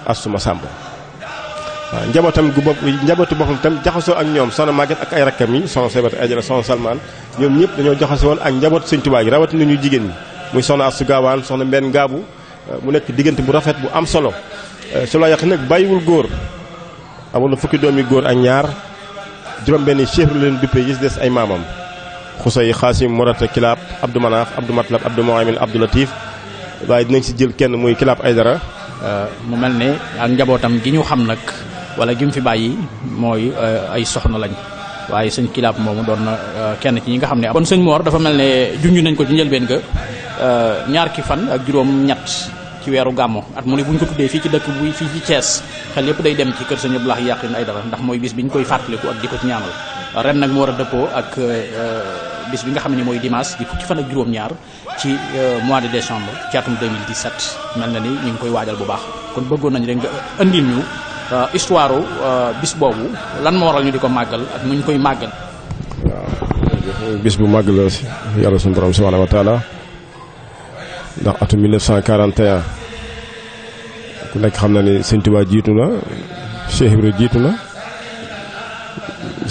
asuma sàmb waaw njabootam gu bopp njabootu boppam tam jaxasoo ak ñoom soxna Maguette ak ay rakkam yi soxna Sebet Ajara soxna Salman ñoom ñëpp dañoo jaxasoo woon ak njaboot Sëñ Tuubaa yi rawatina ñu jigéen ñi muy soxna Astu Gaawaan soxna Mbenn Ngaabu euh, mu nekk diggante bu rafet bu am solo euh, su la yàq nag bàyyiwul góor amoon na fukki doom yi góor ak ñaar juróom-benn chef la leen duppe yi des ay maamam Xusay Xaasim Murata Kilaab Abdou Manaaf Abdou Matlab Abdou Mohamin Abdou Latif waaye dinañ si jël kenn muy Kilaab Aydara Euh, mu mel ne ak njabootam gi ñu xam nag wala gi mu fi bàyyi mooy euh, ay soxna lañ waaye sëñ kilaab moomu doon na euh, kenn ci ñi nga xam ne. kon sëñ Mor dafa mel ne junj nañ ko ci njëlbeen ga ñaar ki fan ak juróom-ñett ci weeru gàmmo at mu ne bu ñu ko fii ci dëkk bu fii ci cees xel yëpp day dem ci kër sëñ Abdoulaye ay Aidara ndax mooy bis bi ñu koy fàttaliku ak di ko ci ñaanal ren nag mu war a dëppoo ak. bis bi nga xam ni mooy dimanche di fukki fan ak juróom-ñaar ci euh, mois de décembre ci atum 2017 mel na ni ñu ngi koy waajal bu baax kon bëggoon nañ rek nga andil euh, ñu euh, histoire bis boobu lan moo waral ñu di ko màggal ak nu ñu koy màggal. bis bu màgg la yàlla suñu borom subhanahu wa taala ndax atum 1941 ku nekk xam na ni Sëñ Tuubaa jiitu na Cheikh Ibrahima jiitu na.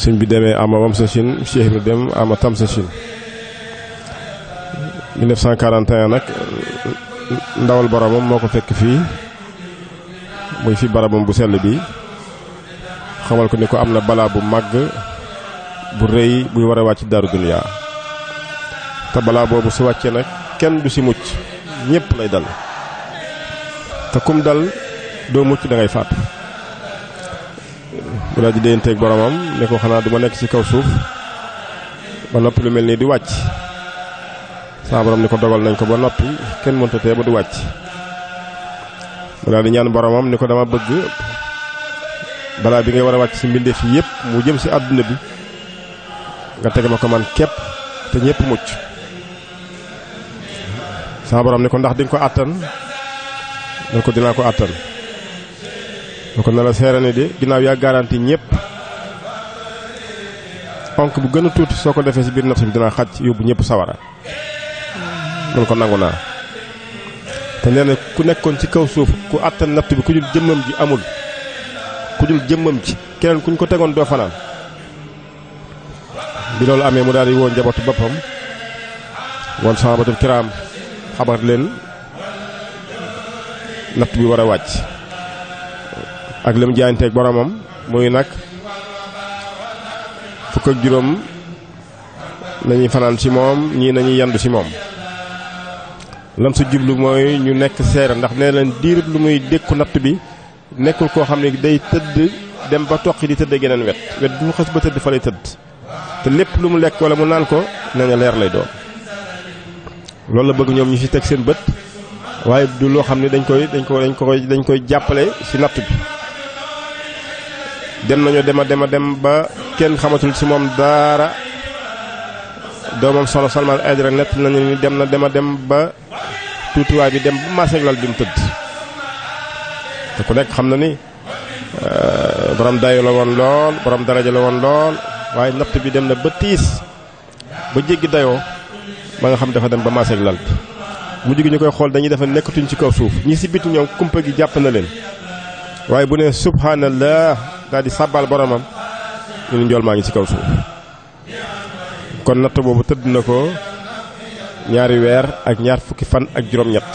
sëñ bi demee ama wamsachin Cheikh Ibra dem ama tamsachin 1941 nag ndawal boromam moo ko fekk fii muy fi barabam bu sell bi xamal ko ni ko am na balaa bu màgg bu rëy buy war a wàcc daaru duniyaa te balaa boobu su wàccee nag kenn du si mucc ñëpp lay dal te kum dal doo mucc da ngay mu daal di déyanteeg boromam ne ko xanaa du ma nekk ci kaw suuf ba noppi lu mel nii di wàcc saa borom ni ko dogal nañ ko ba noppi kenn mënta tee di wàcc mu daal di ñaan boromam ni ko dama bëgg balaa bi ngay war a wàcc ci mbindeef yi yépp mu jëm ci àdduna bi nga tege ma ko man képp te ñépp mucc saa borom ni ko ndax di ko àttan ne ko dinaa ko àttan lu ko na la seera ne de ginnaaw yaa garanti ñëpp onk bu gën a tuuti soo ko defee si biir nafs bi dina xaj yóbbu ñëpp sawara mun ko nangu naa te nee na ku nekkoon ci kaw suuf ku àttan natt bi ku dul jëmmam ji amul ku dul jëmmam ji keneen kuñ ko tegoon doo fanaan bi loolu amee mu daal di woo njabootu boppam woon sahabatul kiraam xabar leen natt bi war a wàcc ak mu jaayanteeg boroomam muy nag fukk ak juróom nañuy fanaan ci moom ñii nañuy yandu ci moom lam sa jublu mooy ñu nekk seere ndax nee leen diirub lu muy dékku natt bi nekkul koo xam ne day tëdd dem ba toqi di tëdd geneen wet wet bu xas ba tëdd fa lay tëdd te lépp lu mu lekk wala mu naan ko nee na leer lay doon loolu la bëgg ñoom ñu ci teg seen bët waaye du loo xam ne dañ koy dañ ko dañ koy dañ koy jàppale ci natt bi dem nañu dema dema dem ba kenn xamatul si moom dara doomam solo Salma al Aydara nett nañu ni dem na dema dem ba tuutiwaay bi dem ba maaseeg lal bi mu tëdd te ku nekk xam na ni euh, borom dayu la woon lool borom daraja la woon lool waaye napp bi dem na ba tiis ba jéggi dayoo ba nga xam dafa dem ba maaseeg lal bi mujj gi ñu koy xool dañuy defa nekkatuñ ci kaw suuf ñi si biti ñoom kumpa gi jàpp na leen waaye bu ne subhanallah daal di sàbbaal boromam ñu njool maa ngi ci kaw suuf kon natt boobu tëdd na ko ñaari weer ak ñaar fukki fan ak juróom-ñett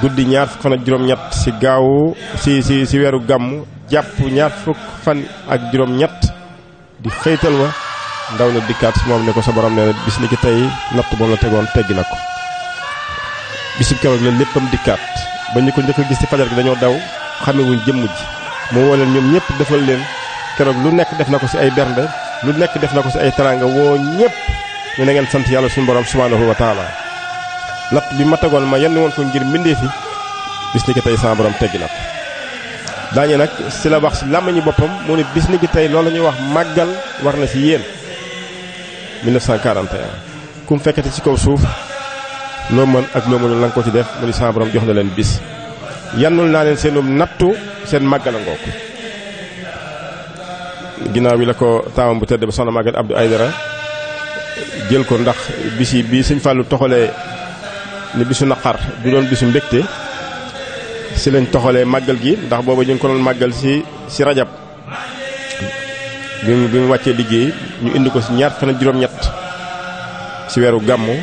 guddi ñaar fukki fan ak juróom-ñett ci gaawu ci ci weeru gàmm jàpp ñaar fukki fan ak juróom-ñett di xëytal wa ndaw na dikkaat si moom ne ko sa borom nee na bis ni ci tey natt boobu la tegoon teggi na ko bisub keroog la léppam dikkaat ba ñu ko njëkk gis ci fajar gi dañoo daw xamewuñ jëmm ji mu woo leen ñoom ñëpp defal leen keroog lu nekk def na ko ci ay bernde lu nekk def na ko ci ay teraanga woo ñëpp ñu ne ngeen sant yàlla suñu borom subhaanahu wa taala natt bi ma tegoon ma yenn woon ko ngir mbindee fi bis ni ki tey sama borom teggi na ko daañu nag ci la wax ci làmmiñu boppam mu ne bis ni ki tey loolu la ñuy wax màggal war na ci yéen 1941 ku mu fekkati ci kaw suuf loo mën ak loo mënul la koo ci def mu ni sama jox na leen bis yannul naa leen seenum nattu seen màggal a ngoog ginnaaw bi la ko taawam bu tedd ba soxna Maguette Abdou Aydara jël ko ndax bisi bi sëñ Fallou toxalee ni bisu naqar du doon bisu mbégte si lañ toxalee màggal gi ndax boobu ñu ngi màggal si si rajab bi bi mu wàccee liggéey ñu indi ko si ñaar fan juróom-ñett si weeru gàmmu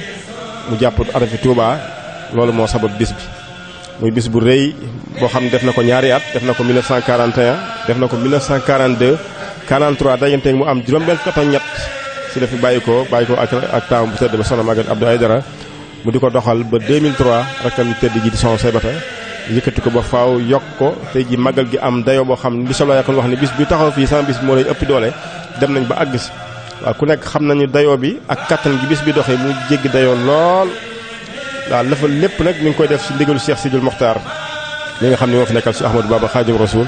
mu jàpp arafi Touba loolu moo sabab bis bi muy bis bu rëy boo xam ne def na ko ñaari at def na ko 1941 def na ko 1942 43 dajanteeg mu am juróom benn fukki at ñett si dafi bàyyi ko bàyyi ko ak ak taam bu tëdd ba soxna Maguette Abdou Aïdara mu di ko doxal ba 2003 rakkam ñu tëdd ji di soxna yëkkati ko ba faaw yokk ko tey ji màggal gi am dayo boo xam ne li soxla yàqoon wax ne bis bi taxaw fii sama bis bi moo lay ëpp doole dem nañ ba àgg si waaw ku nekk xam nañu dayoo bi ak kattan gi bis bi doxee mu jéggi dayoo lool daal lëfa lépp nag mi ngi koy def si ndigalu Cheikh Sidil Mokhtar mi nga xam ne moo fi nekkal si Ahmadou Baba Khadim Rasoul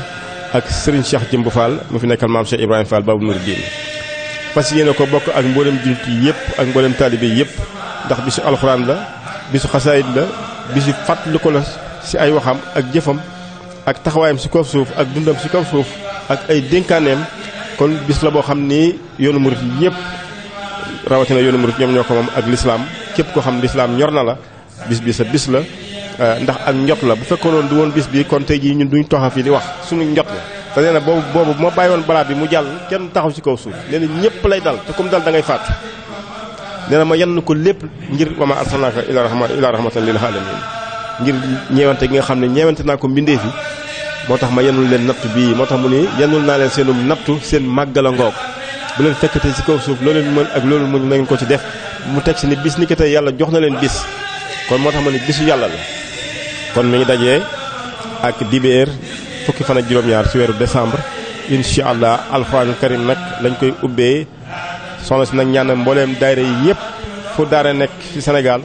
ak Serigne Cheikh Jëmb Fall mu fi nekkal maam Cheikh Ibrahima Fall Babu Mouridine fas yéene ko bokk ak mboolem jullit yi yëpp ak mboolem taalibe yëpp ndax bisu alxuraan la bisu xasaayit la bisu fàttali ko la si ay waxam ak jëfam ak taxawaayam si kaw suuf ak dundam si kaw suuf ak ay dénkaaneem kon bis la boo xam ni yoonu murit yëpp rawatina yoonu murit ñoom ñoo ko ak lislaam képp koo xam lislaam ñor na la bis bi sa bis la euh, ndax ak njot la bu fekkoon du woon bis bi kon tey jii ñun duñ toxa fii di wax suñu njot la te nee na boobu boobu bu ma bàyyi woon balaa bi mu jàll kenn taxaw si kaw suuf nee na ñëpp lay dal te comme dal da ngay faat nee na ma yann ko lépp ngir wama arsalnaaka ila rahma ila rahmatan lil alamin ngir ñeewante gi nga xam ne ñeewante naa ko mbindee moo tax ma yenul leen nattu bii moo tax mu ni yenul naa leen seenum nattu seen màggala ngoog si kaw suuf loolu leen mën loolu muñ nañ ko ci def mu teg si ni bis ni yàlla jox na leen bis kon moo tax ma ne bisu yàlla la kon mi ngi dajee ak dibeer fukki fan ak juróom-ñaar ci weeru décembre incha allah alxuraan karim nag lañ koy ubbee soxna si nag ñaan mbooleem daayira yi yëpp fu daara nekk ci Sénégal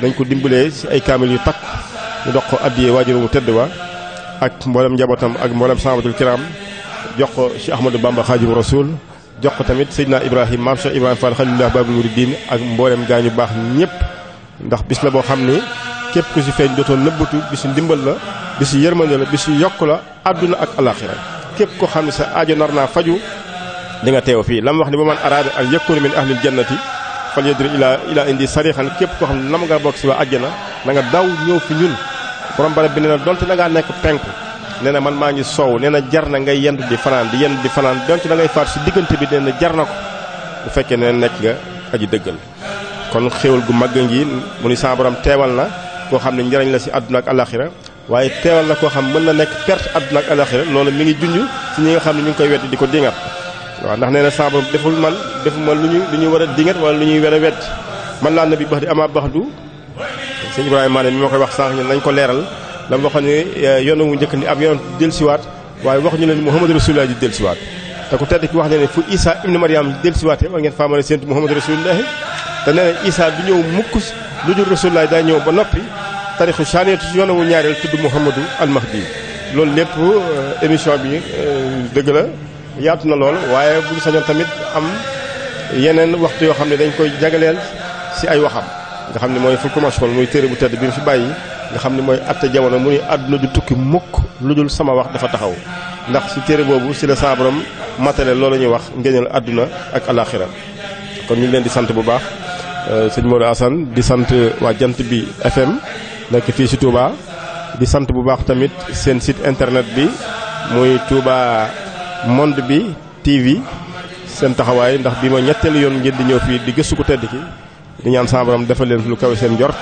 dañ ko dimbalee ci ay kaamil yu takk ñu dox ko addiyee waajur mu tëdd wa ak mboolem njabootam ak mboolem sahabatul kiram jox ko Cheikh Ahmadou Bamba Xaadimu Rasuul jox ko tamit Seydina Ibrahima maam Cheikh Ibrahima Fall Xaliilullah Baabul Muridiin ak mboolem gaañu baax ñëpp. ndax bis la boo xam ni képp ku si feeñ dootoo nëbbatu bisu ndimbal la bisu yërmande la bisu yokk la àdduna ak alaxira képp koo xam ne sa ajo nar naa faju di nga teew fii la mu wax ni ba man araada ak yëkkunu min ahlil jannati fal yadri ila ila indi sarixan képp koo xam ne nam nga bokk si waa àjjana na nga daw ñëw fi ñun borom barab bi nee na donte da nekk penku nee na man maa ngi soow nee na jar na ngay yend di fanaan di yend di fanaan donte da ngay faat si diggante bi nee na jar bu fekkee nee na nekk nga aji kon xéwal gu mag ngi mu ni sa borom teewal na koo xam ne njëriñ la si àdduna ak alaxira waaye teewal na koo xam mën na nekk perte àdduna ak alaxira loolu mi ngi junj si ñi nga xam ne ñu ngi koy wetti di ko dingat waaw ndax nee na sa borom deful man defuma lu ñu lu ñuy war a dingat wala lu ñuy war wet wetti man laa nabi bax di ama bax du sëñ Ibrahima Maane mi ma koy wax sànq ñun nañ ko leeral la ma waxoon ne eh, yoon wu njëkk ni ab yoon dellusiwaat waaye wax ñu leen Muhammadu Rasulullah di dellusiwaat te ku tedd ki wax ne ne fu Isa ibnu Maryam dellusiwaatee war ngeen a séentu te nee na Isa du ñëw mukk lu dul rasulaay daa ñëw ba noppi tarixu saaniyatu si yoon wu ñaareel tudd Muhammadu al loolu lépp euh, émission bi euh, dëgg la yaatu na lool waaye bu ñu sañoon tamit am yeneen waxtu yoo xam ne dañ koy jagaleel si ay waxam nga xam ne mooy fu commencé woon muy téere bu tedd bi mu fi bàyyi nga xam ne mooy atte jamono mu ni àdduna du tukki mukk lu dul sama wax dafa taxaw ndax si téere boobu si la saabaram matale loolu ñuy wax ngëneel àdduna ak alaaxira kon ñu leen di sant bu baax Euh, sëñ Modou Assane di sant waa Jant bi FM nekk fii si Touba di sant bu baax tamit seen sit internet bi muy Touba Monde bi TV seen taxawaay ndax bi ma ñetteelu yoon ngeen di ñëw fii di gëstu ko tedd ki di ñaan sa borom defal leen lu kawe seen jort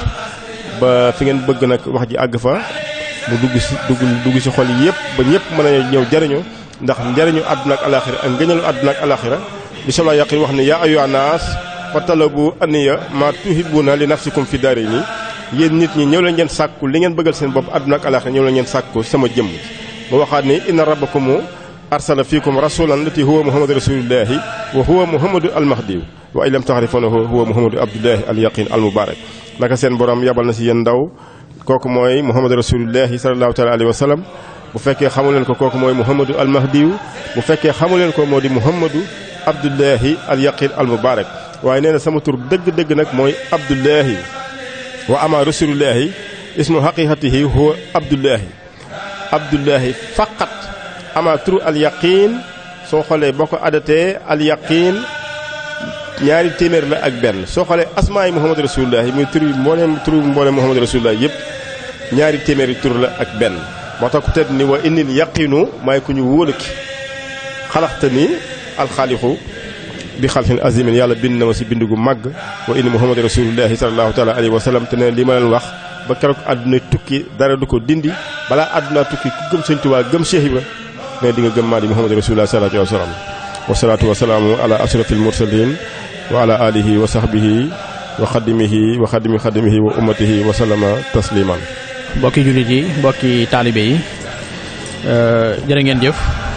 ba fi ngeen bëgg nag wax ji àgg fa mu dugg si dugg dugg si xol yëpp ba ñëpp mën a ñëw jariñu ndax njariñu àdduna ak alaxira ak ngëñalu àdduna ak alaxira bi solo yàqin wax ne yaa ayyuhan naas fa talabu aniya ma tuhibuna li nafsikum fi daari nii yéen nit ñi ñëw leen ngeen li ngeen bëggal seen bopp àdduna ak alaaxira ñëw leen ngeen sàkku sama jëmm mu waxaat ni inna rabbakum arsala fiikum rasulan lati huwa muhammadu rasulillahi wa huwa muhammadu almahdiyu wa illam taxrifunahu huwa muhammadu abdullahi alyaqin almubarak naka seen borom yabal na si yéen ndaw kooku mooy muhammadu rasulillahi sallallahu taala alayhi wa sallam bu fekkee xamu leen ko kooku mooy muhammadu almahdiyu bu fekkee xamu leen ko moo di muhammadu abdullahi alyaqin almubarak waaye nee na sama tur dëgg-dëgg nag mooy abdullahi wa ama rasulullahi ismu haqiqatihi huwa abdullahi abdullahi faqat ama tur al yaqin soo xoolee boo ko adatee al yaqin ñaari téeméer la ak benn soo xoolee asmaa yi muhammad rasulullahi muy tur mbooleem tur mbooleem muhammad rasulullahi yëpp ñaari téeméeri tur la ak benn moo tax ku tedd ni wa innil yaqinu maay ku ñu wóolu ki xalaxta ni alxaaliqu bi xalfin azimin yàlla bind na ma si bind gu màgg wa inni muhammadu rasulullahi sallallahu taala alayhi wa sallam te ne li ma leen wax ba keroog àdduna tukki dara du ko dindi balaa àdduna tukki ku gëm Sëñ Tuubaa gëm Cheikh Ibra ne di nga gëm maa di muhammadu rasulullah sallallahu wa sallam wasalaatu wasalaamu ala ashrafil mursalin wa ala alihi wa sahbihi wa xadimihi wa xadimi xadimihi wa ummatihi wa sallama tasliman mbokki jullit yi mbokki taalibe yi euh, jërë ngeen jëf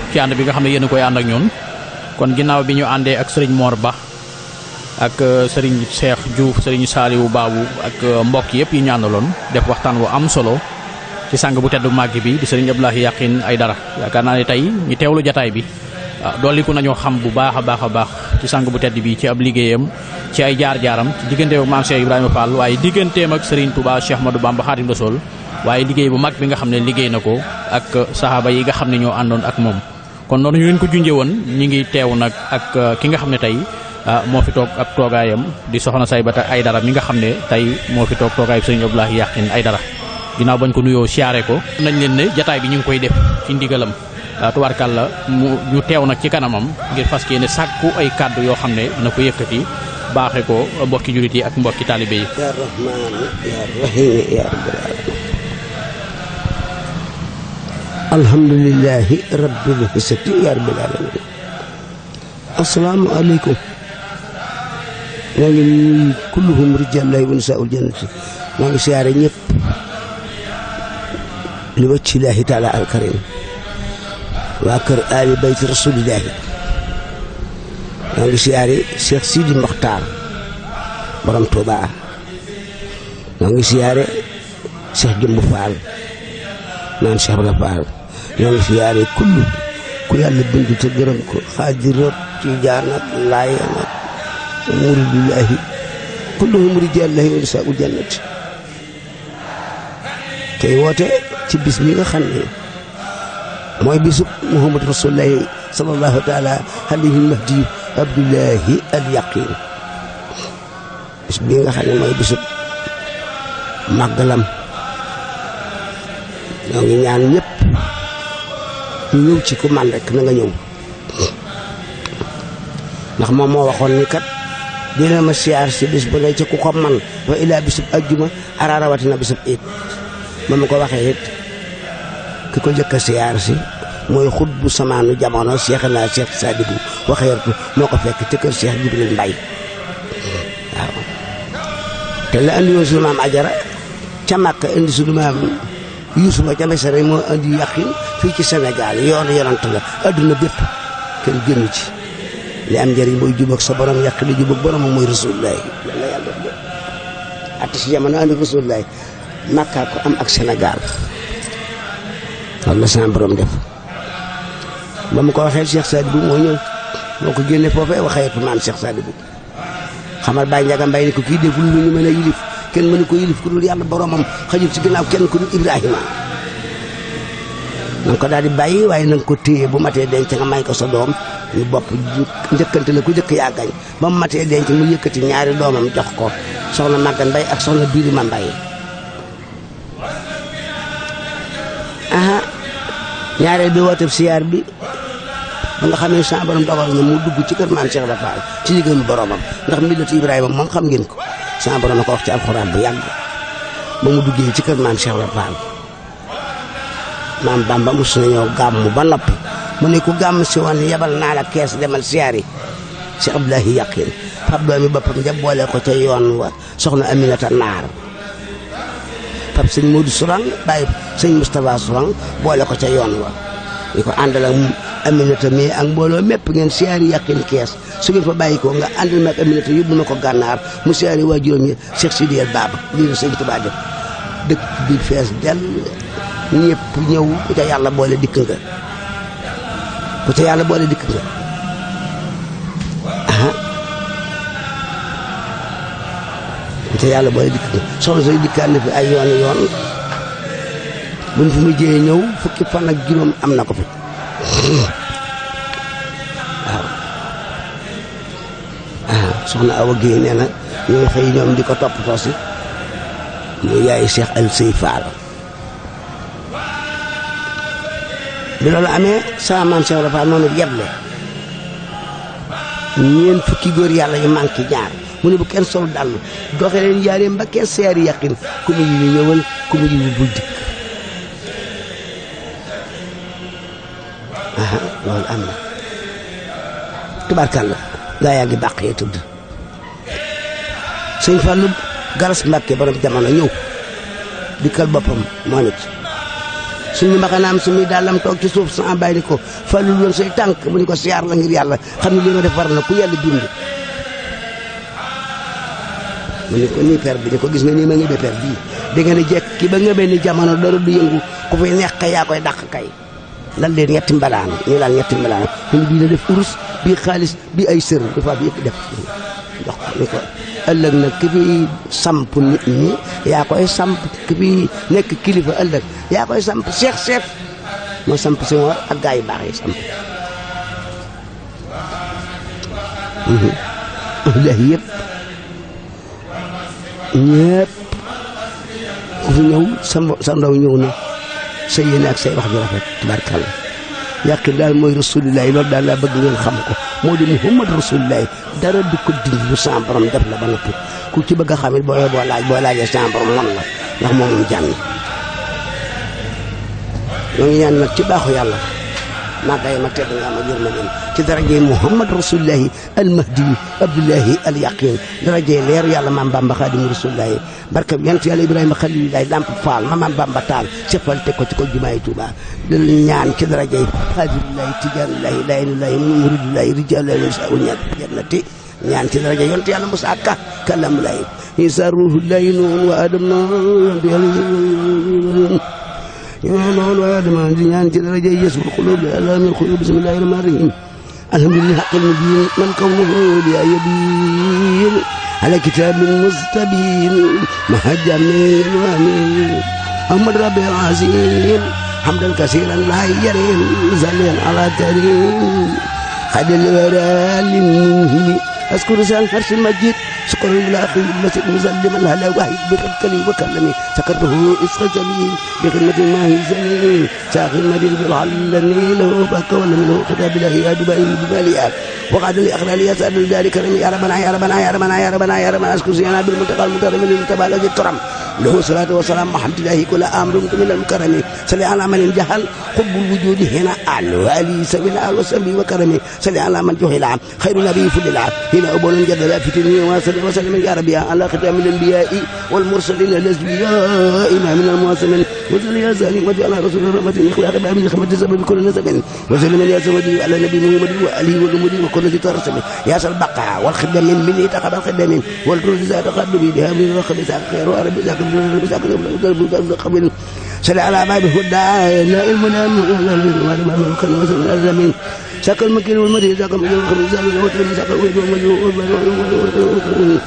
ci bi nga xam ne yéen a koy ànd ak ñun kon ginnaaw bi ñu àndee ak sëriñ Mor Ba ak euh, sëriñ Cheikh Diouf sëriñ Saliou Babou ak euh, mbokk yëpp yi ñu àndaloon def waxtaan wu am solo ci sang bu teddu màgg bi di sëriñ Abdoulaye Yakhine Aidara yaakaar naa ne tey teew teewlu jataay bi ah, dolliku nañoo xam bu baax a baax a baax ci sang bu tedd bi ci ab liggéeyam ci ay jaar-jaaram ci digganteem ak maam Cheikh Ibrahima Fall waaye digganteem ak sëriñ ma du Ahmadou Bamba Khadim Rassoul waaye liggéey bu mag bi nga xam ne liggéey na ko ak euh, saxaaba yi nga xam ne ñoo àndoon ak moom kon noonu ñu leen ko junjee woon ñi ngi teew nag ak uh, ki nga xam ne tey uh, moo fi toog ab toogaayam di soxna ay dara mi nga xam ne tey moo fi toog toogaayu sëñ Abdoulaye ay dara ginnaaw bañ ko nuyoo siyaare ko nañ leen ne jataay bi ñu ngi koy def ci ndigalam uh, tubaarkàlla mu ñu teew nag ci kanamam ngir fas yéene sàkku ay kàddu yoo xam ne na ko yëkkati baaxe ko mbokki julit yi ak mbokki taalibe yi alhamdulillahi rabbil izzati ya rabbil alamin asalaamualeykum maa ngi nuyu kulluhum rijaalullahi wa nisaa'ul jannati maa ngi siyaare ñëpp li wajhillahi taala alkarim waa kër ali bayti maa ngi siyaare Cheikh Sidi Mokhtar borom Touba maa ngi siyaare Cheikh Jumbu Fall naan Cheikh Bala ñoo ngi siyaare kullu ku yàlla bind te gërëm ko xaadir ak tiijaan ak laayeen ak muridullahi kulluhum rijaalullahi wa nisaa'ul jannati tey woote ci bis bi nga xam ne mooy bisu muhammad rasulullahi sallallahu taala alayhi mahdi abdullahi al bis bi nga xam ne mooy bisu màggalam ñoo ngi ñaan ñëpp ñëw ci ku man rek na nga ñëw ndax moom moo waxoon ni kat dina ma siyaar si bis bu ne ci ku ko man wa ilaa bisub ajjuma ara bisub iit ma ko waxee it ki ko njëkk a siyaar si mooy xut bu samaanu jamono seex naa seex Saadibu waxeertu moo ko fekk ci kër seex Jibril Mbay waaw te la andi woon sunu maam ajara ca Màkka indi sunu maam Yuusu ma jame sare moo indi yàqin fii ci Sénégal yoonu yonant la adduna bépp kenn génnu ci li am njëriñ mooy jub sa boroom yàq li jub ak borom mooy Rasulullaay la yàlla def de atta si jamono andi Rasulullaay ko am ak Sénégal loolu la sama borom def ba mu ko waxee Cheikh Sadibou moo ñëw moo ko génne foofee waxeetu maam Cheikh Sadibou xamal Baye Ndiaga Mbaye ne ko kii deful lu ñu mën a yilif kenn mënu ko yilif ku dul yàlla boromam xajul ci ginnaaw kenn ku dul Ibrahima. na ko daal di bàyyi waaye na nga ko téye bu matee denc nga may ko sa doom ñu bopp njëkkante ku njëkk yaa gañ ba mu matee denc mu yëkkati ñaari doomam jox ko soxna Maguette Mbaye ak soxna Birima Mbaye. aha ñaareel bi wooteeb siyaar bi ba nga xamee sa borom dogal na mu dugg ci kër maam Cheikh Ibra Fall ci liggéeyu boromam ndax mbillatu Ibrahima moom xam ngeen ko. sama borom ko wax ci alxuraan bi yàgg ba mu duggee ci kër maam Cheikh Ibra Fall maam Bamba mos na ñëw ba noppi mu ne ku si woon yabal naa la kees demal siyaari Cheikh Abdoulahi Yaqin Pape doomi boppam ja boole ko ca yoon wa soxna Aminata Naar Pape sëñ Modou Sourang bàyyi sëñ Moustapha Sourang boole ko ca yoon wa ñu ko àndal Aminata mi ak mbooloo mépp ngeen siyaari yàqin kees su ngeen fa bàyyi ko nga àndal ma ak Aminata yóbbu na ko gànnaar mu siyaari waajuram yi Cheikh Sidiyel Baaba lii la sëñ Tuubaa def dëkk bi fees dell ñëpp ñëw ku ca yàlla boole dikk nga ku ca yàlla boole dikk nga aha ku yàlla boole dikk nga soxna say na fi ay yoon yoon buñ fi mujjee ñëw fukki fan nag juróom am na ko fi waaw waaw soxna Awa Guèye nee na ñooy fay ñoom di ko toppatoo si muy yaayu Cheikh Al Sey Fall bi loolu amee sama maam Cheikh Rafa noonu yeble ñeen fukki góor yàlla yu manqué ñaar mu ne bu kenn sol dàll doxe leen yaareem ba kenn seeri ku mu yiwu ñëwal ku mu yiwu bul dikk loolu am na tubaarkàlla gaa yaa ngi bàq yee tudd sëñ Fallou Garas Mbàkke borom jamono ñëw dikkal boppam moom it suñu mbaxanaam suñuy dàllam toog ci suuf sans bàyyi ko Fallou woon say tànk bu ñu ko siyaar la ngir yàlla xam ne li nga def war na ku yàlla bi ñu ko gis nga nii ma ngëbe per bii di nga ne jekk ki ba ngëbee ni jamono dara du yëngu ku fi neex yaa koy dàq kay lan ñetti mbalaan ñu ñetti mbalaan ñun bii la def urus bii xaalis bii ay sër dafa bi yëpp def jox ko ni ko ëllëg samp nit ñi yaa koy samp ki fi nekk kilifa ëllëg yaa koy samp seex seef moo samp si war ak baax yi samp mhm. la (laughs) yëpp ñëpp ku fi ñëw sa sa na sa yéene ak say wax ju rafet tubaarkàlla yàqin daal mooy rasulillahi loolu daal laa bëgg ngeen xam ko moo di muhammad rasulillahi dara du ko dindi lu sa def la ba noppi ku ci bëgg a xam it boo boo laaj boo laajee sa borom lan la ndax moom moom jàmm ñoo ngi ñaan nag ci baaxu yàlla ma ak tedd nga am ak yërmandeem ci darajey Muhammad Rasulullahi al Abdullahi al Yaqin darajey yàlla maam Bamba Xaadimu Rasulullahi barke yonent yàlla Ibrahima Xalilullahi lamp faal ma maam Bamba taal sefal teg ko ci ko jumaay Tuuba dinañ ñaan ci darajey Xaadirullahi Tijaanullahi Laynullahi Muridullahi Rijaalullahi wasaawul jannati ñaan ci daraja yonent yàlla يوه لول وادما دنيان جدرجة يسوع قلوب لا من قلوب بسم الله الرحمن الرحيم الحمد لله حق المبين من كونه لا يبين على كتاب مستبين مهج من وامين أحمد ربي عظيم حمدا كثيرا لا يرين زليا على ترين خد الورى لمنه أذكر سال حرش المجيد شكرا لأخي المسلم الهلا وحيد بخلقني وكلمي سكرته إسر جميل بخدمة ما هي جميل شاغل مدير بالعلني له بك ولم له خدا بالهياد بين بماليات وقعد لأخلالي أسأل لذلك كرمي يا ربنا يا ربنا يا ربنا يا ربنا يا ربنا أشكر سيانا بالمنتقى المترم للمتبع الذي الكرم له الصلاة والسلام محمد الله كل أمر من الكرم صلي على من جهل حب الوجود هنا أعلو علي سبيل أهل وسبي وكرمي صلي على من جهل خير نبي في العام هنا أبو جدل في تنين وصل salli wa sallim ya rabbi ala xatami al-anbiya'i wal mursalin al-asfiya'i imamin al-muhsinin wa salli ya salim wa ala rasul rahmatin ikhlaqi bi rahmatin sababi kulli nasabin wa sallim ya samadi ala nabi muhammad wa alihi wa gumudi wa kulli tarasami ya sal baqa wal khidmin min itaqab al khidmin wal ruzi za taqaddu bi hamdi wa khabisa khairu rabbi zakir rabbi zakir صل على بابه الداعي لا علم لنا من سك المكين والمدين سك المكين والمدين سك المكين والمدين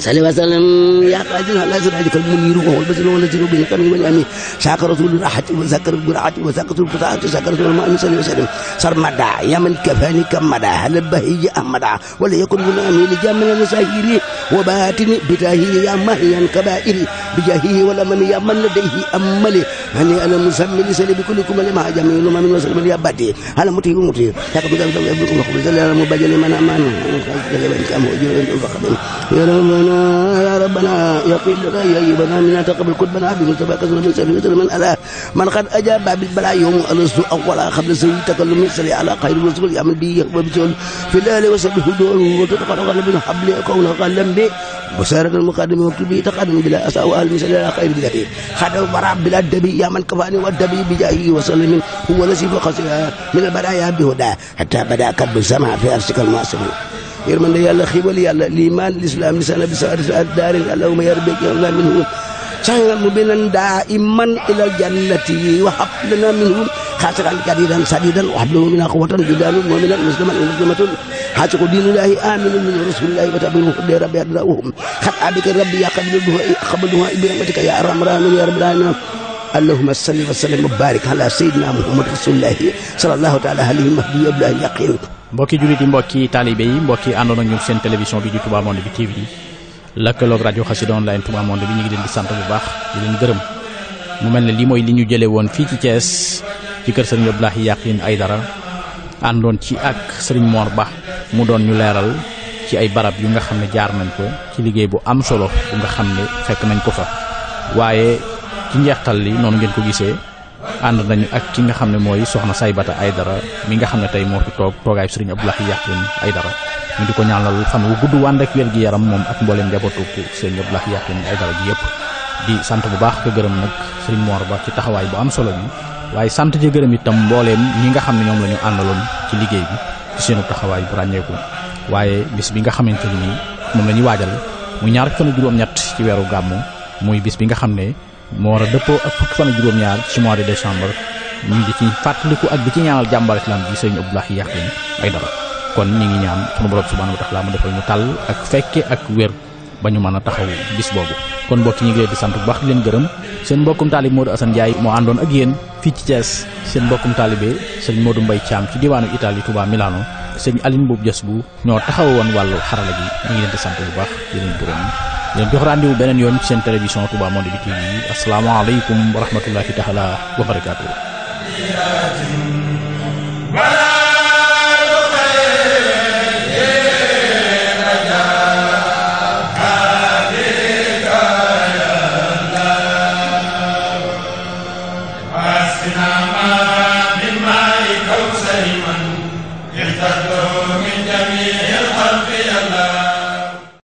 صلى وسلم يا قائدنا لا سراجك المنير وهو البصير والذي به كان من امي شاك رسول الرحت وذكر البرعه وذكر الفتاه شاك رسول الماء صلى وسلم سرمدا يا من كفاني كمدا هل بهي امدا ولا يكن من امي لجمل المساهير وباتني بتاهي يا مهيا كبائري بجاهه ولا من يا من لديه املي هني انا مسمي سلي بكلكم لما جميل ما من وسلم يا بدي هل متي متي يا كم كم كم يا بكم خبز لا مبجل من امان يا رب ربنا يا ربنا يقيب لك يجيبنا منا تقبل كتبنا بمصطفى كسر من سبيل مثل من ألا من قد أجاب بالبلاء يوم ألست أولا قبل سوء تكلم سريع على خير الرسول يعمل به يقبل بسؤال في الله وسبه دور وتتقرأ من حبل كونه قلم به وسارك المقدم وكتبه تقدم بلا أساء وآل مثل على خير ذاته خاتم البراء بلا الدبي يا من كفاني والدبي بجاهه وسلم هو نسيب خسر من البرايا بهداه حتى بدا كب السماء في أرسك المعصمين yërmande yàlla xibal yàlla liimaan lislaam lisana bi sawarisat daarin allahuma yarbekna minhum saxan mu binan daa iman ilal jannati wa hab lana minhum xaasiran kadidan sadidan wa hab lana min axwatan judaanun muminan musliman wa muslimatun xaasi ko diinullahi aminu min rasulillahi wa tabiru de rabbi adrawhum xat abika rabbi ya qabaluha bi rahmatika ya arhamramin ya rabbil alamin allahuma salli wa sallim wa barik ala sayyidina muhammad rasulillahi sallallahu taala alayhi mahdi abdulahi yaqin mbokki jullit yi mbokki taalibe yi mbokki àndoon ak ñun seen télévision bi di Touba Monde bi TV lëkkaloog rajo Xassida online Touba Monde bi ñu ngi leen di sant bu baax di leen gërëm mu mel ne lii mooy li ñu jëlee woon fii ci Thiès ci kër sëriñ Abdoulaye Yakhine Aidara àndoon ci ak sëriñ Mor Ba mu doon ñu leeral ci ay barab yu nga xam ne jaar nañ ko ci liggéey bu am solo bu nga xam ne fekk nañ ko fa waaye ci njeextal li noonu ngeen ko gisee. ànd nañu ak ki nga xam ne mooy soxna Saybata dara mi nga xam ne tey moo fi toog toogaay sëriñ Abdoulaye Yakhine Aydara ñu di ko ñaanal fan wu gudd wànd ak wér gi yaram moom ak mbooleem njabootu sëriñ Abdoulaye Yakhine Aydara ji yëpp di sant bu baax ko gërëm nag sëriñ Mor Ba ci taxawaay bu am solo bi waaye sant ci gërëm itam mbooleem ñi nga xam ne ñoom la ñu àndaloon ci liggéey bi ci seenu taxawaay bu ràññeeku waaye bis bi nga xamante ni moom la ñuy waajal muy ñaar fan juróom-ñett ci weeru gàmmu muy bis bi nga xam ne moo war a dëppoo ak fukki fan ak juróom-ñaar ci mois de décembre ñu ngi ci fàttaliku ak di ci ñaanal jàmbaar islam bi sëriñ Abdoulahi Yaxin ay dara kon ñu ngi ñaan sunu borom subhanahu wa taala mu defal ñu tàll ak fekke ak wér ba ñu mën a taxaw bis boobu kon mbokk ñu ngi leen di sant bu baax di leen gërëm seen mbokkum taalib Modou Assane Ndiaye moo àndoon ak yéen fii ci Thiès seen mbokkum taalibe sëñ Modou mbay Thiam ci diwaanu Italie Touba Milano sëñ Aline Boub Dias ñoo taxaw woon wàllu xarala gi ñu ngi leen di sant bu baax di leen jox rendez-vous beneen yoon ci seen télévision Touba Monde bi TV asalaamaaleykum wa rahmatullahi taala wa barakaatu